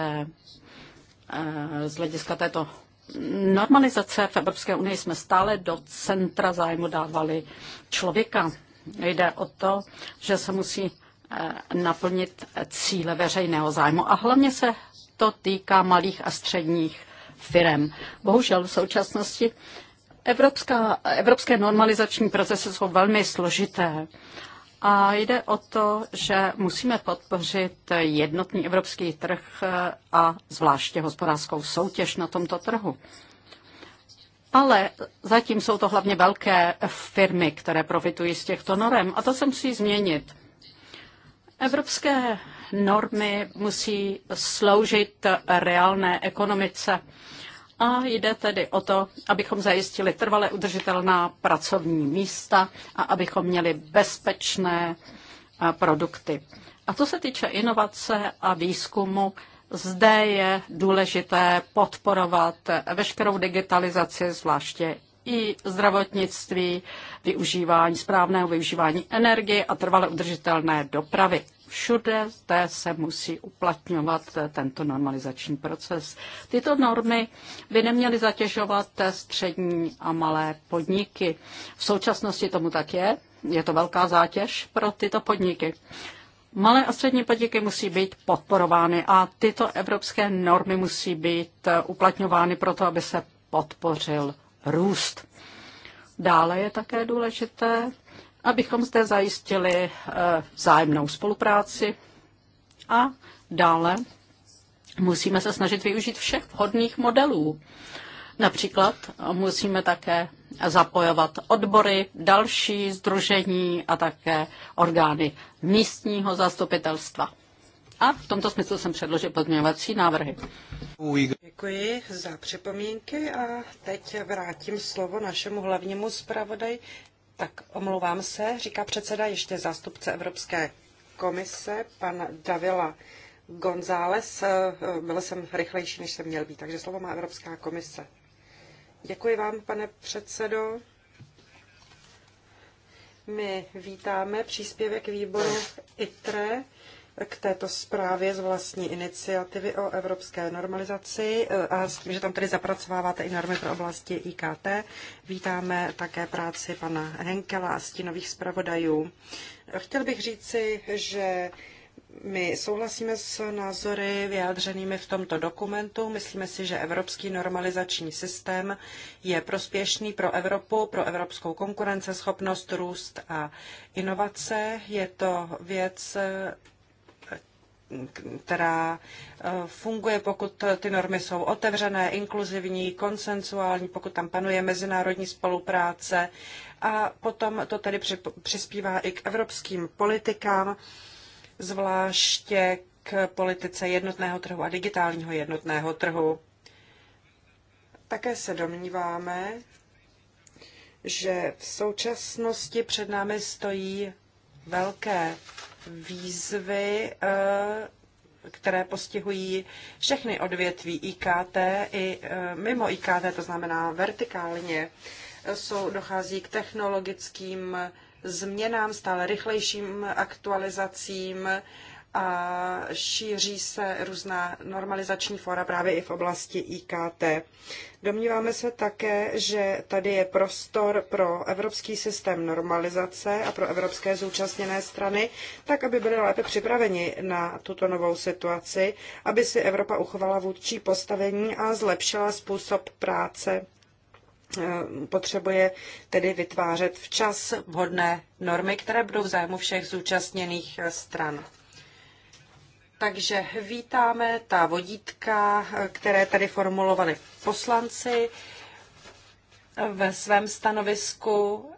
eh, z hlediska této normalizace v Evropské unii jsme stále do centra zájmu dávali člověka. Jde o to, že se musí Eh, naplnit cíle veřejného zájmu a hlavně se to týká malých a středních firm. Bohužel v současnosti evropská, evropské normalizační procesy jsou velmi složité. A jde o to, že musíme podpořit jednotný evropský trh eh, a zvláště hospodářskou soutěž na tomto trhu. Ale zatím jsou to hlavně velké firmy, které profitují z těchto norem a to se musí změnit. Evropské normy musí sloužit reálné ekonomice. A jde tedy o to, abychom zajistili trvale udržitelná pracovní místa a abychom měli bezpečné produkty. A co se týče inovace a výzkumu, zde je důležité podporovat veškerou digitalizaci, zvláště i zdravotnictví, využívání, správného využívání energie a trvale udržitelné dopravy. Všude zde se musí uplatňovat tento normalizační proces. Tyto normy by neměly zatěžovat střední a malé podniky. V současnosti tomu tak je. Je to velká zátěž pro tyto podniky. Malé a střední podniky musí být podporovány a tyto evropské normy musí být uplatňovány proto, aby se podpořil růst. Dále je také důležité, abychom zde zajistili eh, vzájemnou spolupráci a dále musíme se snažit využít všech vhodných modelů. Například musíme také zapojovat odbory, další združení a také orgány místního zastupitelstva a v tomto smyslu jsem předložil pozměňovací návrhy. Děkuji za připomínky a teď vrátím slovo našemu hlavnímu zpravodaj. Tak omlouvám se, říká předseda ještě zástupce Evropské komise, pan Davila González. Byl jsem rychlejší, než jsem měl být, takže slovo má Evropská komise. Děkuji vám, pane předsedo. My vítáme příspěvek výboru ITRE k této zprávě z vlastní iniciativy o evropské normalizaci eh, a že tam tedy zapracováváte i normy pro oblasti IKT. Vítáme také práci pana Henkela a stínových zpravodajů. Chtěl bych říci, že my souhlasíme s názory vyjádřenými v tomto dokumentu. Myslíme si, že evropský normalizační systém je prospěšný pro Evropu, pro evropskou konkurenceschopnost, růst a inovace. Je to věc, která eh, funguje, pokud ty normy jsou otevřené, inkluzivní, konsensuální, pokud tam panuje mezinárodní spolupráce a potom to tedy přispívá i k evropským politikám, zvláště k politice jednotného trhu a digitálního jednotného trhu. Také se domníváme, že v současnosti před námi stojí velké výzvy, eh, které postihují všechny odvětví IKT i eh, mimo IKT, to znamená vertikálně. Eh, jsou, dochází k technologickým změnám, stále rychlejším aktualizacím, a šíří se různá normalizační fora právě i v oblasti IKT. Domníváme se také, že tady je prostor pro evropský systém normalizace a pro evropské zúčastněné strany, tak aby byly lépe připraveni na tuto novou situaci, aby si Evropa uchovala vůdčí postavení a zlepšila způsob práce eh, potřebuje tedy vytvářet včas vhodné normy, které budou v zájmu všech zúčastněných eh, stran. Takže vítáme ta vodítka, které tady formulovali poslanci ve svém stanovisku,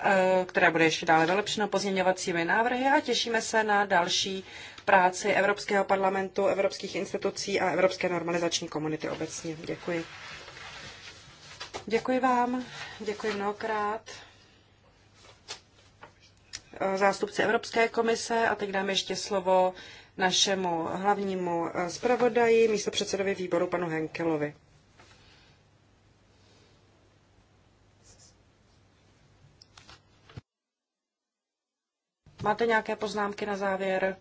eh, které bude ještě dále vylepšeno pozměňovacími návrhy a těšíme se na další práci Evropského parlamentu, evropských institucí a Evropské normalizační komunity obecně. Děkuji. Děkuji vám, děkuji mnohokrát eh, zástupci Evropské komise a teď dám ještě slovo našemu hlavnímu eh, zpravodaji, místopředsedovi výboru panu Henkelovi. Máte nějaké poznámky na závěr?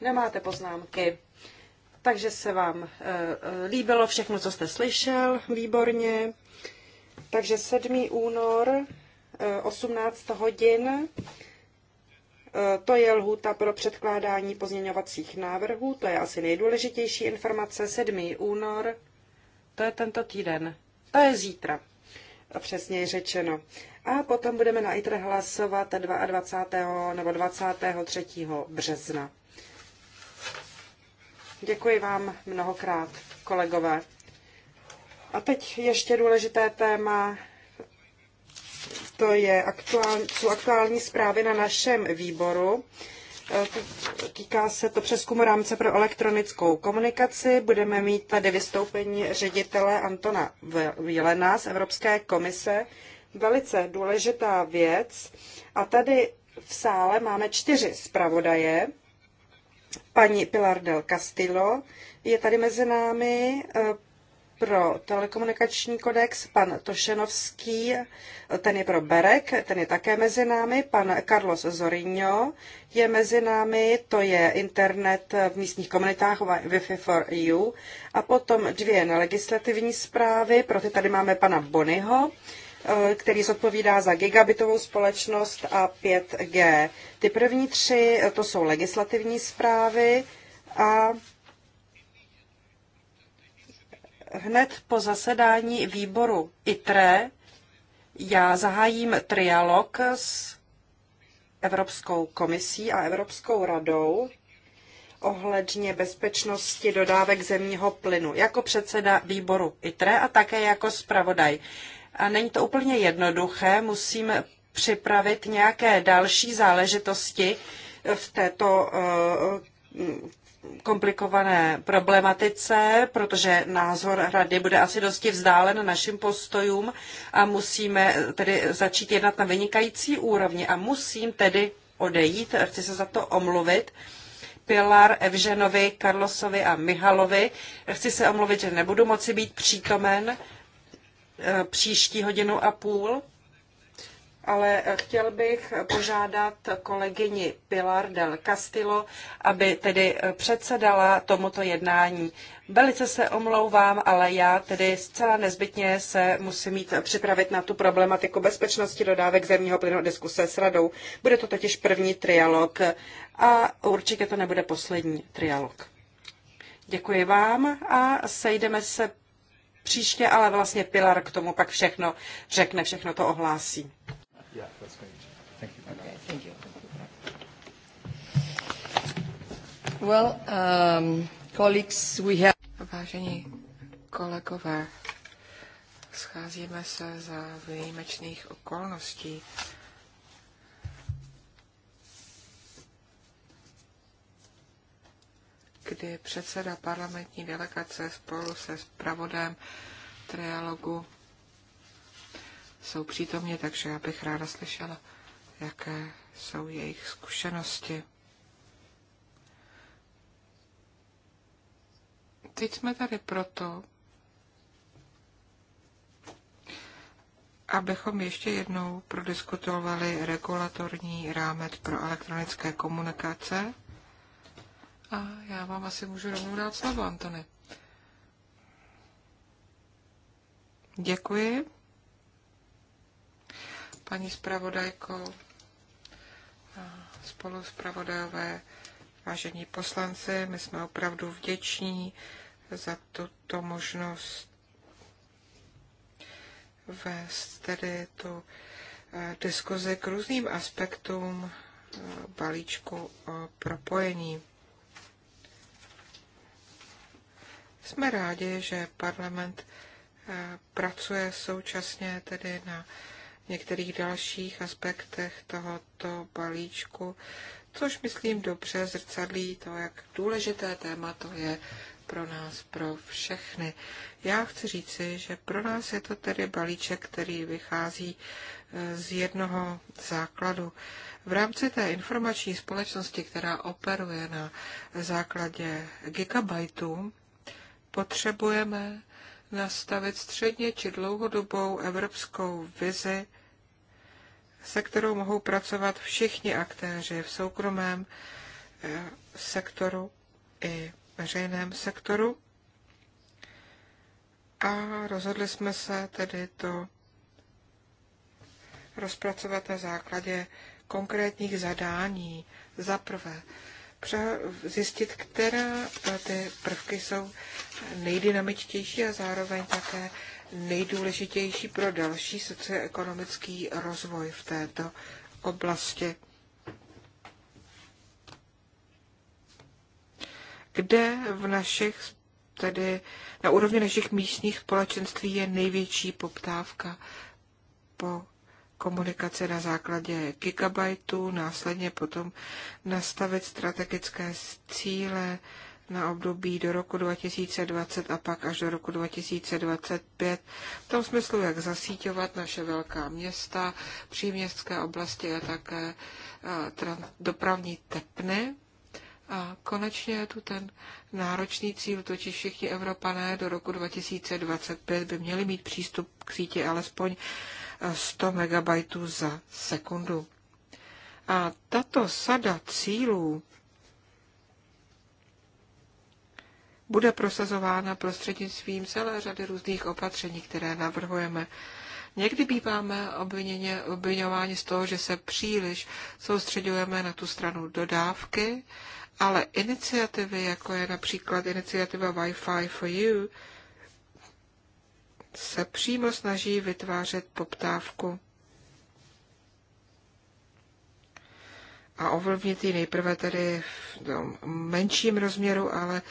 Nemáte poznámky. Takže se vám eh, eh, líbilo všechno, co jste slyšel, výborně. Takže 7. únor, 18 hodin Eh, to je lhůta pro předkládání pozměňovacích návrhů, to je asi nejdůležitější informace, 7. únor, to je tento týden, to je zítra, přesněji řečeno. A potom budeme na ITR hlasovat 22. nebo 23. března. Děkuji vám mnohokrát, kolegové. A teď ještě důležité téma to je aktuál, jsou aktuální zprávy na našem výboru. E, týká se to přeskumu rámce pro elektronickou komunikaci. Budeme mít tady vystoupení ředitele Antona Vilena z Evropské komise. Velice důležitá věc. A tady v sále máme čtyři zpravodaje. Paní Pilar del Castillo je tady mezi námi, e, pro telekomunikační kodex, pan Tošenovský, ten je pro Berek, ten je také mezi námi, pan Carlos Zorino je mezi námi, to je internet v místních komunitách Wi-Fi for EU a potom dvě nelegislativní zprávy, pro ty tady máme pana Bonyho, eh, který zodpovídá za gigabitovou společnost a 5G. Ty první tři, eh, to jsou legislativní zprávy a hned po zasedání výboru ITRE já zahájím trialog s Evropskou komisí a Evropskou radou ohledně bezpečnosti dodávek zemního plynu jako předseda výboru ITRE a také jako zpravodaj. A není to úplně jednoduché, musím připravit nějaké další záležitosti v této eh, komplikované problematice, protože názor rady bude asi dosti vzdálen našim postojům a musíme tedy začít jednat na vynikající úrovni a musím tedy odejít, chci se za to omluvit, Pilar, Evženovi, Karlosovi a Mihalovi. Chci se omluvit, že nebudu moci být přítomen eh, příští hodinu a půl ale chtěl bych požádat kolegyni Pilar del Castillo, aby tedy předsedala tomuto jednání. Velice se omlouvám, ale já tedy zcela nezbytně se musím mít připravit na tu problematiku bezpečnosti dodávek zemního plynu diskuse s radou. Bude to totiž první trialog a určitě to nebude poslední trialog. Děkuji vám a sejdeme se příště, ale vlastně Pilar k tomu pak všechno řekne, všechno to ohlásí. Um, Vážení kolegové, scházíme se za výjimečných okolností. kdy předseda parlamentní delegace spolu se zpravodem trialogu jsou přítomně, takže já bych ráda slyšela, jaké jsou jejich zkušenosti. teď jsme tady proto, abychom ještě jednou prodiskutovali regulatorní rámec pro elektronické komunikace. A já vám asi můžu rovnou dát slovo, Antony. Děkuji. Paní zpravodajko, spolu zpravodajové, vážení poslanci, my jsme opravdu vděční za tuto možnost vést tedy tu eh, diskuzi k různým aspektům eh, balíčku o propojení. Jsme rádi, že parlament eh, pracuje současně tedy na některých dalších aspektech tohoto balíčku, což myslím dobře zrcadlí to, jak důležité téma to je pro nás, pro všechny. Já chci říci, že pro nás je to tedy balíček, který vychází e, z jednoho základu. V rámci té informační společnosti, která operuje na základě gigabajtů, potřebujeme nastavit středně či dlouhodobou evropskou vizi, se kterou mohou pracovat všichni aktéři v soukromém e, sektoru i veřejném sektoru. A rozhodli jsme se tedy to rozpracovat na základě konkrétních zadání. Za prvé, zjistit, která eh, ty prvky jsou nejdynamičtější a zároveň také nejdůležitější pro další socioekonomický rozvoj v této oblasti. kde v našich, tedy na úrovni našich místních společenství je největší poptávka po komunikaci na základě gigabajtu následně potom nastavit strategické cíle na období do roku 2020 a pak až do roku 2025, v tom smyslu, jak zasíťovat naše velká města, příměstské oblasti a také eh, dopravní tepny. A konečně je tu ten náročný cíl, totiž všichni Evropané do roku 2025 by měli mít přístup k síti alespoň 100 MB za sekundu. A tato sada cílů bude prosazována prostřednictvím celé řady různých opatření, které navrhujeme. Někdy býváme obviněně, obvinováni z toho, že se příliš soustředujeme na tu stranu dodávky, ale iniciativy, jako je například iniciativa Wi-Fi for You, se přímo snaží vytvářet poptávku a ovlivnit ji nejprve tedy v tom menším rozměru, ale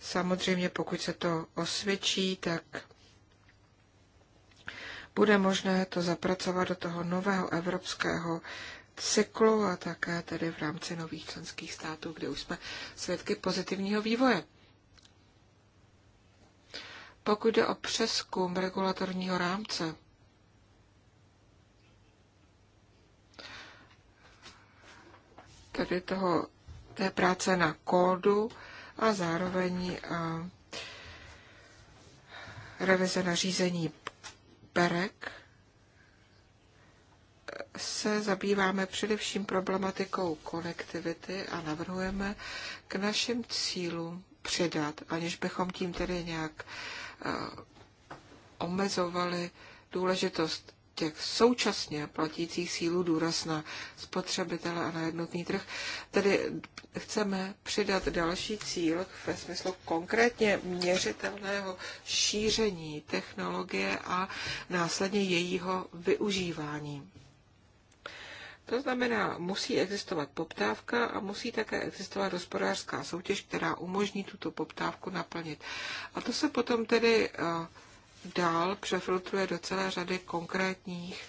samozřejmě pokud se to osvědčí, tak bude možné to zapracovat do toho nového evropského cyklu a také tedy v rámci nových členských států, kde už jsme svědky pozitivního vývoje. Pokud jde o přeskum regulatorního rámce, tedy toho, té práce na kódu a zároveň a, revize nařízení se zabýváme především problematikou konektivity a navrhujeme k našim cílům přidat, aniž bychom tím tedy nějak eh, omezovali důležitost těch současně platících sílů důraz na spotřebitele a na jednotný trh. Tedy chceme přidat další cíl ve smyslu konkrétně měřitelného šíření technologie a následně jejího využívání. To znamená, musí existovat poptávka a musí také existovat hospodářská soutěž, která umožní tuto poptávku naplnit. A to se potom tedy eh, dál přefiltruje do celé řady konkrétních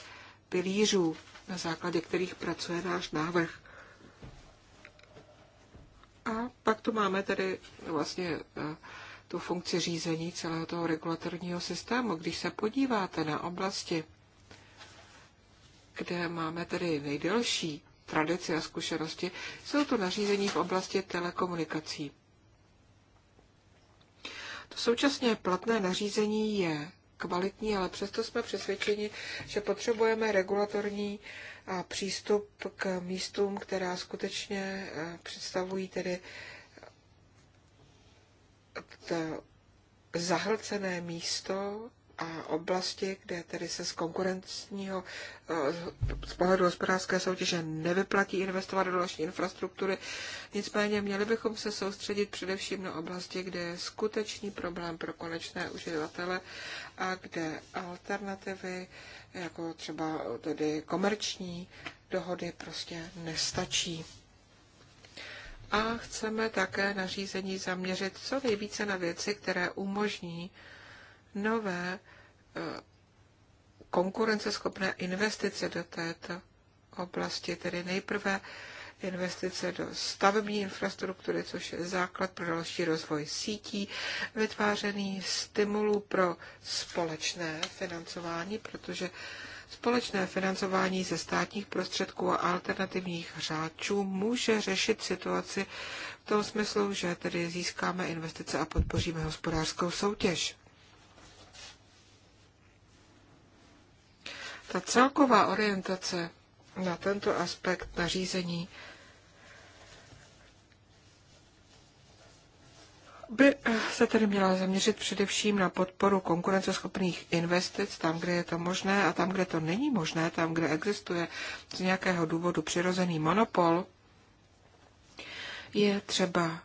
pilířů, na základě kterých pracuje náš návrh. A pak tu máme tedy vlastně eh, tu funkci řízení celého toho regulatorního systému. Když se podíváte na oblasti kde máme tedy nejdelší tradici a zkušenosti, jsou to nařízení v oblasti telekomunikací. To současně platné nařízení je kvalitní, ale přesto jsme přesvědčeni, že potřebujeme regulatorní přístup k místům, která skutečně e, představují tedy e, zahlcené místo a oblasti, kde tedy se z konkurenčního, eh, z pohledu hospodářské soutěže nevyplatí investovat do další infrastruktury. Nicméně měli bychom se soustředit především na oblasti, kde je skutečný problém pro konečné uživatele a kde alternativy, jako třeba tedy komerční dohody, prostě nestačí. A chceme také nařízení zaměřit co nejvíce na věci, které umožní nové eh, konkurenceschopné investice do této oblasti, tedy nejprve investice do stavební infrastruktury, což je základ pro další rozvoj sítí, vytváření stimulů pro společné financování, protože společné financování ze státních prostředků a alternativních řáčů může řešit situaci v tom smyslu, že tedy získáme investice a podpoříme hospodářskou soutěž. Ta celková orientace na tento aspekt nařízení by se tedy měla zaměřit především na podporu konkurenceschopných investic tam, kde je to možné a tam, kde to není možné, tam, kde existuje z nějakého důvodu přirozený monopol, je třeba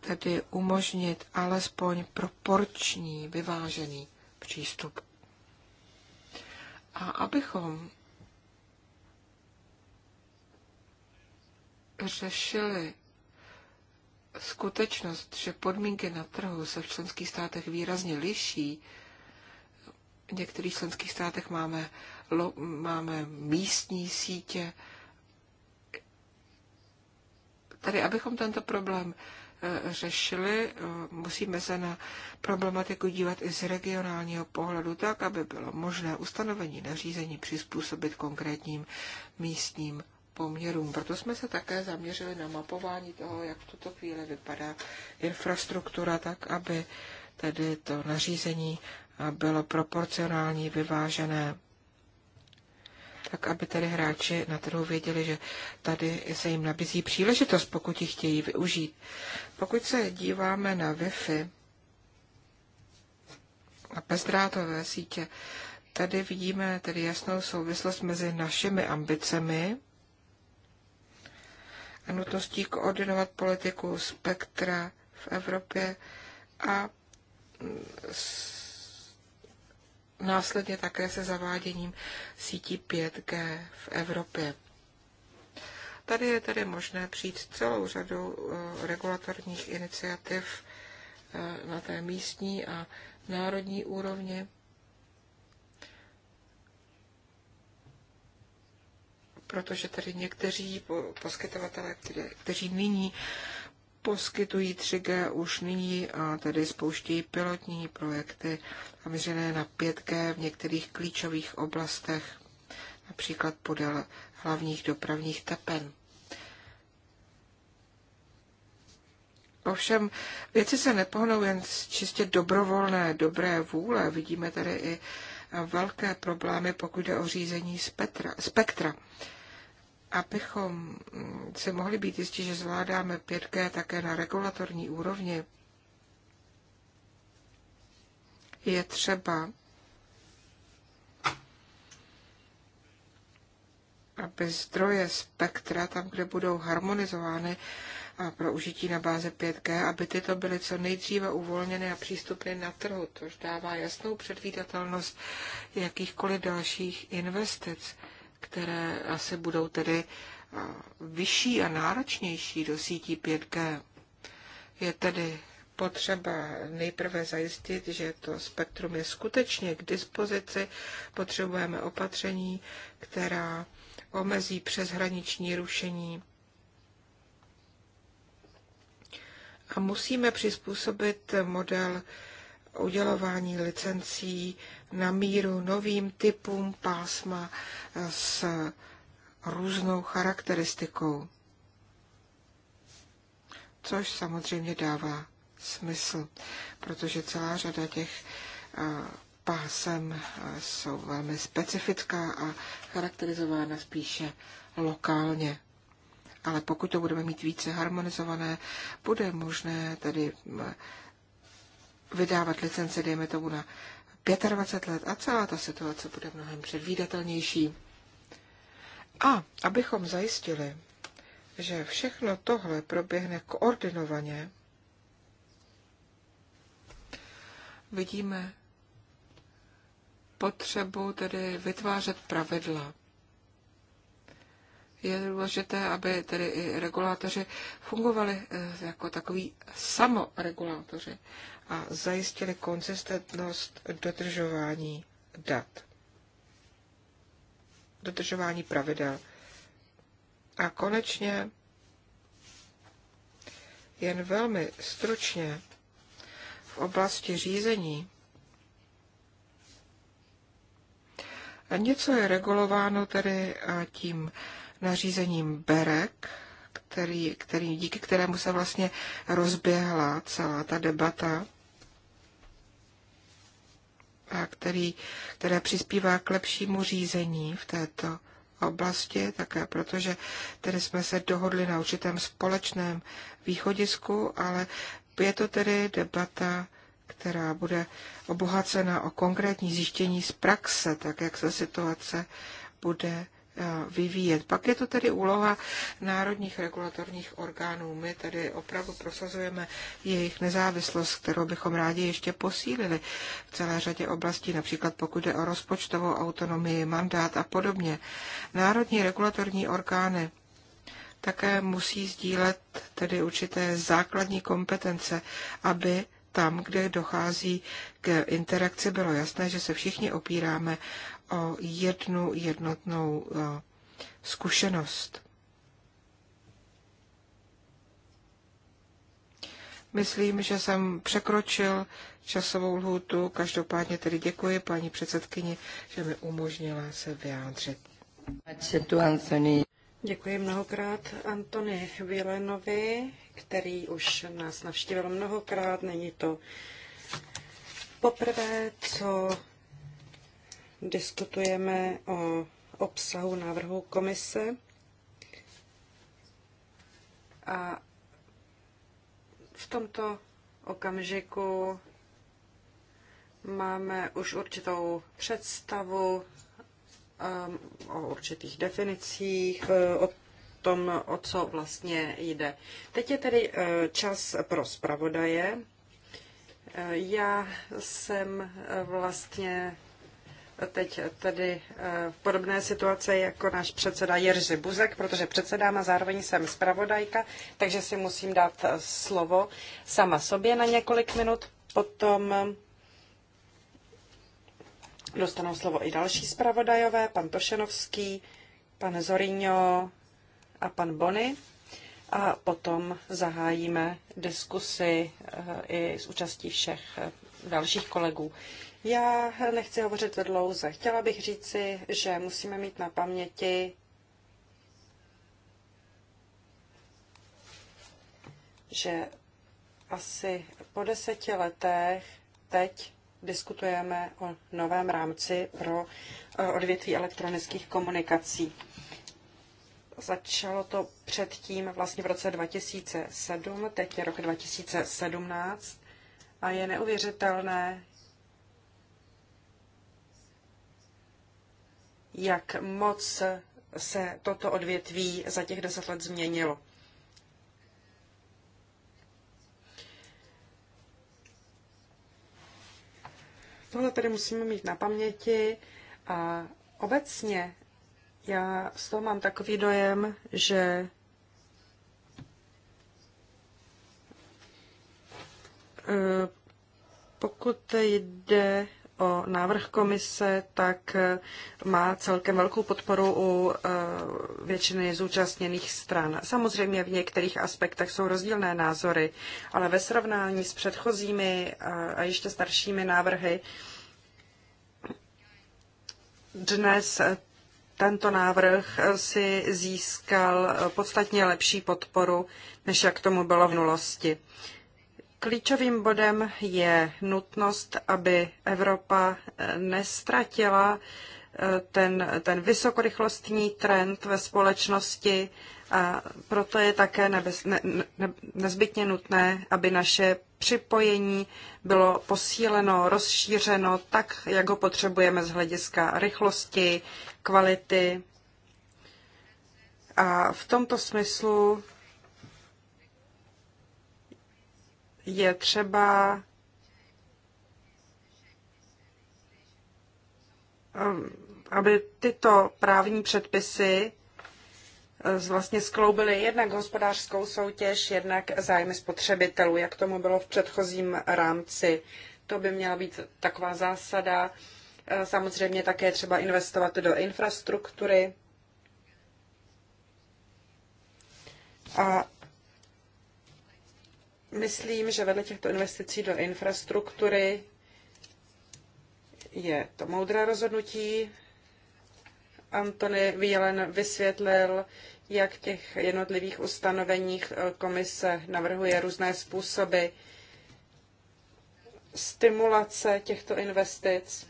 tedy umožnit alespoň proporční, vyvážený přístup. A abychom řešili skutečnost, že podmínky na trhu se v členských státech výrazně liší, v některých členských státech máme, lo, máme místní sítě, Tady, abychom tento problém Eh, řešili. Eh, musíme se na problematiku dívat i z regionálního pohledu tak, aby bylo možné ustanovení nařízení přizpůsobit konkrétním místním poměrům. Proto jsme se také zaměřili na mapování toho, jak v tuto chvíli vypadá infrastruktura, tak aby tedy to nařízení bylo proporcionální, vyvážené tak aby tedy hráči na trhu věděli, že tady se jim nabízí příležitost, pokud ji chtějí využít. Pokud se díváme na Wi-Fi a bezdrátové sítě, tady vidíme tedy jasnou souvislost mezi našimi ambicemi a nutností koordinovat politiku spektra v Evropě a s následně také se zaváděním sítí 5G v Evropě. Tady je tedy možné přijít celou řadou eh, regulatorních iniciativ eh, na té místní a národní úrovni. protože tady někteří poskytovatelé, kteří nyní poskytují 3G už nyní a tedy spouštějí pilotní projekty zaměřené na 5G v některých klíčových oblastech, například podél hlavních dopravních tepen. Ovšem, věci se nepohnou jen z čistě dobrovolné dobré vůle. Vidíme tady i velké problémy, pokud jde o řízení spektra. spektra abychom mm, se mohli být jistí, že zvládáme 5G také na regulatorní úrovni, je třeba, aby zdroje spektra tam, kde budou harmonizovány a pro užití na báze 5G, aby tyto byly co nejdříve uvolněny a přístupny na trhu, což dává jasnou předvídatelnost jakýchkoliv dalších investic které asi budou tedy eh, vyšší a náročnější do sítí 5G. Je tedy potřeba nejprve zajistit, že to spektrum je skutečně k dispozici. Potřebujeme opatření, která omezí přeshraniční rušení. A musíme přizpůsobit model udělování licencí na míru novým typům pásma s různou charakteristikou. Což samozřejmě dává smysl, protože celá řada těch eh, pásem eh, jsou velmi specifická a charakterizována spíše lokálně. Ale pokud to budeme mít více harmonizované, bude možné tedy eh, vydávat licence, dejme tomu, na 25 let a celá ta situace bude mnohem předvídatelnější. A abychom zajistili, že všechno tohle proběhne koordinovaně, vidíme potřebu tedy vytvářet pravidla. Je důležité, aby tedy i regulátoři fungovali eh, jako takový samoregulátoři a zajistili konzistentnost dodržování dat, dodržování pravidel. A konečně jen velmi stručně v oblasti řízení A něco je regulováno tedy tím nařízením BEREK, který, který, díky kterému se vlastně rozběhla celá ta debata který, které přispívá k lepšímu řízení v této oblasti, také protože tedy jsme se dohodli na určitém společném východisku, ale je to tedy debata, která bude obohacena o konkrétní zjištění z praxe, tak jak se situace bude vyvíjet. Pak je to tedy úloha národních regulatorních orgánů. My tedy opravdu prosazujeme jejich nezávislost, kterou bychom rádi ještě posílili v celé řadě oblastí, například pokud jde o rozpočtovou autonomii, mandát a podobně. Národní regulatorní orgány také musí sdílet tedy určité základní kompetence, aby tam, kde dochází k interakci, bylo jasné, že se všichni opíráme o jednu jednotnou zkušenost. Myslím, že jsem překročil časovou lhůtu. Každopádně tedy děkuji paní předsedkyni, že mi umožnila se vyjádřit. Děkuji mnohokrát Antony Vilenovi, který už nás navštívil mnohokrát. Není to poprvé, co Diskutujeme o obsahu návrhu komise a v tomto okamžiku máme už určitou představu um, o určitých definicích, uh, o tom, o co vlastně jde. Teď je tedy uh, čas pro zpravodaje. Uh, já jsem vlastně teď tedy v eh, podobné situaci jako náš předseda Jerzy Buzek, protože předsedám a zároveň jsem zpravodajka, takže si musím dát eh, slovo sama sobě na několik minut, potom eh, dostanou slovo i další zpravodajové, pan Tošenovský, pan Zorino a pan Bony. A potom zahájíme diskusy i s účastí všech dalších kolegů. Já nechci hovořit dlouze. Chtěla bych říci, že musíme mít na paměti, že asi po deseti letech teď diskutujeme o novém rámci pro eh, odvětví elektronických komunikací. Začalo to předtím vlastně v roce 2007, teď je rok 2017 a je neuvěřitelné, jak moc se toto odvětví za těch deset let změnilo. Tohle tedy musíme mít na paměti a obecně já z toho mám takový dojem, že eh, pokud jde o návrh komise, tak eh, má celkem velkou podporu u eh, většiny zúčastněných stran. Samozřejmě v některých aspektech jsou rozdílné názory, ale ve srovnání s předchozími eh, a ještě staršími návrhy dnes tento návrh si získal podstatně lepší podporu, než jak tomu bylo v minulosti. Klíčovým bodem je nutnost, aby Evropa eh, nestratila eh, ten, ten vysokorychlostní trend ve společnosti a proto je také nebez, ne, ne, nezbytně nutné, aby naše připojení bylo posíleno, rozšířeno tak, jak ho potřebujeme z hlediska rychlosti, kvality. A v tomto smyslu je třeba um, aby tyto právní předpisy eh, vlastně skloubily jednak hospodářskou soutěž, jednak zájmy spotřebitelů, jak tomu bylo v předchozím rámci. To by měla být taková zásada. Eh, samozřejmě také třeba investovat do infrastruktury. A Myslím, že vedle těchto investicí do infrastruktury je to moudré rozhodnutí. Antony Vílen vysvětlil, jak v těch jednotlivých ustanoveních eh, komise navrhuje různé způsoby stimulace těchto investic.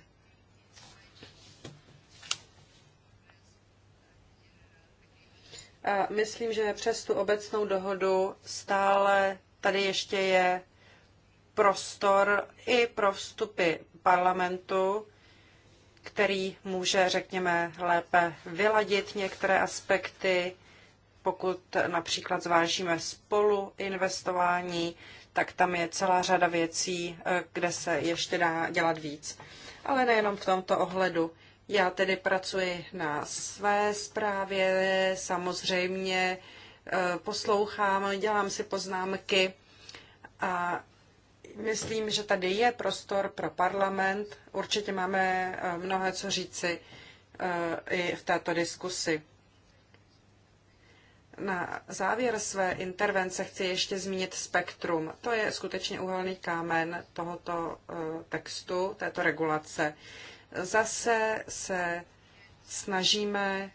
A myslím, že přes tu obecnou dohodu stále tady ještě je prostor i pro vstupy parlamentu, který může, řekněme, lépe vyladit některé aspekty, pokud například zvážíme spolu investování, tak tam je celá řada věcí, eh, kde se ještě dá dělat víc. Ale nejenom v tomto ohledu. Já tedy pracuji na své zprávě, samozřejmě Eh, poslouchám, dělám si poznámky a myslím, že tady je prostor pro parlament. Určitě máme eh, mnohé co říci eh, i v této diskusi. Na závěr své intervence chci ještě zmínit spektrum. To je skutečně uhelný kámen tohoto textu, této regulace. Zase se snažíme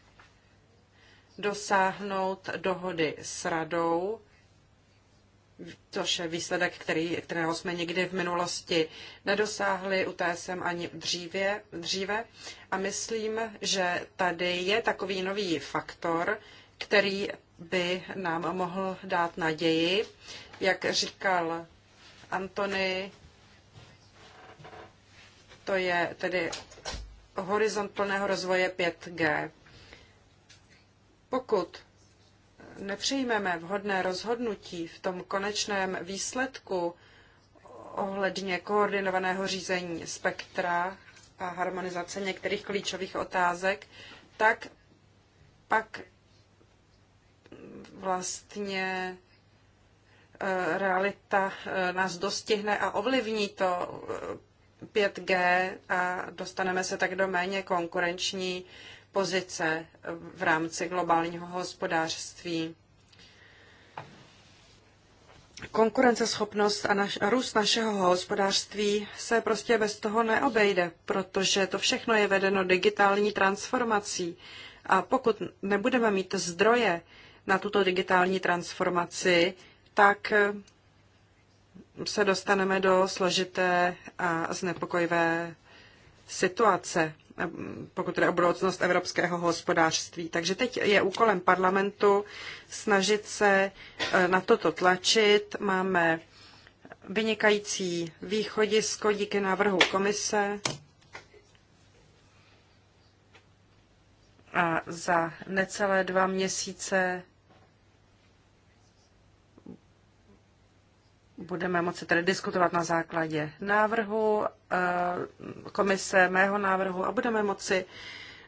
dosáhnout dohody s radou, což je výsledek, který, kterého jsme nikdy v minulosti nedosáhli u TSM ani dříve, dříve. A myslím, že tady je takový nový faktor, který by nám mohl dát naději. Jak říkal Antony, to je tedy horizont plného rozvoje 5G. Pokud nepřijmeme vhodné rozhodnutí v tom konečném výsledku ohledně koordinovaného řízení spektra a harmonizace některých klíčových otázek, tak pak vlastně eh, realita eh, nás dostihne a ovlivní to 5G eh, a dostaneme se tak do méně konkurenční pozice v rámci globálního hospodářství. Konkurenceschopnost a, naš, a růst našeho hospodářství se prostě bez toho neobejde, protože to všechno je vedeno digitální transformací. A pokud nebudeme mít zdroje na tuto digitální transformaci, tak eh, se dostaneme do složité a znepokojivé situace pokud jde o budoucnost evropského hospodářství. Takže teď je úkolem parlamentu snažit se eh, na toto tlačit. Máme vynikající východisko díky návrhu komise. A za necelé dva měsíce budeme moci tedy diskutovat na základě návrhu eh, komise, mého návrhu a budeme moci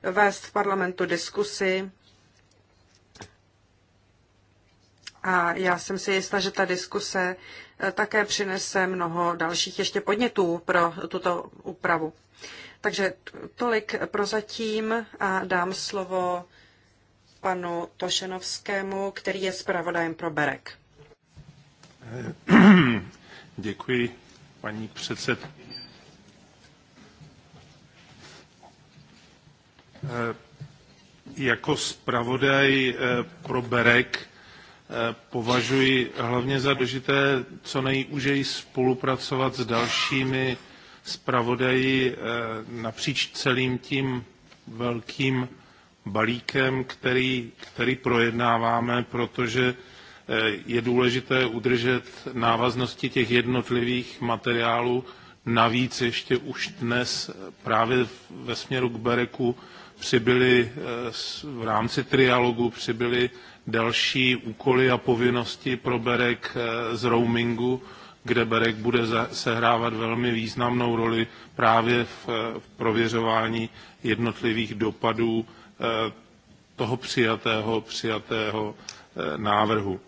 vést v parlamentu diskusy. A já jsem si jistá, že ta diskuse eh, také přinese mnoho dalších ještě podnětů pro tuto úpravu. Takže tolik prozatím a dám slovo panu Tošenovskému, který je zpravodajem pro Berek. Děkuji, paní předsedkyně. Eh, jako zpravodaj eh, pro Berek eh, považuji hlavně za důležité co nejúžeji spolupracovat s dalšími zpravodaji napříč celým tím velkým balíkem, který, který projednáváme, protože Eh, je důležité udržet návaznosti těch jednotlivých materiálů. Navíc ještě už dnes eh, právě ve směru k Bereku přibyly eh, v rámci trialogu přibyly další úkoly a povinnosti pro Berek z roamingu, kde Berek bude sehrávat velmi významnou roli právě v prověřování jednotlivých dopadů toho přijatého, přijatého návrhu.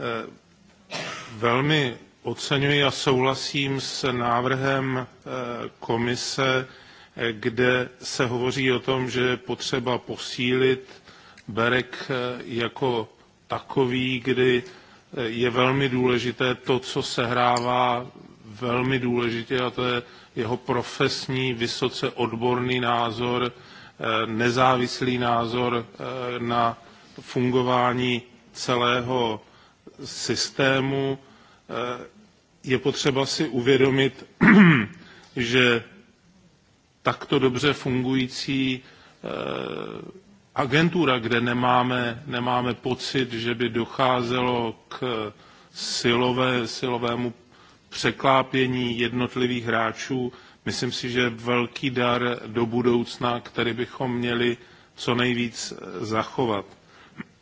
Eh, velmi oceňuji a souhlasím s návrhem eh, komise, eh, kde se hovoří o tom, že je potřeba posílit berek jako takový, kdy je velmi důležité to, co sehrává velmi důležitě, a to je jeho profesní, vysoce odborný názor, nezávislý názor na fungování celého systému eh, je potřeba si uvědomit, že takto dobře fungující eh, agentura, kde nemáme, nemáme pocit, že by docházelo k silové, silovému překlápění jednotlivých hráčů, myslím si, že velký dar do budoucna, který bychom měli co nejvíc eh, zachovat.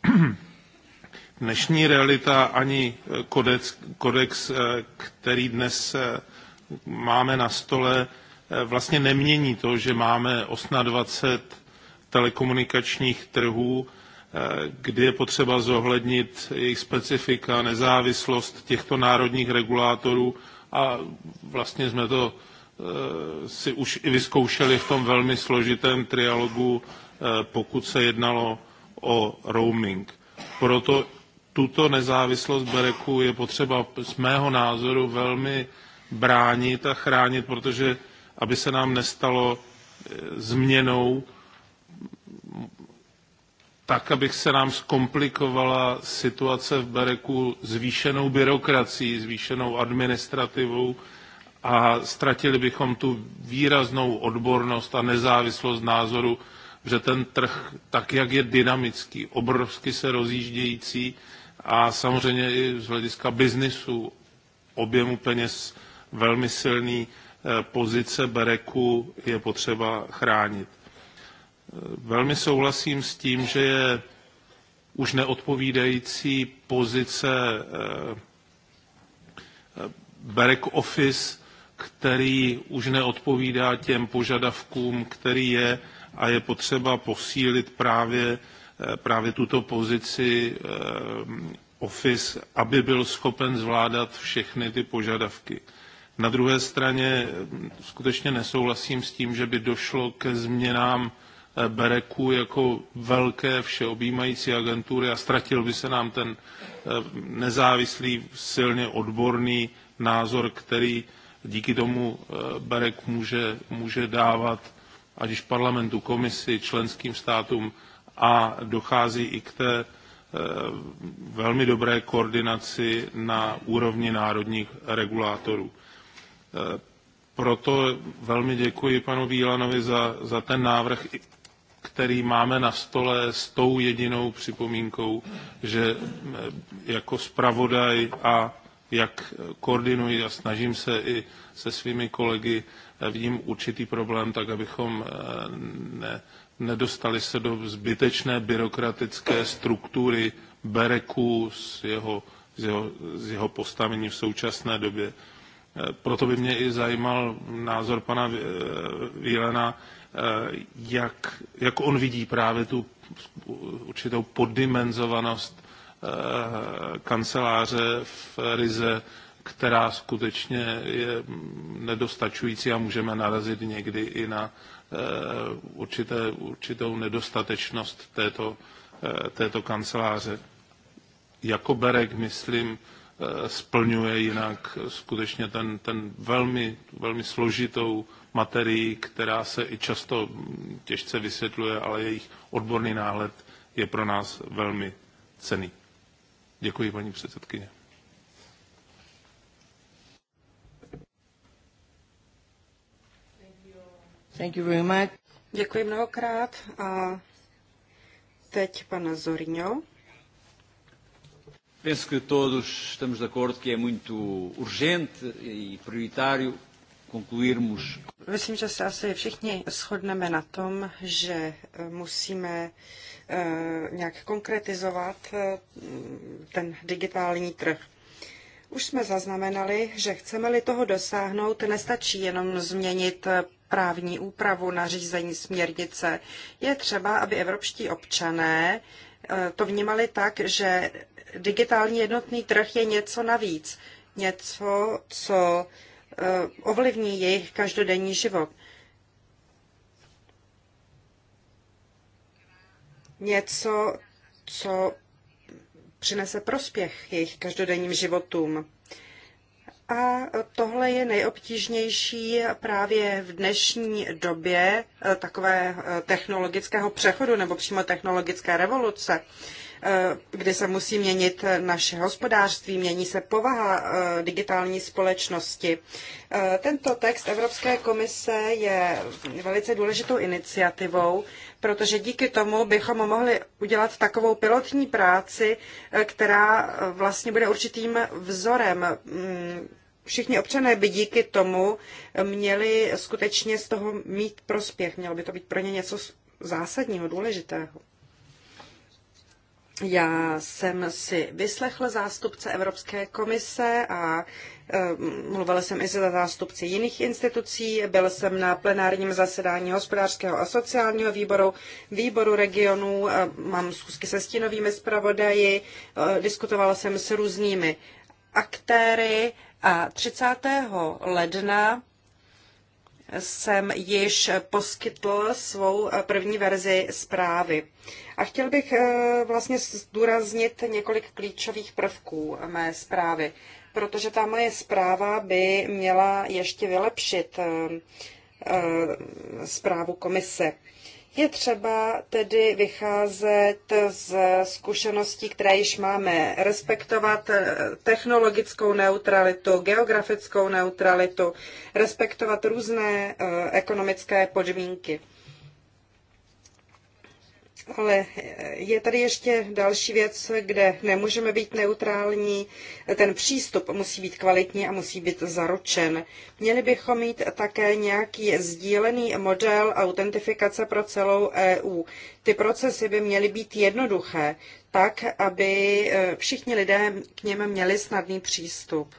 dnešní realita ani eh, kodex, kodex eh, který dnes eh, máme na stole, vlastně nemění to, že máme 28 telekomunikačních trhů, kdy je potřeba zohlednit jejich specifika, nezávislost těchto národních regulátorů a vlastně jsme to si už i vyzkoušeli v tom velmi složitém trialogu, pokud se jednalo o roaming. Proto tuto nezávislost Bereku je potřeba z mého názoru velmi bránit a chránit, protože aby se nám nestalo e, změnou tak, aby se nám zkomplikovala situace v Bereku zvýšenou byrokracií, zvýšenou administrativou a ztratili bychom tu výraznou odbornost a nezávislost názoru, že ten trh, tak jak je dynamický, obrovsky se rozjíždějící, a samozřejmě i z hlediska biznisu objemu peněz velmi silný eh, pozice Bereku je potřeba chránit. Eh, velmi souhlasím s tím, že je už neodpovídající pozice eh, Berek Office, který už neodpovídá těm požadavkům, který je a je potřeba posílit právě Eh, právě tuto pozici eh, Office, aby byl schopen zvládat všechny ty požadavky. Na druhé straně eh, skutečně nesouhlasím s tím, že by došlo ke změnám Bereku jako velké všeobjímající agentury a ztratil by se nám ten nezávislý, silně odborný názor, který díky tomu Berek může, může dávat, ať již parlamentu, komisi, členským státům, a dochází i k té e, velmi dobré koordinaci na úrovni národních regulátorů. E, proto velmi děkuji panu Vílanovi za, za ten návrh, který máme na stole s tou jedinou připomínkou, že e, jako zpravodaj a jak koordinuji a snažím se i se svými kolegy, vidím určitý problém, tak abychom ne, nedostali se do zbytečné byrokratické struktury Bereku s jeho, jeho, jeho postavením v současné době. E, proto by mě i zajímal názor pana Vílena, e, e, jak, jak on vidí právě tu určitou poddimenzovanost kanceláře v Rize, která skutečně je nedostačující a můžeme narazit někdy i na Eh, určité, určitou nedostatečnost této, eh, této kanceláře. Jako Berek, myslím, eh, splňuje jinak skutečně ten, ten velmi, velmi složitou materii, která se i často těžce vysvětluje, ale jejich odborný náhled je pro nás velmi cený. Děkuji, paní předsedkyně. Thank you very much. Děkuji mnohokrát. A teď pana Zorino. Penso que todos estamos de acordo que é muito urgente e prioritário concluirmos. Myslím, že se asi všichni shodneme na tom, že eh, musíme eh, nějak konkretizovat eh, ten digitální trh. Už jsme zaznamenali, že chceme-li toho dosáhnout, nestačí jenom změnit právní úpravu nařízení směrnice. Je třeba, aby evropští občané eh, to vnímali tak, že digitální jednotný trh je něco navíc, něco, co eh, ovlivní jejich každodenní život. Něco, co přinese prospěch jejich každodenním životům. A tohle je nejobtížnější právě v dnešní době eh, takové eh, technologického přechodu nebo přímo technologické revoluce, eh, kdy se musí měnit naše hospodářství, mění se povaha digitální společnosti. Tento text Evropské komise je velice důležitou iniciativou, protože díky tomu bychom mohli udělat takovou pilotní práci, která vlastně bude určitým vzorem mm, všichni občané by díky tomu měli skutečně z toho mít prospěch. Mělo by to být pro ně něco zásadního, důležitého. Já jsem si vyslechl zástupce Evropské komise a eh, mluvil jsem i se zástupci jiných institucí. Byl jsem na plenárním zasedání hospodářského a sociálního výboru, výboru regionů, eh, mám schůzky se stínovými zpravodaji, eh, diskutovala jsem s různými aktéry a 30. ledna jsem již poskytl svou první verzi zprávy. A chtěl bych eh, vlastně zdůraznit několik klíčových prvků mé zprávy, protože ta moje zpráva by měla ještě vylepšit eh, eh, zprávu komise. Je třeba tedy vycházet z zkušeností, které již máme, respektovat eh, technologickou neutralitu, geografickou neutralitu, respektovat různé eh, ekonomické podmínky. Ale je tady ještě další věc, kde nemůžeme být neutrální. Ten přístup musí být kvalitní a musí být zaručen. Měli bychom mít také nějaký sdílený model autentifikace pro celou EU. Ty procesy by měly být jednoduché, tak, aby eh, všichni lidé k něm měli snadný přístup.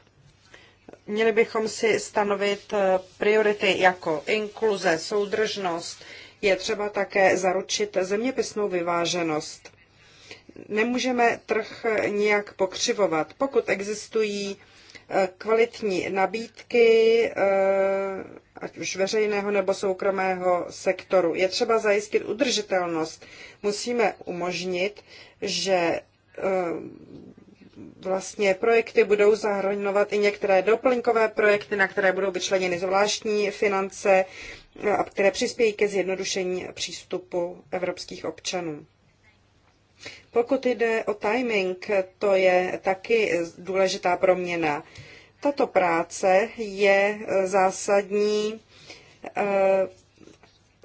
Měli bychom si stanovit eh, priority jako inkluze, soudržnost, je třeba také zaručit zeměpisnou vyváženost. Nemůžeme trh nijak pokřivovat. Pokud existují eh, kvalitní nabídky, eh, ať už veřejného nebo soukromého sektoru. Je třeba zajistit udržitelnost. Musíme umožnit, že eh, vlastně projekty budou zahrnovat i některé doplňkové projekty, na které budou vyčleněny zvláštní finance. No které přispějí ke zjednodušení přístupu evropských občanů. Pokud jde o timing, to je taky důležitá proměna. Tato práce je zásadní eh,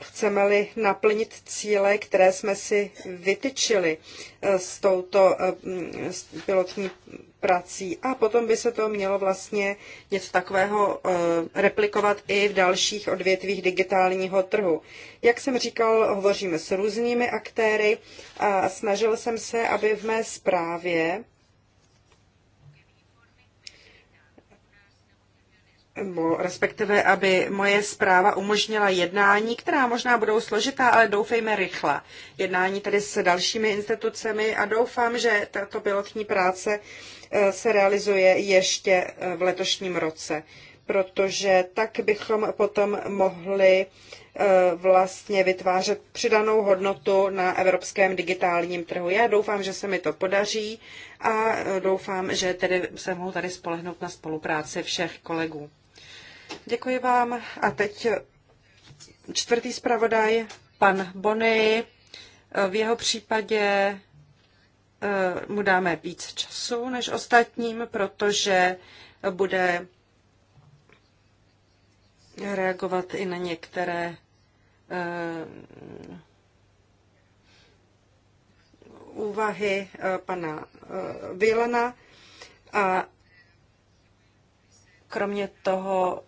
chceme-li naplnit cíle, které jsme si vytyčili eh, s touto eh, mm, pilotní prací. A potom by se to mělo vlastně něco takového eh, replikovat i v dalších odvětvích digitálního trhu. Jak jsem říkal, hovoříme s různými aktéry a snažil jsem se, aby v mé zprávě nebo respektive, aby moje zpráva umožnila jednání, která možná budou složitá, ale doufejme rychle. Jednání tedy s dalšími institucemi a doufám, že tato pilotní práce eh, se realizuje ještě eh, v letošním roce, protože tak bychom potom mohli eh, vlastně vytvářet přidanou hodnotu na evropském digitálním trhu. Já doufám, že se mi to podaří a doufám, že tedy se mohu tady spolehnout na spolupráci všech kolegů. Děkuji vám. A teď čtvrtý zpravodaj, pan Bony. V jeho případě eh, mu dáme víc času než ostatním, protože bude reagovat i na některé eh, úvahy eh, pana Vilana a kromě toho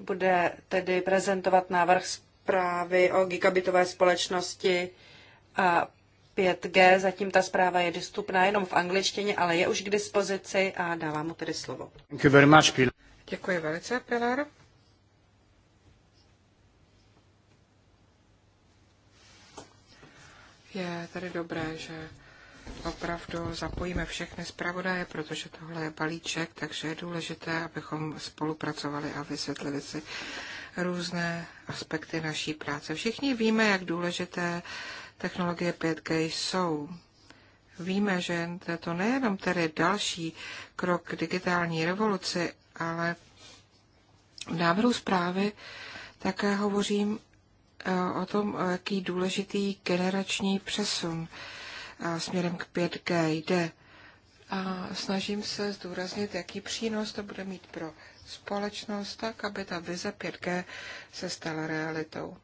bude tedy prezentovat návrh zprávy o gigabitové společnosti a 5G. Zatím ta zpráva je dostupná jenom v angličtině, ale je už k dispozici a dávám mu tedy slovo. Děkuji velice, Pilar. Je tady dobré, že opravdu zapojíme všechny zpravodaje, protože tohle je balíček, takže je důležité, abychom spolupracovali a vysvětlili si různé aspekty naší práce. Všichni víme, jak důležité technologie 5G jsou. Víme, že je to nejenom tedy další krok k digitální revoluci, ale v návrhu zprávy také hovořím eh, o tom, jaký důležitý generační přesun směrem k 5G jde. A snažím se zdůraznit, jaký přínos to bude mít pro společnost, tak aby ta vize 5G se stala realitou.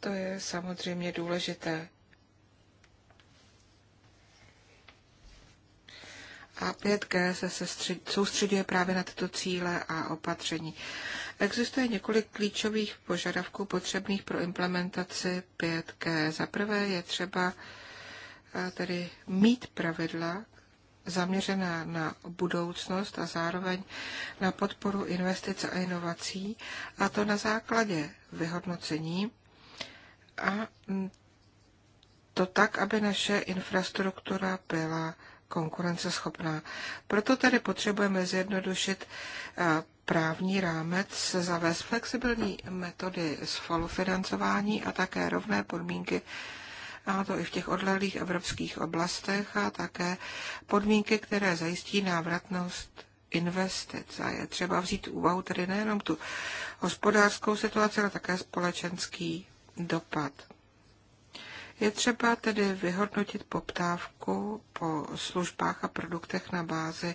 To je samozřejmě důležité. a 5G se soustředuje právě na tyto cíle a opatření. Existuje několik klíčových požadavků potřebných pro implementaci 5G. Za prvé je třeba tedy mít pravidla zaměřená na budoucnost a zároveň na podporu investic a inovací, a to na základě vyhodnocení a to tak, aby naše infrastruktura byla konkurenceschopná. Proto tady potřebujeme zjednodušit právní rámec, zavést flexibilní metody spolufinancování a také rovné podmínky a to i v těch odlehlých evropských oblastech a také podmínky, které zajistí návratnost investic. A je třeba vzít úvahu tedy nejenom tu hospodářskou situaci, ale také společenský dopad. Je třeba tedy vyhodnotit poptávku po službách a produktech na bázi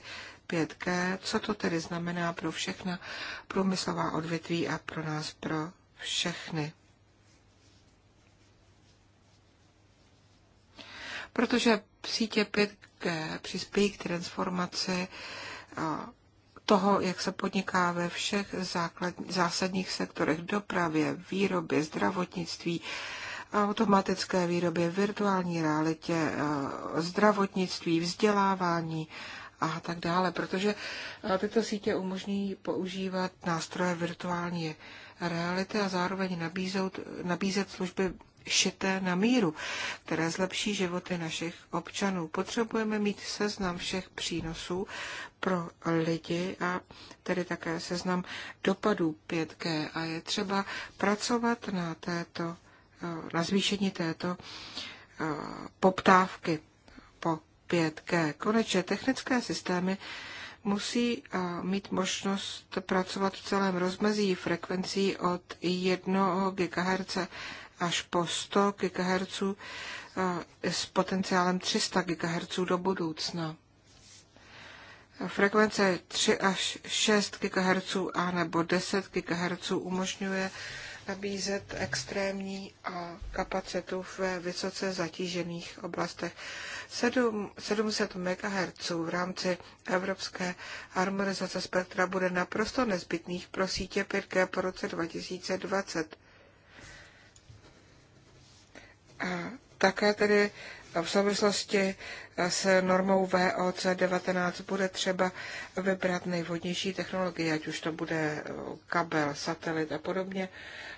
5G, co to tedy znamená pro všechna průmyslová odvětví a pro nás, pro všechny. protože sítě 5G přispějí k transformaci toho, jak se podniká ve všech základ, zásadních sektorech dopravě, výrobě, zdravotnictví, automatické výrobě, virtuální realitě, zdravotnictví, vzdělávání a tak dále, protože tyto sítě umožní používat nástroje virtuální reality a zároveň nabízet, nabízet služby šité na míru, které zlepší životy našich občanů. Potřebujeme mít seznam všech přínosů pro lidi a tedy také seznam dopadů 5G a je třeba pracovat na, této, eh, na zvýšení této eh, poptávky po 5G. Konečně technické systémy musí eh, mít možnost pracovat v celém rozmezí frekvencí od 1 GHz až po 100 GHz eh, s potenciálem 300 GHz do budoucna. Frekvence 3 až 6 GHz a nebo 10 GHz umožňuje nabízet extrémní a kapacitu ve vysoce zatížených oblastech. 700 MHz v rámci evropské harmonizace spektra bude naprosto nezbytných pro sítě 5G po roce 2020. také tedy v souvislosti eh, s normou VOC 19 bude třeba vybrat nejvhodnější technologie, ať už to bude eh, kabel, satelit a podobně,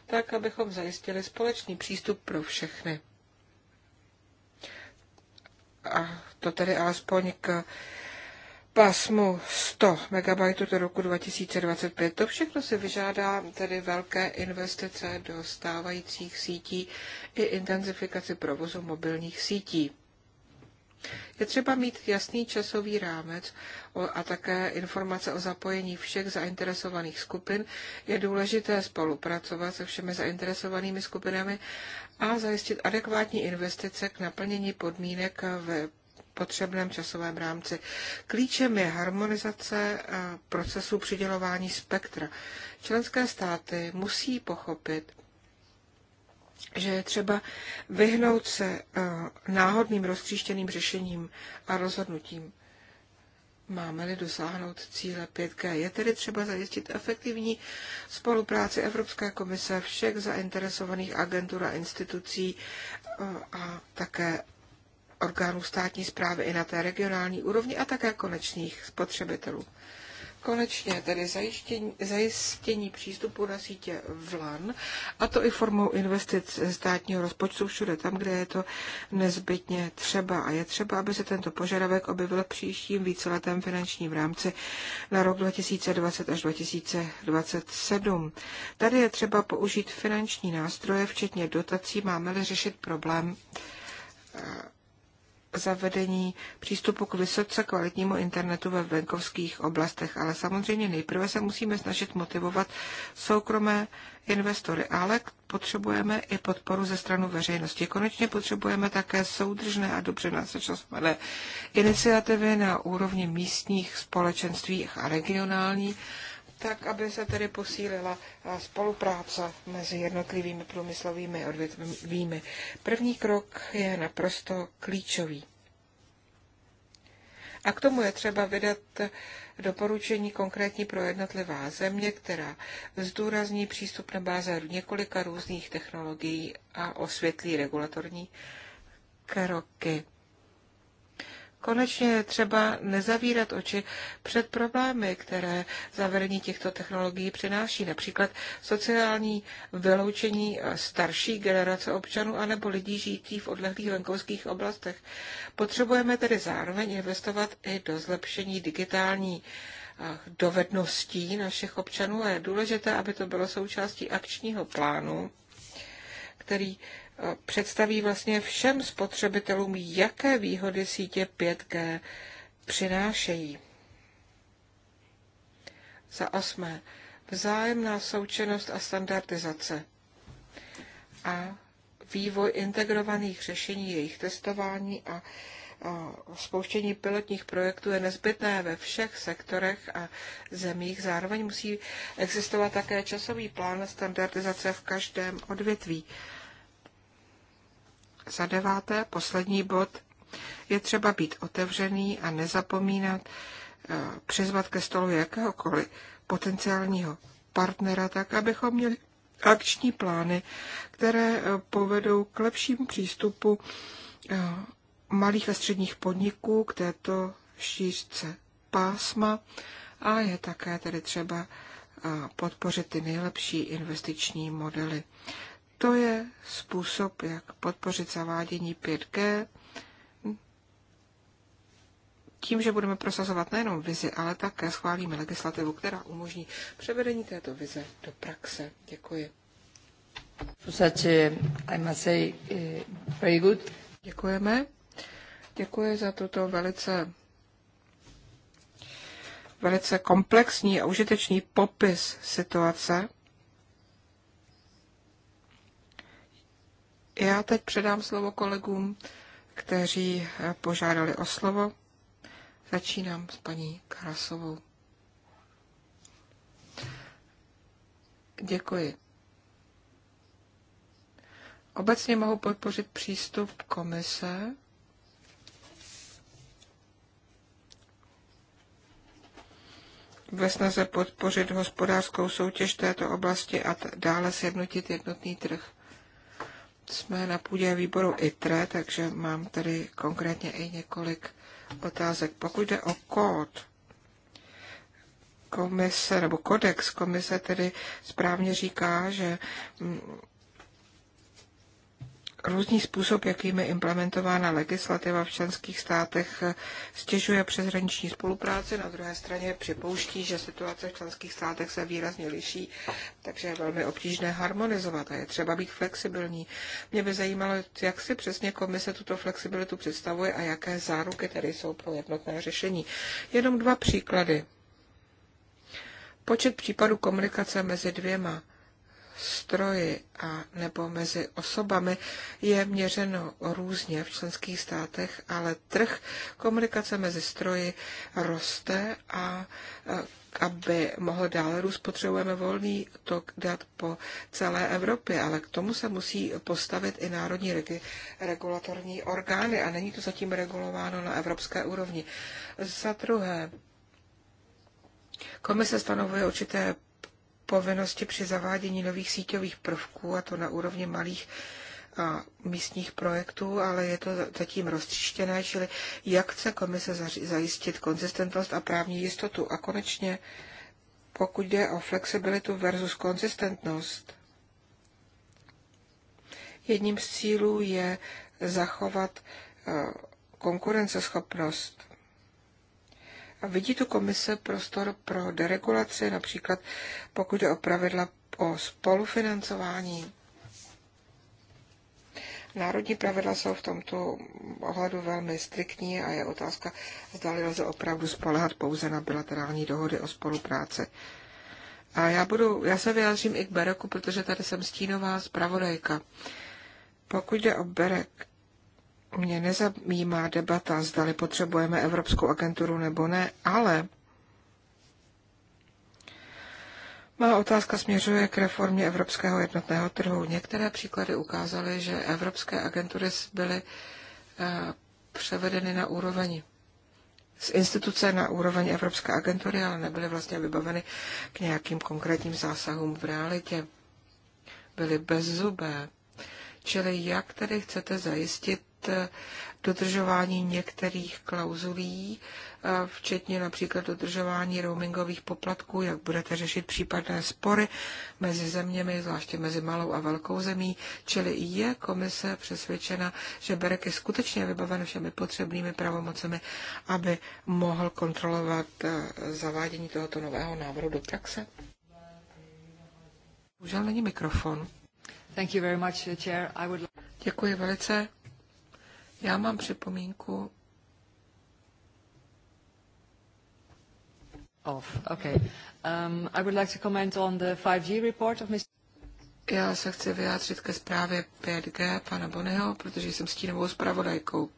tak abychom zajistili společný přístup pro všechny. A to tedy alespoň k pásmu 100 MB do roku 2025. To všechno se vyžádá tedy velké investice do stávajících sítí i intenzifikaci provozu mobilních sítí. Je třeba mít jasný časový rámec a také informace o zapojení všech zainteresovaných skupin. Je důležité spolupracovat se všemi zainteresovanými skupinami a zajistit adekvátní investice k naplnění podmínek ve potřebném časovém rámci. Klíčem je harmonizace eh, procesu přidělování spektra. Členské státy musí pochopit, že je třeba vyhnout se eh, náhodným roztříštěným řešením a rozhodnutím. Máme-li dosáhnout cíle 5G, je tedy třeba zajistit efektivní spolupráci Evropské komise všech zainteresovaných agentur a institucí eh, a také orgánů státní zprávy i na té regionální úrovni a také konečných spotřebitelů. Konečně tedy zajištění, zajistění přístupu na sítě VLAN, a to i formou investic státního rozpočtu všude tam, kde je to nezbytně třeba. A je třeba, aby se tento požadavek objevil v příštím víceletém finančním rámci na rok 2020 až 2027. Tady je třeba použít finanční nástroje, včetně dotací, máme-li řešit problém eh, k zavedení přístupu k vysoce kvalitnímu internetu ve venkovských oblastech. Ale samozřejmě nejprve se musíme snažit motivovat soukromé investory, ale potřebujeme i podporu ze stranu veřejnosti. Konečně potřebujeme také soudržné a dobře nasečospané iniciativy na úrovni místních společenství a regionální tak aby se tedy posílila eh, spolupráce mezi jednotlivými průmyslovými odvětvími. První krok je naprosto klíčový. A k tomu je třeba vydat doporučení konkrétní pro jednotlivá země, která zdůrazní přístup na báze několika různých technologií a osvětlí regulatorní kroky. Konečně je třeba nezavírat oči před problémy, které zavedení těchto technologií přináší, například sociální vyloučení starší generace občanů anebo lidí žijících v odlehlých venkovských oblastech. Potřebujeme tedy zároveň investovat i do zlepšení digitální dovedností našich občanů a je důležité, aby to bylo součástí akčního plánu, který představí vlastně všem spotřebitelům, jaké výhody sítě 5G přinášejí. Za osmé, vzájemná součinnost a standardizace a vývoj integrovaných řešení jejich testování a spouštění pilotních projektů je nezbytné ve všech sektorech a zemích. Zároveň musí existovat také časový plán standardizace v každém odvětví. Za deváté, poslední bod, je třeba být otevřený a nezapomínat eh, přizvat ke stolu jakéhokoliv potenciálního partnera, tak abychom měli akční plány, které eh, povedou k lepšímu přístupu eh, malých a středních podniků k této šířce pásma a je také tedy třeba podpořit ty nejlepší investiční modely. To je způsob, jak podpořit zavádění 5G, tím, že budeme prosazovat nejenom vizi, ale také schválíme legislativu, která umožní převedení této vize do praxe. Děkuji. Such, I must say, eh, very good. Děkujeme. Děkuji za tuto velice velice komplexní a užitečný popis situace. Já teď předám slovo kolegům, kteří eh, požádali o slovo. Začínám s paní Karasovou. Děkuji. Obecně mohu podpořit přístup komise ve snaze podpořit hospodářskou soutěž této oblasti a dále sjednotit jednotný trh jsme na půdě výboru ITRE, takže mám tady konkrétně i několik otázek. Pokud jde o kód, komise nebo kodex komise tedy správně říká, že různý způsob, jakým je implementována legislativa v členských státech, stěžuje přeshraniční spolupráci, na druhé straně připouští, že situace v členských státech se výrazně liší, takže je velmi obtížné harmonizovat a je třeba být flexibilní. Mě by zajímalo, jak si přesně komise tuto flexibilitu představuje a jaké záruky tady jsou pro jednotné řešení. Jenom dva příklady. Počet případů komunikace mezi dvěma stroji a nebo mezi osobami je měřeno různě v členských státech, ale trh komunikace mezi stroji roste a e, aby mohl dále růst, potřebujeme volný tok dat po celé Evropě, ale k tomu se musí postavit i národní regi- regulatorní orgány a není to zatím regulováno na evropské úrovni. Za druhé, komise stanovuje určité povinnosti při zavádění nových síťových prvků, a to na úrovni malých a místních projektů, ale je to zatím roztřištěné, čili jak chce komise zajistit konzistentnost a právní jistotu. A konečně, pokud jde o flexibilitu versus konzistentnost, jedním z cílů je zachovat eh, konkurenceschopnost vidí tu komise prostor pro deregulaci, například pokud je o pravidla o spolufinancování? Národní pravidla jsou v tomto ohledu velmi striktní a je otázka, zda lze opravdu spolehat pouze na bilaterální dohody o spolupráci. A já, budu, já se vyjádřím i k Bereku, protože tady jsem stínová zpravodajka. Pokud jde o Berek, mě nezajímá debata, zdali potřebujeme Evropskou agenturu nebo ne, ale Má otázka směřuje k reformě evropského jednotného trhu. Některé příklady ukázaly, že evropské agentury byly eh, převedeny na úroveň z instituce na úroveň Evropské agentury, ale nebyly vlastně vybaveny k nějakým konkrétním zásahům v realitě. Byly zubé. Čili jak tedy chcete zajistit dodržování některých klauzulí, eh, včetně například dodržování roamingových poplatků, jak budete řešit případné spory mezi zeměmi, zvláště mezi malou a velkou zemí, čili je komise přesvědčena, že Berek je skutečně vybaven všemi potřebnými pravomocemi, aby mohl kontrolovat eh, zavádění tohoto nového návrhu do praxe? Bohužel není mikrofon. Děkuji velice. Já mám připomínku. Off. Okay. Um, I would like to comment on the 5G report of Mr. Já se chci vyjádřit ke zprávě 5G pana Bonyho, protože jsem stínovou zpravodajkou.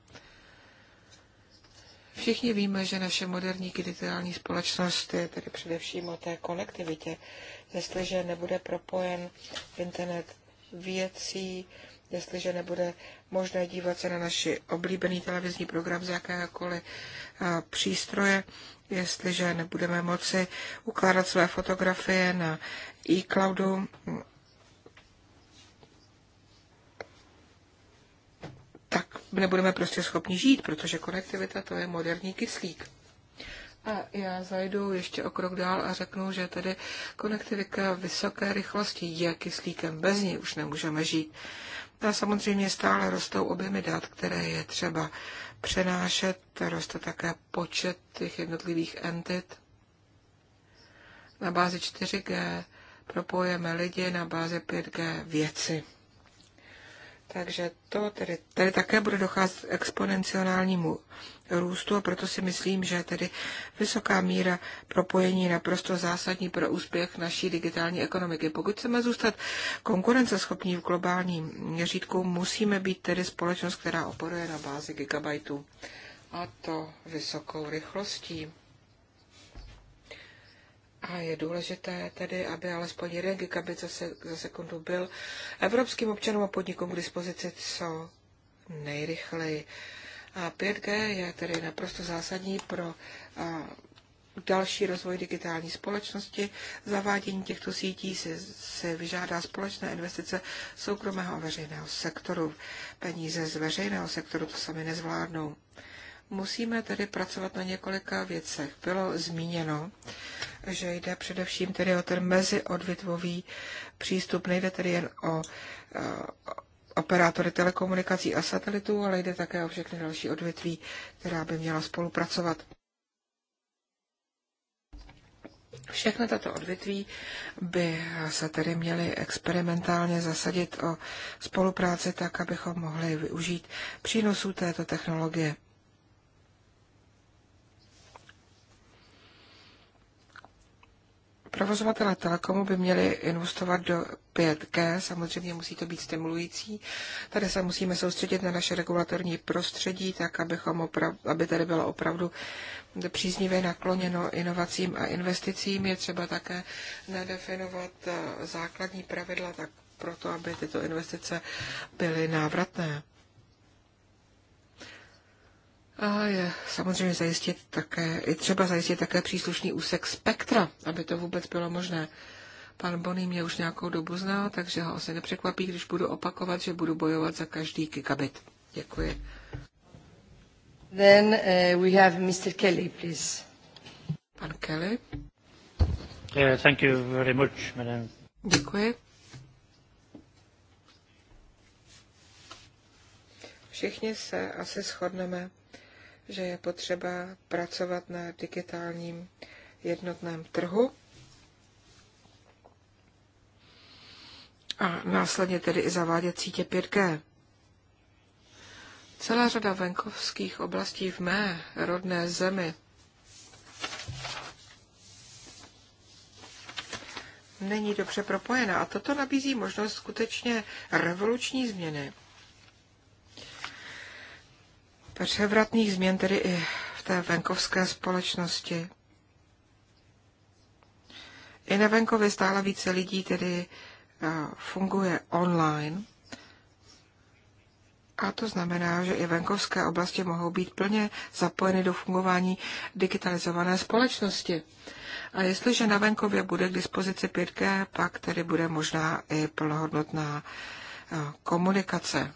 Všichni víme, že naše moderní digitální společnost je tedy především o té konektivitě. Jestliže nebude propojen internet věcí, jestliže nebude možné dívat se na naši oblíbený televizní program z jakéhokoliv přístroje, jestliže nebudeme moci ukládat své fotografie na e-cloudu, tak nebudeme prostě schopni žít, protože konektivita to je moderní kyslík. A já zajdu ještě o krok dál a řeknu, že tedy konektivita vysoké rychlosti je kyslíkem. Bez ní už nemůžeme žít. A samozřejmě stále rostou objemy dat, které je třeba přenášet, roste také počet těch jednotlivých entit. Na bázi 4G propojeme lidi, na bázi 5G věci. Takže to tedy, tady také bude docházet k exponenciálnímu růstu a proto si myslím, že tedy vysoká míra propojení je naprosto zásadní pro úspěch naší digitální ekonomiky. Pokud chceme zůstat konkurenceschopní v globálním měřítku, musíme být tedy společnost, která operuje na bázi gigabajtů a to vysokou rychlostí. A je důležité tedy, aby alespoň jeden gigabit za, se, za sekundu byl evropským občanům a podnikům k dispozici co nejrychleji. A 5G je tedy naprosto zásadní pro a, další rozvoj digitální společnosti. Zavádění těchto sítí se, se vyžádá společné investice soukromého a veřejného sektoru. Peníze z veřejného sektoru to sami nezvládnou. Musíme tedy pracovat na několika věcech. Bylo zmíněno, že jde především tedy o ten meziodvitvový přístup. Nejde tedy jen o eh, operátory telekomunikací a satelitů, ale jde také o všechny další odvětví, která by měla spolupracovat. Všechna tato odvětví by se tedy měly experimentálně zasadit o spolupráci tak, abychom mohli využít přínosů této technologie. Provozovatele telekomu by měli investovat do 5G, samozřejmě musí to být stimulující. Tady se musíme soustředit na naše regulatorní prostředí, tak abychom oprav, aby tady bylo opravdu příznivě nakloněno inovacím a investicím. Je třeba také nadefinovat eh, základní pravidla tak proto, aby tyto investice byly návratné. A je samozřejmě zajistit také, je třeba zajistit také příslušný úsek spektra, aby to vůbec bylo možné. Pan Bonny mě už nějakou dobu zná, takže ho asi nepřekvapí, když budu opakovat, že budu bojovat za každý gigabit. Děkuji. Then uh, we have Mr. Kelly, please. Pan Kelly. Yeah, thank you very much, madam. Děkuji. Všichni se asi shodneme že je potřeba pracovat na digitálním jednotném trhu a následně tedy i zavádět sítě 5G. Celá řada venkovských oblastí v mé rodné zemi není dobře propojena. A toto nabízí možnost skutečně revoluční změny převratných změn tedy i v té venkovské společnosti. I na venkově stále více lidí tedy eh, funguje online. A to znamená, že i venkovské oblasti mohou být plně zapojeny do fungování digitalizované společnosti. A jestliže na venkově bude k dispozici 5G, pak tedy bude možná i plnohodnotná eh, komunikace.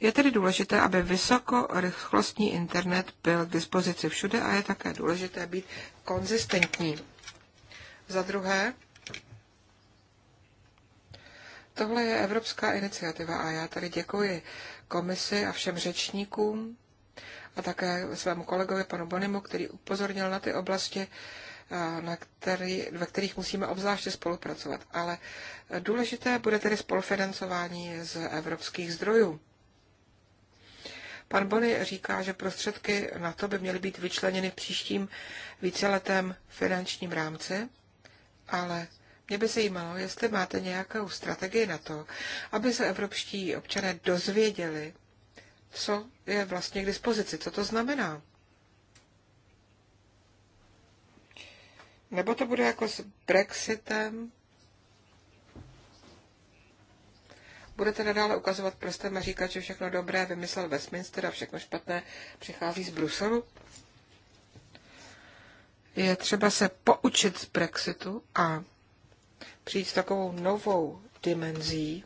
Je tedy důležité, aby vysokorychlostní internet byl k dispozici všude a je také důležité být konzistentní. Za druhé, tohle je evropská iniciativa a já tady děkuji komisi a všem řečníkům a také svému kolegovi panu Bonimu, který upozornil na ty oblasti, na který, ve kterých musíme obzvláště spolupracovat. Ale důležité bude tedy spolufinancování z evropských zdrojů. Pan Bony říká, že prostředky na to by měly být vyčleněny v příštím víceletém finančním rámci, ale mě by zajímalo, jestli máte nějakou strategii na to, aby se evropští občané dozvěděli, co je vlastně k dispozici, co to znamená. Nebo to bude jako s Brexitem, Budete nadále ukazovat prstem a říkat, že všechno dobré vymyslel Westminster a všechno špatné přichází z Bruselu? Je třeba se poučit z Brexitu a přijít s takovou novou dimenzí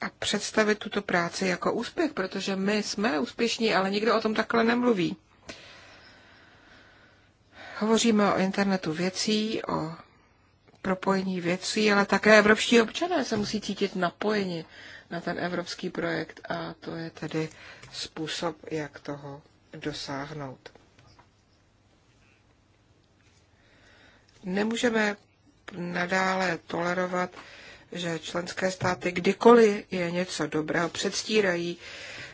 a představit tuto práci jako úspěch, protože my jsme úspěšní, ale nikdo o tom takhle nemluví. Hovoříme o internetu věcí, o propojení věcí, ale také evropští občané se musí cítit napojeni na ten evropský projekt a to je tedy způsob, jak toho dosáhnout. Nemůžeme nadále tolerovat, že členské státy kdykoliv je něco dobrého, předstírají,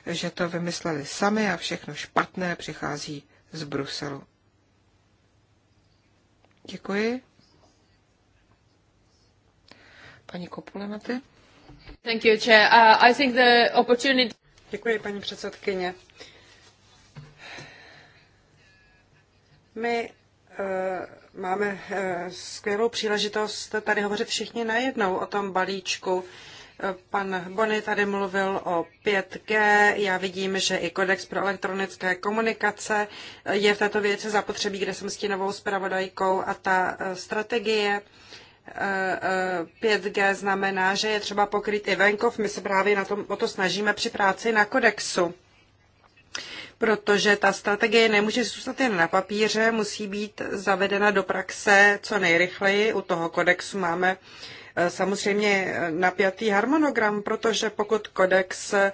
že to vymysleli sami a všechno špatné přichází z Bruselu. Děkuji. Paní Kopulematy. Thank you, Chair. Uh, I think the opportunity... Děkuji, paní předsedkyně. My uh, máme uh, skvělou příležitost tady hovořit všichni najednou o tom balíčku. Uh, pan Bony tady mluvil o 5G. Já vidím, že i kodex pro elektronické komunikace je v této věci zapotřebí, kde jsem s tím novou zpravodajkou a ta uh, strategie uh, 5G e, e, znamená, že je třeba pokryt i venkov. My se právě na tom, o to snažíme při práci na kodexu protože ta strategie nemůže zůstat jen na papíře, musí být zavedena do praxe co nejrychleji. U toho kodexu máme uh, Eh, samozřejmě eh, napjatý harmonogram, protože pokud kodex eh,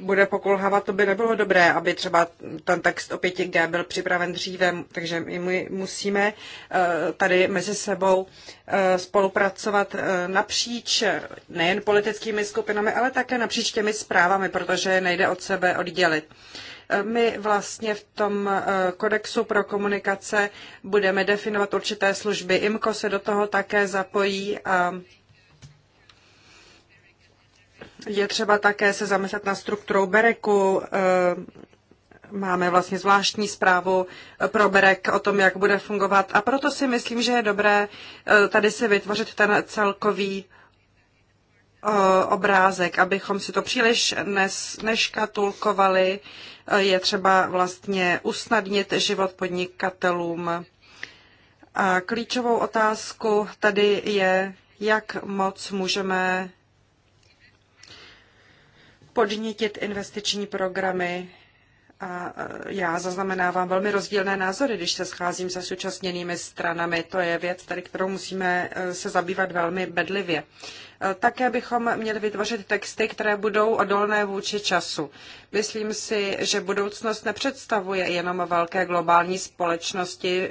bude pokulhávat, to by nebylo dobré, aby třeba ten text o 5G byl připraven dříve, takže my musíme tady mezi sebou spolupracovat napříč nejen politickými skupinami, ale také napříč těmi zprávami, protože nejde od sebe oddělit. My vlastně v tom eh, kodexu pro komunikace budeme definovat určité služby. IMCO se do toho také zapojí a je třeba také se zamyslet na strukturou Bereku. Eh, máme vlastně zvláštní zprávu pro Berek o tom, jak bude fungovat. A proto si myslím, že je dobré eh, tady si vytvořit ten celkový Eh, obrázek, abychom si to příliš nes, neškatulkovali. Eh, je třeba vlastně usnadnit život podnikatelům. A klíčovou otázku tady je, jak moc můžeme podnítit investiční programy a e, já zaznamenávám velmi rozdílné názory, když se scházím se současněnými stranami. To je věc, tady, kterou musíme e, se zabývat velmi bedlivě. E, také bychom měli vytvořit texty, které budou odolné vůči času. Myslím si, že budoucnost nepředstavuje jenom velké globální společnosti,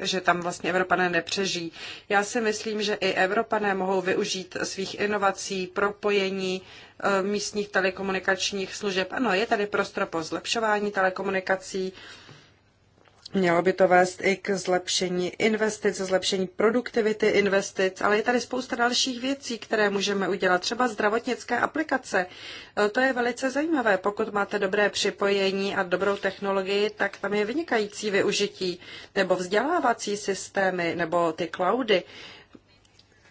že tam vlastně Evropané nepřežijí. Já si myslím, že i Evropané mohou využít svých inovací, propojení, Eh, místních telekomunikačních služeb. Ano, je tady prostor po zlepšování telekomunikací. Mělo by to vést i k zlepšení investic, zlepšení produktivity investic, ale je tady spousta dalších věcí, které můžeme udělat. Třeba zdravotnické aplikace. Eh, to je velice zajímavé. Pokud máte dobré připojení a dobrou technologii, tak tam je vynikající využití. Nebo vzdělávací systémy, nebo ty cloudy.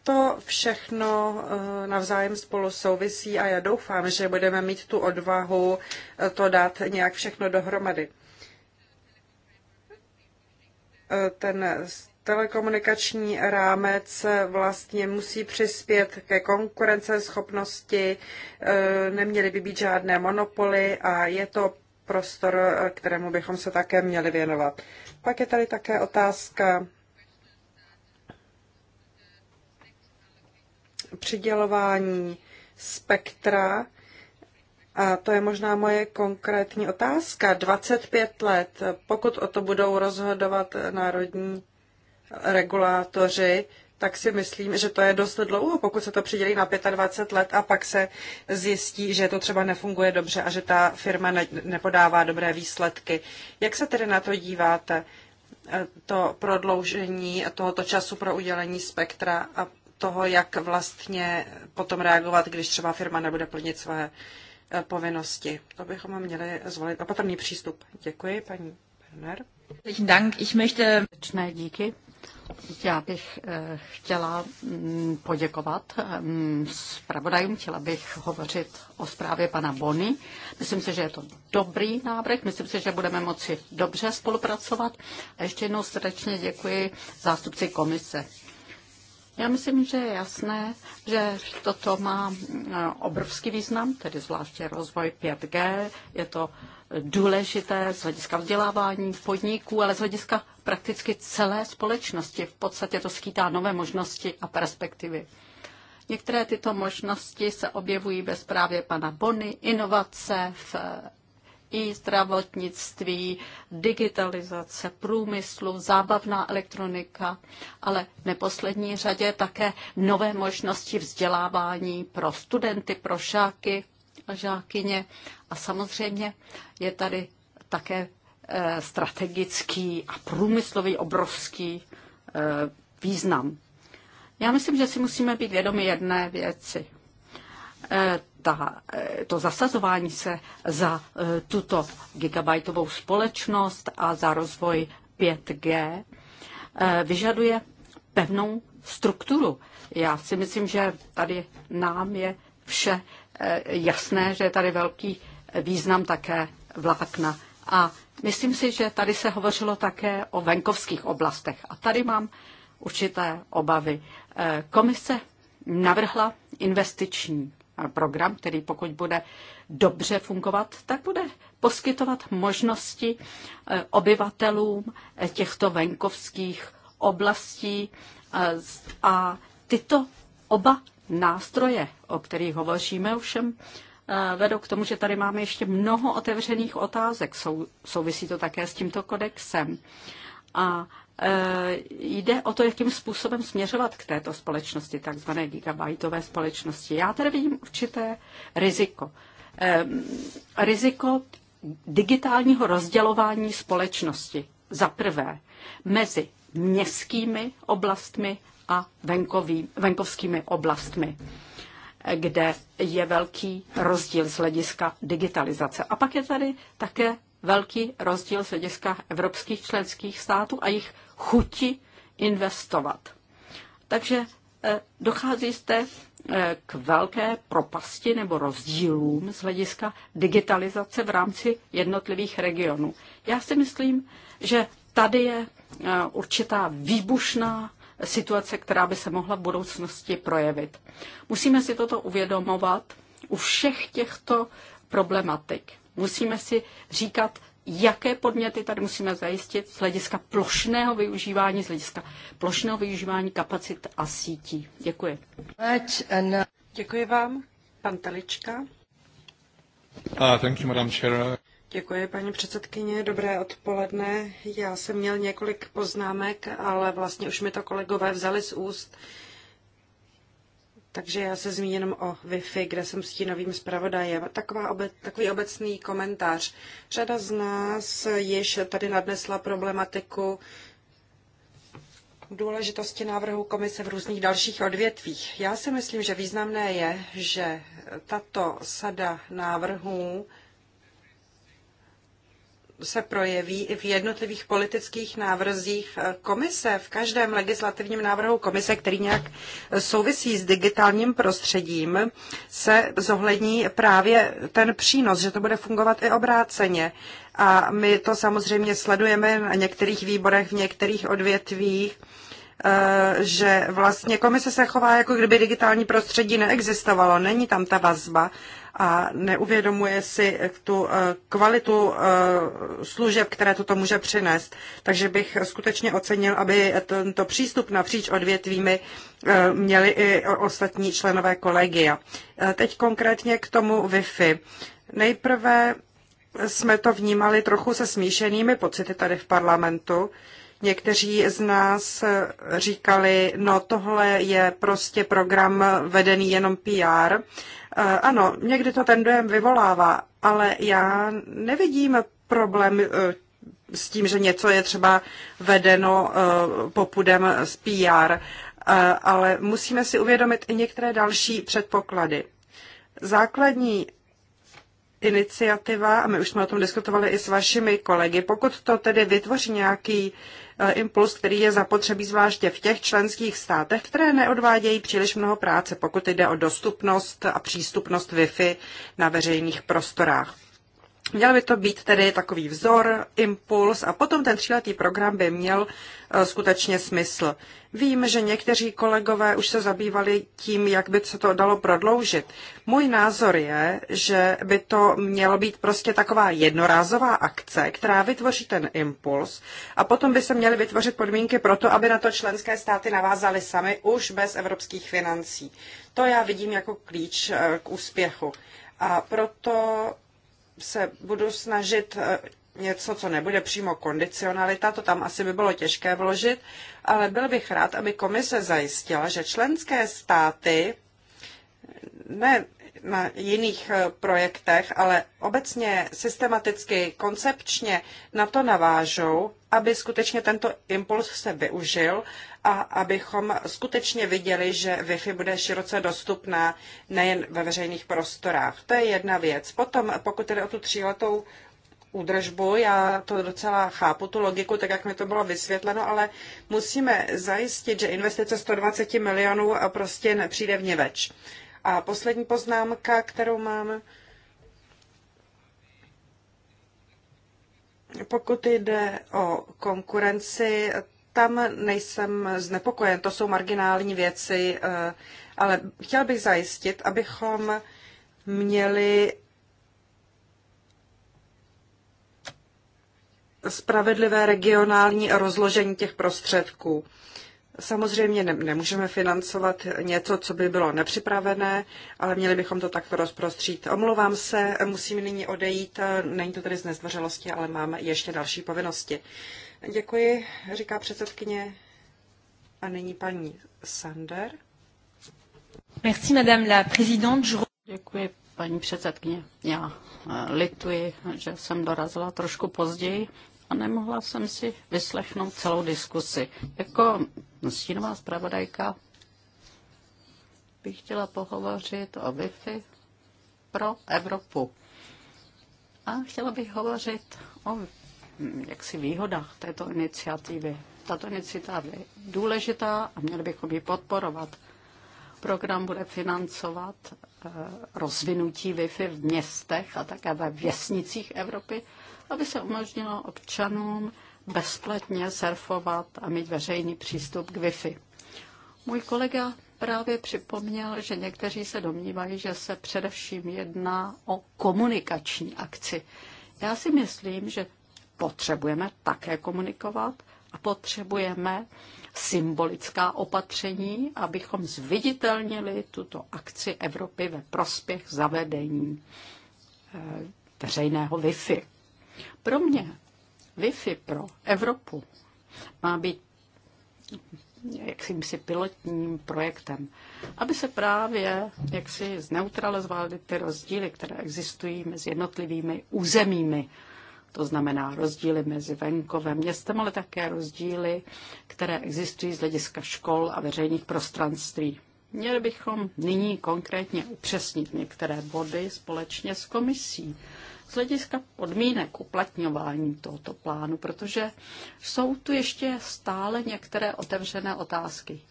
To všechno eh, navzájem spolu souvisí a já doufám, že budeme mít tu odvahu eh, to dát nějak všechno dohromady. Eh, ten telekomunikační rámec vlastně musí přispět ke konkurenceschopnosti, neměly by být žádné monopoly a je to prostor, kterému bychom se také měli věnovat. Pak je tady také otázka přidělování spektra. A to je možná moje konkrétní otázka. 25 let, pokud o to budou rozhodovat národní regulátoři, tak si myslím, že to je dost dlouho, pokud se to přidělí na 25 let a pak se zjistí, že to třeba nefunguje dobře a že ta firma ne- nepodává dobré výsledky. Jak se tedy na to díváte, to prodloužení tohoto času pro udělení spektra a toho, jak vlastně potom reagovat, když třeba firma nebude plnit své eh, povinnosti. To bychom měli zvolit opatrný přístup. Děkuji, paní Berner. Dank, ich möchte... Díky. Já bych eh, chtěla mm, poděkovat mm, zpravodajům, chtěla bych hovořit o zprávě pana Bony. Myslím si, že je to dobrý návrh, myslím si, že budeme moci dobře spolupracovat. A ještě jednou srdečně děkuji zástupci komise. Já myslím, že je jasné, že toto má eh, obrovský význam, tedy zvláště rozvoj 5G. Je to důležité z hlediska vzdělávání podniků, ale z hlediska prakticky celé společnosti. V podstatě to skýtá nové možnosti a perspektivy. Některé tyto možnosti se objevují ve zprávě pana Bony, inovace v i zdravotnictví, digitalizace, průmyslu, zábavná elektronika, ale v neposlední řadě také nové možnosti vzdělávání pro studenty, pro žáky a žákyně. A samozřejmě je tady také eh, strategický a průmyslový obrovský eh, význam. Já myslím, že si musíme být vědomi jedné věci. Eh, ta, eh, to zasazování se za eh, tuto gigabajtovou společnost a za rozvoj 5G eh, vyžaduje pevnou strukturu. Já si myslím, že tady nám je vše jasné, že je tady velký význam také vlákna. A myslím si, že tady se hovořilo také o venkovských oblastech. A tady mám určité obavy. Komise navrhla investiční program, který pokud bude dobře fungovat, tak bude poskytovat možnosti eh, obyvatelům eh, těchto venkovských oblastí eh, a tyto oba nástroje, o kterých hovoříme, ovšem vedou k tomu, že tady máme ještě mnoho otevřených otázek. souvisí to také s tímto kodexem. A Eh, jde o to, jakým způsobem směřovat k této společnosti, takzvané gigabajtové společnosti. Já tady vidím určité riziko. Ehm, riziko digitálního rozdělování společnosti. Za prvé, mezi městskými oblastmi a venkový, venkovskými oblastmi, kde je velký rozdíl z hlediska digitalizace. A pak je tady také velký rozdíl z hlediska evropských členských států a jejich chuti investovat. Takže eh, dochází zde eh, k velké propasti nebo rozdílům z hlediska digitalizace v rámci jednotlivých regionů. Já si myslím, že tady je eh, určitá výbušná situace, která by se mohla v budoucnosti projevit. Musíme si toto uvědomovat u všech těchto problematik. Musíme si říkat, jaké podměty tady musíme zajistit z hlediska plošného využívání, z hlediska plošného využívání kapacit a sítí. Děkuji. Děkuji vám. Pan Telička. Ah, thank you, Madam Chair. Děkuji, paní předsedkyně. Dobré odpoledne. Já jsem měl několik poznámek, ale vlastně už mi to kolegové vzali z úst. Uh, takže já se zmíním jenom o Wi-Fi, kde jsem novým zpravodajem. Taková obe, takový obecný komentář. Řada z nás již tady nadnesla problematiku důležitosti návrhu komise v různých dalších odvětvích. Já si myslím, že významné je, že tato sada návrhů se projeví i v jednotlivých politických návrzích komise, v každém legislativním návrhu komise, který nějak souvisí s digitálním prostředím, se zohlední právě ten přínos, že to bude fungovat i obráceně. A my to samozřejmě sledujeme na některých výborech, v některých odvětvích eh, že vlastně komise se chová, jako kdyby digitální prostředí neexistovalo, není tam ta vazba a neuvědomuje si eh, tu eh, kvalitu eh, služeb, které toto může přinést. Takže bych skutečně ocenil, aby tento přístup napříč odvětvími měli i ostatní členové kolegia. Teď konkrétně k tomu Wi-Fi. Nejprve jsme to vnímali trochu se smíšenými pocity tady v parlamentu. Někteří z nás říkali, no tohle je prostě program vedený jenom PR Eh, ano, někdy to ten dojem vyvolává, ale já nevidím problém eh, s tím, že něco je třeba vedeno eh, popudem z PR, ale musíme si uvědomit i některé další předpoklady. Základní iniciativa, a my už jsme o tom diskutovali i s vašimi kolegy, pokud to tedy vytvoří nějaký uh, Eh, impuls, který je zapotřebí zvláště v těch členských státech, které neodvádějí příliš mnoho práce, pokud jde o dostupnost a přístupnost Wi-Fi na veřejných prostorách. Měl by to být tedy takový vzor, impuls a potom ten tříletý program by měl E, skutečně smysl. Vím, že někteří kolegové už se zabývali tím, jak by se to dalo prodloužit. Můj názor je, že by to mělo být prostě taková jednorázová akce, která vytvoří ten impuls a potom by se měly vytvořit podmínky pro to, aby na to členské státy navázaly sami už bez evropských financí. To já vidím jako klíč e, k úspěchu. A proto se budu snažit e, něco, co nebude přímo kondicionalita, to tam asi by bylo těžké vložit, ale byl bych rád, aby komise zajistila, že členské státy ne na jiných eh, projektech, ale obecně systematicky, koncepčně na to navážou, aby skutečně tento impuls se využil a abychom skutečně viděli, že Wi-Fi bude široce dostupná nejen ve veřejných prostorách. To je jedna věc. Potom, pokud jde o tu tříletou údržbu. Já to docela chápu, tu logiku, tak jak mi to bylo vysvětleno, ale musíme zajistit, že investice 120 milionů prostě nepřijde v něveč. A poslední poznámka, kterou mám, pokud jde o konkurenci, tam nejsem znepokojen, to jsou marginální věci, eh, ale chtěl bych zajistit, abychom měli spravedlivé regionální rozložení těch prostředků. Samozřejmě ne, nemůžeme financovat něco, co by bylo nepřipravené, ale měli bychom to takto rozprostřít. Omlouvám se, musím nyní odejít. Není to tedy z nezdvořilosti, ale máme ještě další povinnosti. Děkuji, říká předsedkyně. A nyní paní Sander. Merci, madame la présidente. Děkuji, paní předsedkyně. Já eh, lituji, že jsem dorazila trošku později, a nemohla jsem si vyslechnout celou diskusi. Jako stínová zpravodajka bych chtěla pohovořit o Wi-Fi pro Evropu. A chtěla bych hovořit o hm, jaksi výhodách této iniciativy. Tato iniciativa je důležitá a měli bychom ji podporovat. Program bude financovat eh, rozvinutí Wi-Fi v městech a také ve věsnicích Evropy aby se umožnilo občanům bezplatně surfovat a mít veřejný přístup k Wi-Fi. Můj kolega právě připomněl, že někteří se domnívají, že se především jedná o komunikační akci. Já si myslím, že potřebujeme také komunikovat a potřebujeme symbolická opatření, abychom zviditelnili tuto akci Evropy ve prospěch zavedení eh, veřejného Wi-Fi. Pro mě Wi-Fi pro Evropu má být jakýmsi pilotním projektem, aby se právě jaksi zneutralizovaly ty rozdíly, které existují mezi jednotlivými územími. To znamená rozdíly mezi venkovem, městem, ale také rozdíly, které existují z hlediska škol a veřejných prostranství. Měli bychom nyní konkrétně upřesnit některé body společně s komisí z hlediska podmínek uplatňování tohoto plánu, protože jsou tu ještě stále některé otevřené otázky.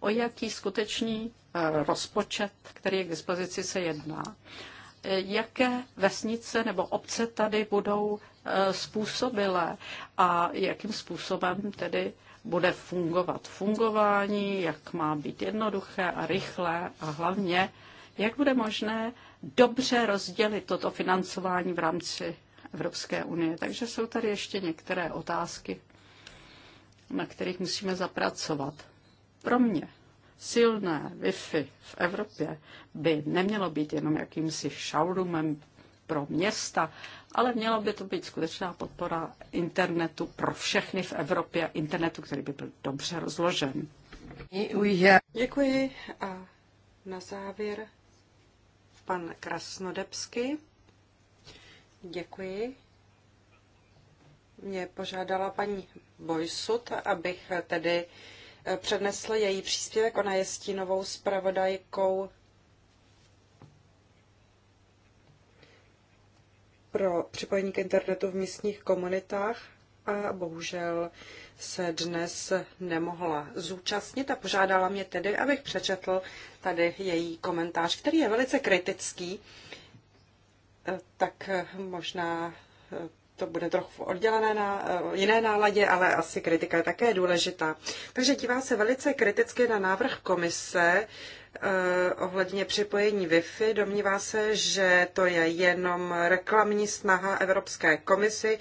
O jaký skutečný eh, rozpočet, který je k dispozici, se jedná? Jaké vesnice nebo obce tady budou eh, způsobilé a jakým způsobem tedy bude fungovat fungování, jak má být jednoduché a rychlé a hlavně, jak bude možné dobře rozdělit toto financování v rámci Evropské unie. Takže jsou tady ještě některé otázky, na kterých musíme zapracovat. Pro mě silné Wi-Fi v Evropě by nemělo být jenom jakýmsi showroomem pro města, ale měla by to být skutečná podpora internetu pro všechny v Evropě, internetu, který by byl dobře rozložen. Děkuji a na závěr pan Krasnodebsky. Děkuji. Mě požádala paní Bojsut, abych tedy eh, přednesl její příspěvek. Ona je stínovou zpravodajkou pro připojení k internetu v místních komunitách a bohužel se dnes nemohla zúčastnit a požádala mě tedy, abych přečetl tady její komentář, který je velice kritický, eh, tak eh, možná eh, to bude trochu oddělené na jiné náladě, ale asi kritika je také důležitá. Takže dívá se velice kriticky na návrh komise, Eh, ohledně připojení Wi-Fi. Domnívá se, že to je jenom reklamní snaha Evropské komise,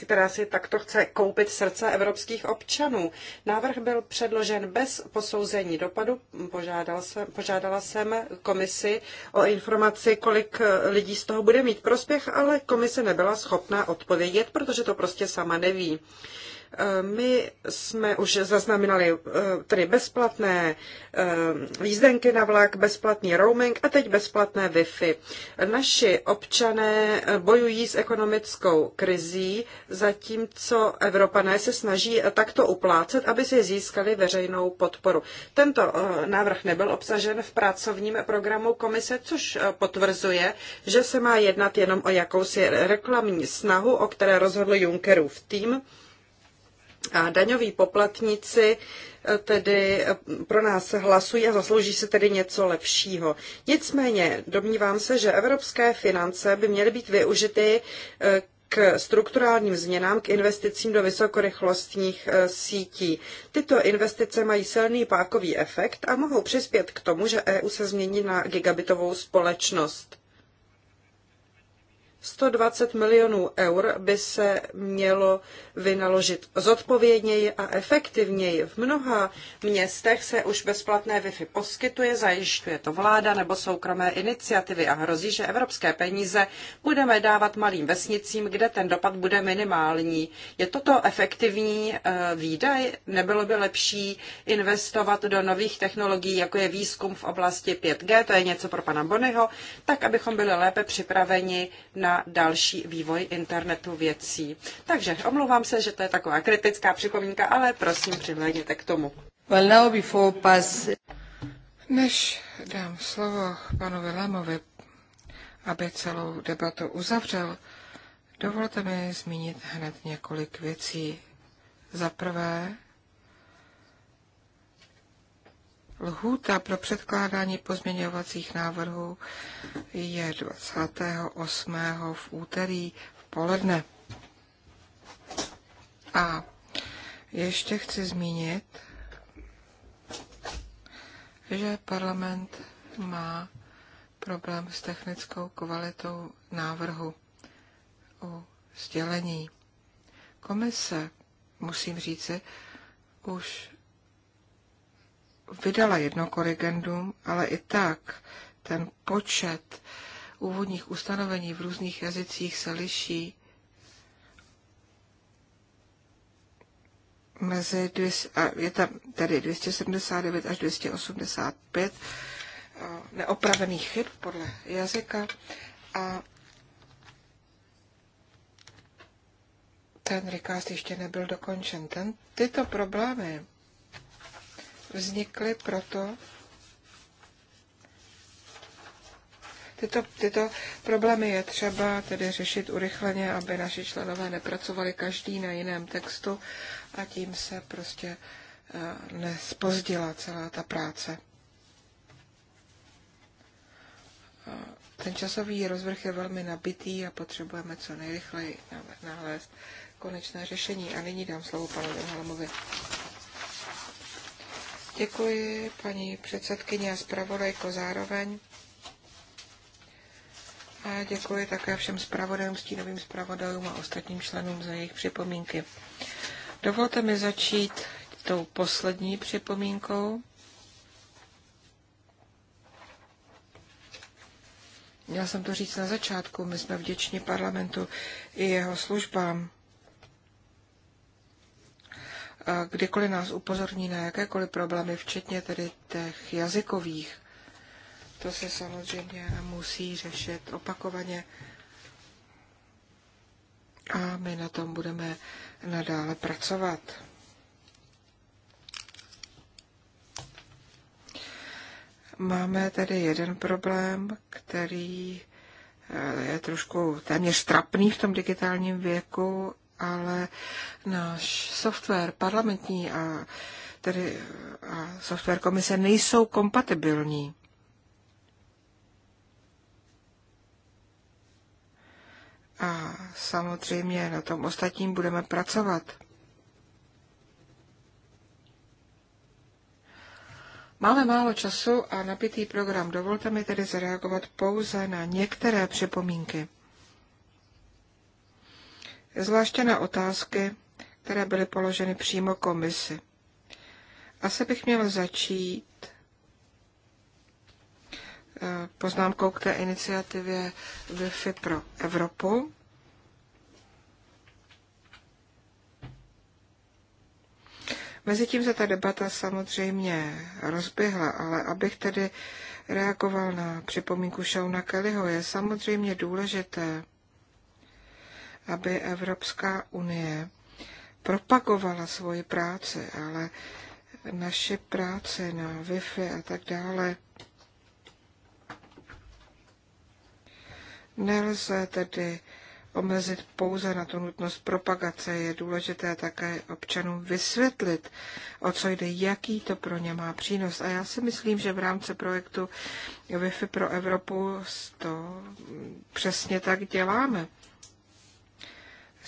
která si takto chce koupit srdce evropských občanů. Návrh byl předložen bez posouzení dopadu. požádala jsem, požádala jsem komisi o informaci, kolik eh, lidí z toho bude mít prospěch, ale komise nebyla schopná odpovědět, protože to prostě sama neví. Eh, my jsme už zaznamenali eh, tedy bezplatné eh, jízdenky na vlak, bezplatný roaming a teď bezplatné Wi-Fi. Naši občané bojují s ekonomickou krizí, zatímco Evropané se snaží takto uplácet, aby si získali veřejnou podporu. Tento návrh nebyl obsažen v pracovním programu komise, což potvrzuje, že se má jednat jenom o jakousi reklamní snahu, o které rozhodl Junckerův tým a daňoví poplatníci e, tedy e, pro nás hlasují a zaslouží si tedy něco lepšího. Nicméně domnívám se, že evropské finance by měly být využity e, k strukturálním změnám, k investicím do vysokorychlostních sítí. Tyto investice mají silný pákový efekt a mohou přispět k tomu, že EU se změní na gigabitovou společnost. 120 milionů eur by se mělo vynaložit zodpovědněji a efektivněji. V mnoha městech se už bezplatné Wi-Fi poskytuje, zajišťuje to vláda nebo soukromé iniciativy a hrozí, že evropské peníze budeme dávat malým vesnicím, kde ten dopad bude minimální. Je toto efektivní eh, výdaj? Nebylo by lepší investovat do nových technologií, jako je výzkum v oblasti 5G, to je něco pro pana Bonyho, tak abychom byli lépe připraveni na na další vývoj internetu věcí. Takže omlouvám se, že to je taková kritická připomínka, ale prosím, přihlédněte k tomu. Well, now before pass... Než dám slovo panu Vilémovi, aby celou debatu uzavřel, dovolte mi zmínit hned několik věcí. Za prvé, Lhůta pro předkládání pozměňovacích návrhů je 28. v úterý v poledne. A ještě chci zmínit, že parlament má problém s technickou kvalitou návrhu u sdělení. Komise, musím říci, už vydala jedno korrigendum, ale i tak ten počet úvodních ustanovení v různých jazycích se liší mezi 200, je tam tedy 279 až 285 eh, neopravených chyb podle jazyka a ten recast ještě nebyl dokončen. Ten, tyto problémy vznikly proto, Tyto, tyto problémy je třeba tedy řešit urychleně, aby naši členové nepracovali každý na jiném textu a tím se prostě eh, nespozdila celá ta práce. Eh, ten časový rozvrh je velmi nabitý a potřebujeme co nejrychleji nalézt konečné řešení. A nyní dám slovo panu Halmovi. Děkuji paní předsedkyně a zpravodajko zároveň. A děkuji také všem zpravodajům, stínovým zpravodajům a ostatním členům za jejich připomínky. Dovolte mi začít tou poslední připomínkou. Měla jsem to říct na začátku, my jsme vděční parlamentu i jeho službám kdykoliv nás upozorní na jakékoliv problémy, včetně tedy těch jazykových. To se samozřejmě musí řešit opakovaně a my na tom budeme nadále pracovat. Máme tedy jeden problém, který eh, je trošku téměř trapný v tom digitálním věku ale náš software parlamentní a tedy a software komise nejsou kompatibilní. A samozřejmě na tom ostatním budeme pracovat. Máme málo času a napitý program. Dovolte mi tedy zareagovat pouze na některé připomínky zvláště na otázky, které byly položeny přímo komisi. Asi bych měl začít eh, poznámkou k té iniciativě Wi-Fi pro Evropu. Mezitím se ta debata samozřejmě rozběhla, ale abych tedy reagoval na připomínku Shauna Kellyho, je samozřejmě důležité, aby Evropská unie propagovala svoji práci, ale naše práce na Wi-Fi a tak dále nelze tedy omezit pouze na tu nutnost propagace. Je důležité také občanům vysvětlit, o co jde, jaký to pro ně má přínos. A já si myslím, že v rámci projektu Wi-Fi pro Evropu to přesně tak děláme.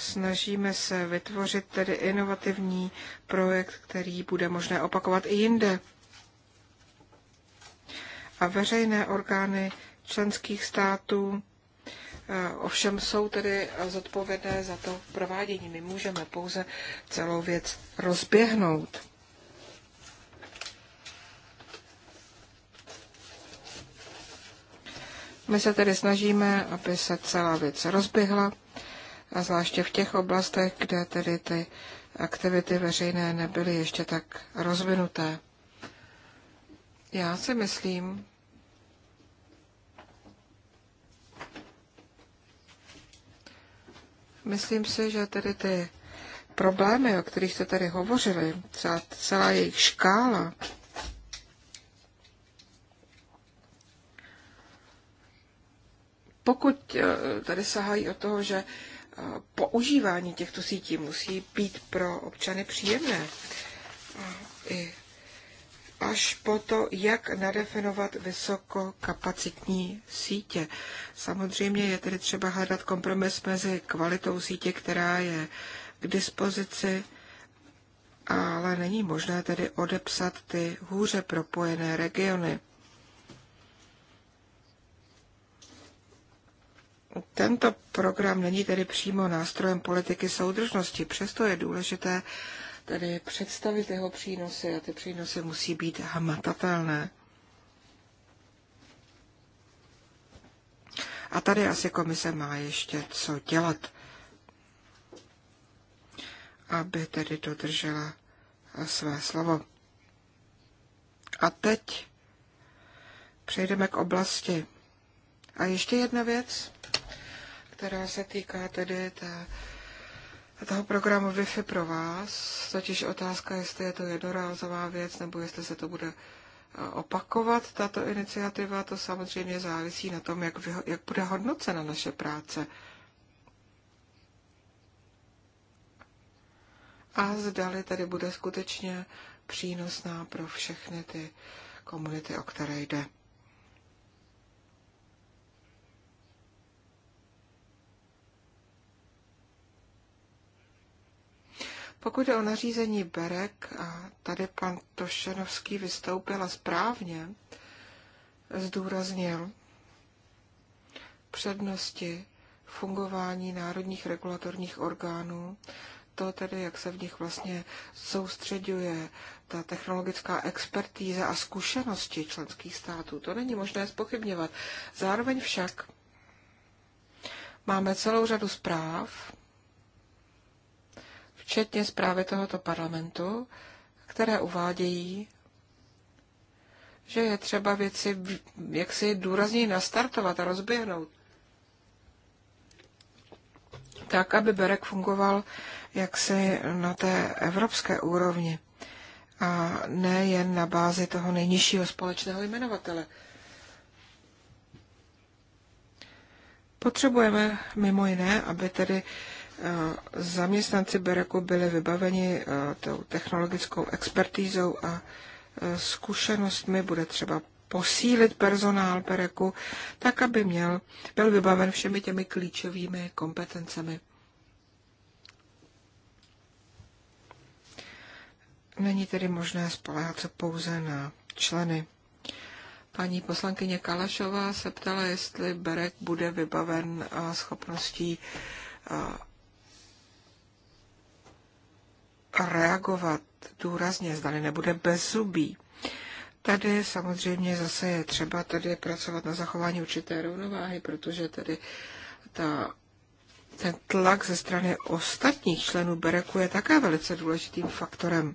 Snažíme se vytvořit tedy inovativní projekt, který bude možné opakovat i jinde. A veřejné orgány členských států eh, ovšem jsou tedy zodpovědné za to provádění. My můžeme pouze celou věc rozběhnout. My se tedy snažíme, aby se celá věc rozběhla a zvláště v těch oblastech, kde tedy ty aktivity veřejné nebyly ještě tak rozvinuté. Já si myslím, myslím si, že tedy ty problémy, o kterých jste tady hovořili, celá, celá jejich škála, pokud eh, tady sahají o toho, že používání těchto sítí musí být pro občany příjemné. I až po to, jak nadefinovat vysokokapacitní sítě. Samozřejmě je tedy třeba hledat kompromis mezi kvalitou sítě, která je k dispozici, ale není možné tedy odepsat ty hůře propojené regiony. Tento program není tedy přímo nástrojem politiky soudržnosti, přesto je důležité tedy představit jeho přínosy a ty přínosy musí být hmatatelné. A tady asi komise má ještě co dělat, aby tedy dodržela své slovo. A teď přejdeme k oblasti. A ještě jedna věc která se týká tedy té, toho programu Wi-Fi pro vás, totiž otázka, jestli je to jednorázová věc, nebo jestli se to bude eh, opakovat, tato iniciativa, to samozřejmě závisí na tom, jak, vyho- jak bude hodnocena naše práce. A zdali tady bude skutečně přínosná pro všechny ty komunity, o které jde. Pokud je o nařízení Berek, a tady pan Tošenovský vystoupil a správně zdůraznil přednosti fungování národních regulatorních orgánů, to tedy, jak se v nich vlastně soustředuje ta technologická expertíza a zkušenosti členských států. To není možné spochybňovat. Zároveň však máme celou řadu zpráv, včetně zprávy tohoto parlamentu, které uvádějí, že je třeba věci jaksi důrazněji nastartovat a rozběhnout. Tak, aby Berek fungoval jaksi na té evropské úrovni a ne jen na bázi toho nejnižšího společného jmenovatele. Potřebujeme mimo jiné, aby tedy zaměstnanci Bereku byli vybaveni e, tou technologickou expertízou a e, zkušenostmi. Bude třeba posílit personál Bereku tak, aby měl, byl vybaven všemi těmi klíčovými kompetencemi. Není tedy možné spolehat se pouze na členy. Paní poslankyně Kalašová se ptala, jestli Berek bude vybaven e, schopností reagovat důrazně, zdali nebude bez zubí. Tady samozřejmě zase je třeba tady pracovat na zachování určité rovnováhy, protože tady ta, ten tlak ze strany ostatních členů Bereku je také velice důležitým faktorem.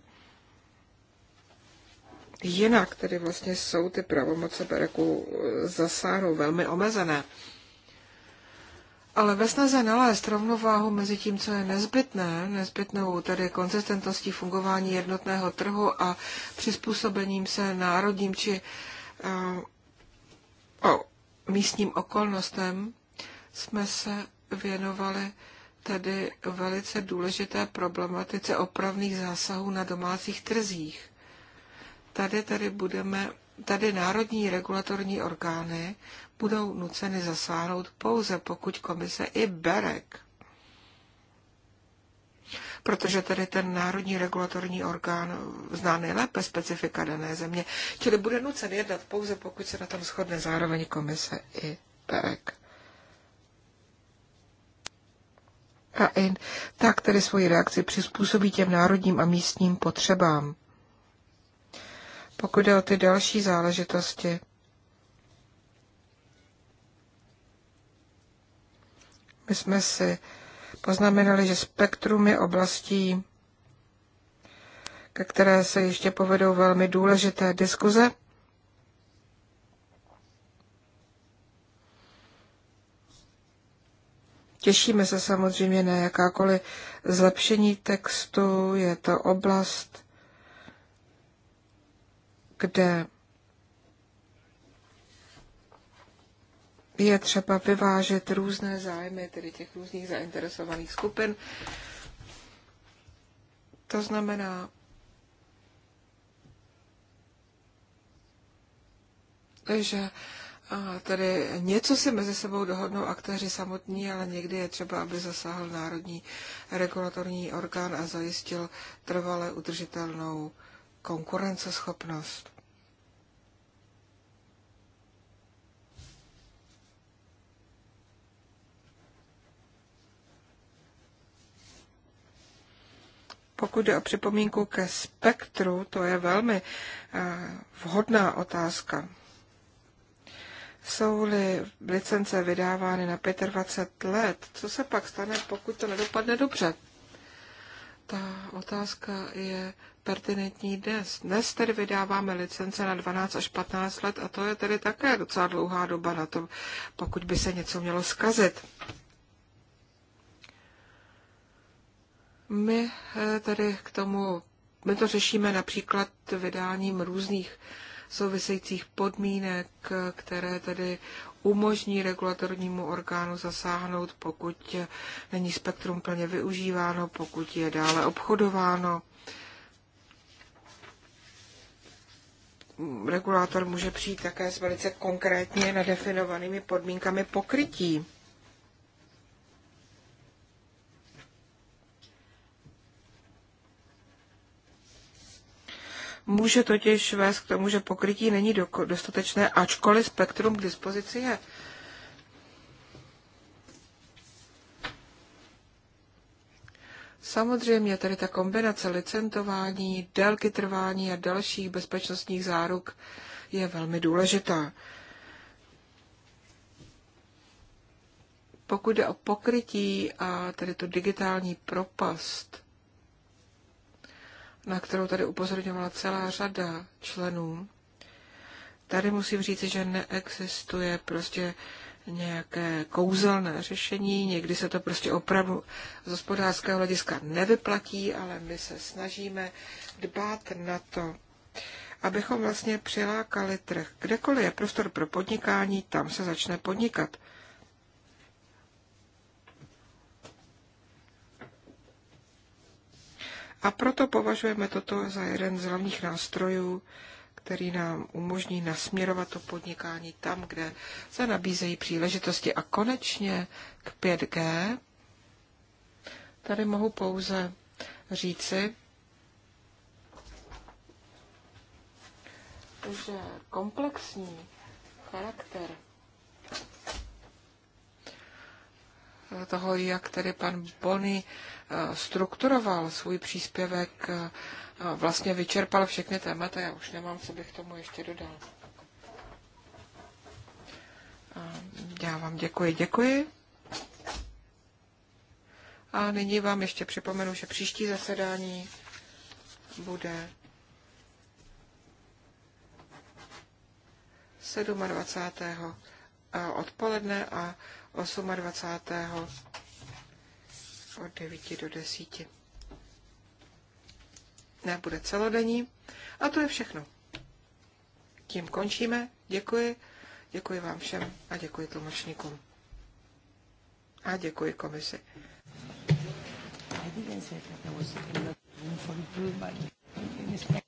Jinak tedy vlastně jsou ty pravomoce Bereku eh, zasáhnou velmi omezené. Ale ve snaze nalézt rovnováhu mezi tím, co je nezbytné, nezbytnou tedy konzistentností fungování jednotného trhu a přizpůsobením se národním či uh, o, místním okolnostem, jsme se věnovali tedy velice důležité problematice opravných zásahů na domácích trzích. Tady tedy budeme, tady národní regulatorní orgány budou nuceny zasáhnout pouze pokud komise i Berek. Protože tedy ten národní regulatorní orgán zná nejlépe specifika dané země, čili bude nucen jednat pouze pokud se na tom shodne zároveň komise i Berek. A in, tak tedy svoji reakci přizpůsobí těm národním a místním potřebám. Pokud jde o ty další záležitosti, My jsme si poznamenali, že spektrum je oblastí, ke které se ještě povedou velmi důležité diskuze. Těšíme se samozřejmě na jakákoliv zlepšení textu. Je to oblast, kde je třeba vyvážet různé zájmy, tedy těch různých zainteresovaných skupin. To znamená, že tedy něco si mezi sebou dohodnou aktéři samotní, ale někdy je třeba, aby zasáhl národní regulatorní orgán a zajistil trvale udržitelnou konkurenceschopnost. Pokud jde o připomínku ke spektru, to je velmi eh, vhodná otázka. Jsou-li licence vydávány na 25 let, co se pak stane, pokud to nedopadne dobře? Ta otázka je pertinentní dnes. Dnes tedy vydáváme licence na 12 až 15 let a to je tedy také docela dlouhá doba na to, pokud by se něco mělo skazit. My eh, tady k tomu, my to řešíme například vydáním různých souvisejících podmínek, které tedy umožní regulatornímu orgánu zasáhnout, pokud není spektrum plně využíváno, pokud je dále obchodováno. Regulátor může přijít také s velice konkrétně nadefinovanými podmínkami pokrytí. může totiž vést k tomu, že pokrytí není dostatečné, ačkoliv spektrum k dispozici je. Samozřejmě tady ta kombinace licentování, délky trvání a dalších bezpečnostních záruk je velmi důležitá. Pokud jde o pokrytí a tedy tu digitální propast, na kterou tady upozorňovala celá řada členů, tady musím říct, že neexistuje prostě nějaké kouzelné řešení, někdy se to prostě opravdu z hospodářského hlediska nevyplatí, ale my se snažíme dbát na to, abychom vlastně přilákali trh. Kdekoliv je prostor pro podnikání, tam se začne podnikat. A proto považujeme toto za jeden z hlavních nástrojů, který nám umožní nasměrovat to podnikání tam, kde se nabízejí příležitosti. A konečně k 5G. Tady mohu pouze říci, že komplexní charakter toho, jak tedy pan Bony eh, strukturoval svůj příspěvek, eh, vlastně vyčerpal všechny témata. Já už nemám, co bych tomu ještě dodal. Já vám děkuji, děkuji. A nyní vám ještě připomenu, že příští zasedání bude 27. Eh, odpoledne a 28. od 9 do 10. Ne, bude celodenní. A to je všechno. Tím končíme. Děkuji. Děkuji vám všem a děkuji tlumočníkům. A děkuji komisi. I didn't say that I was for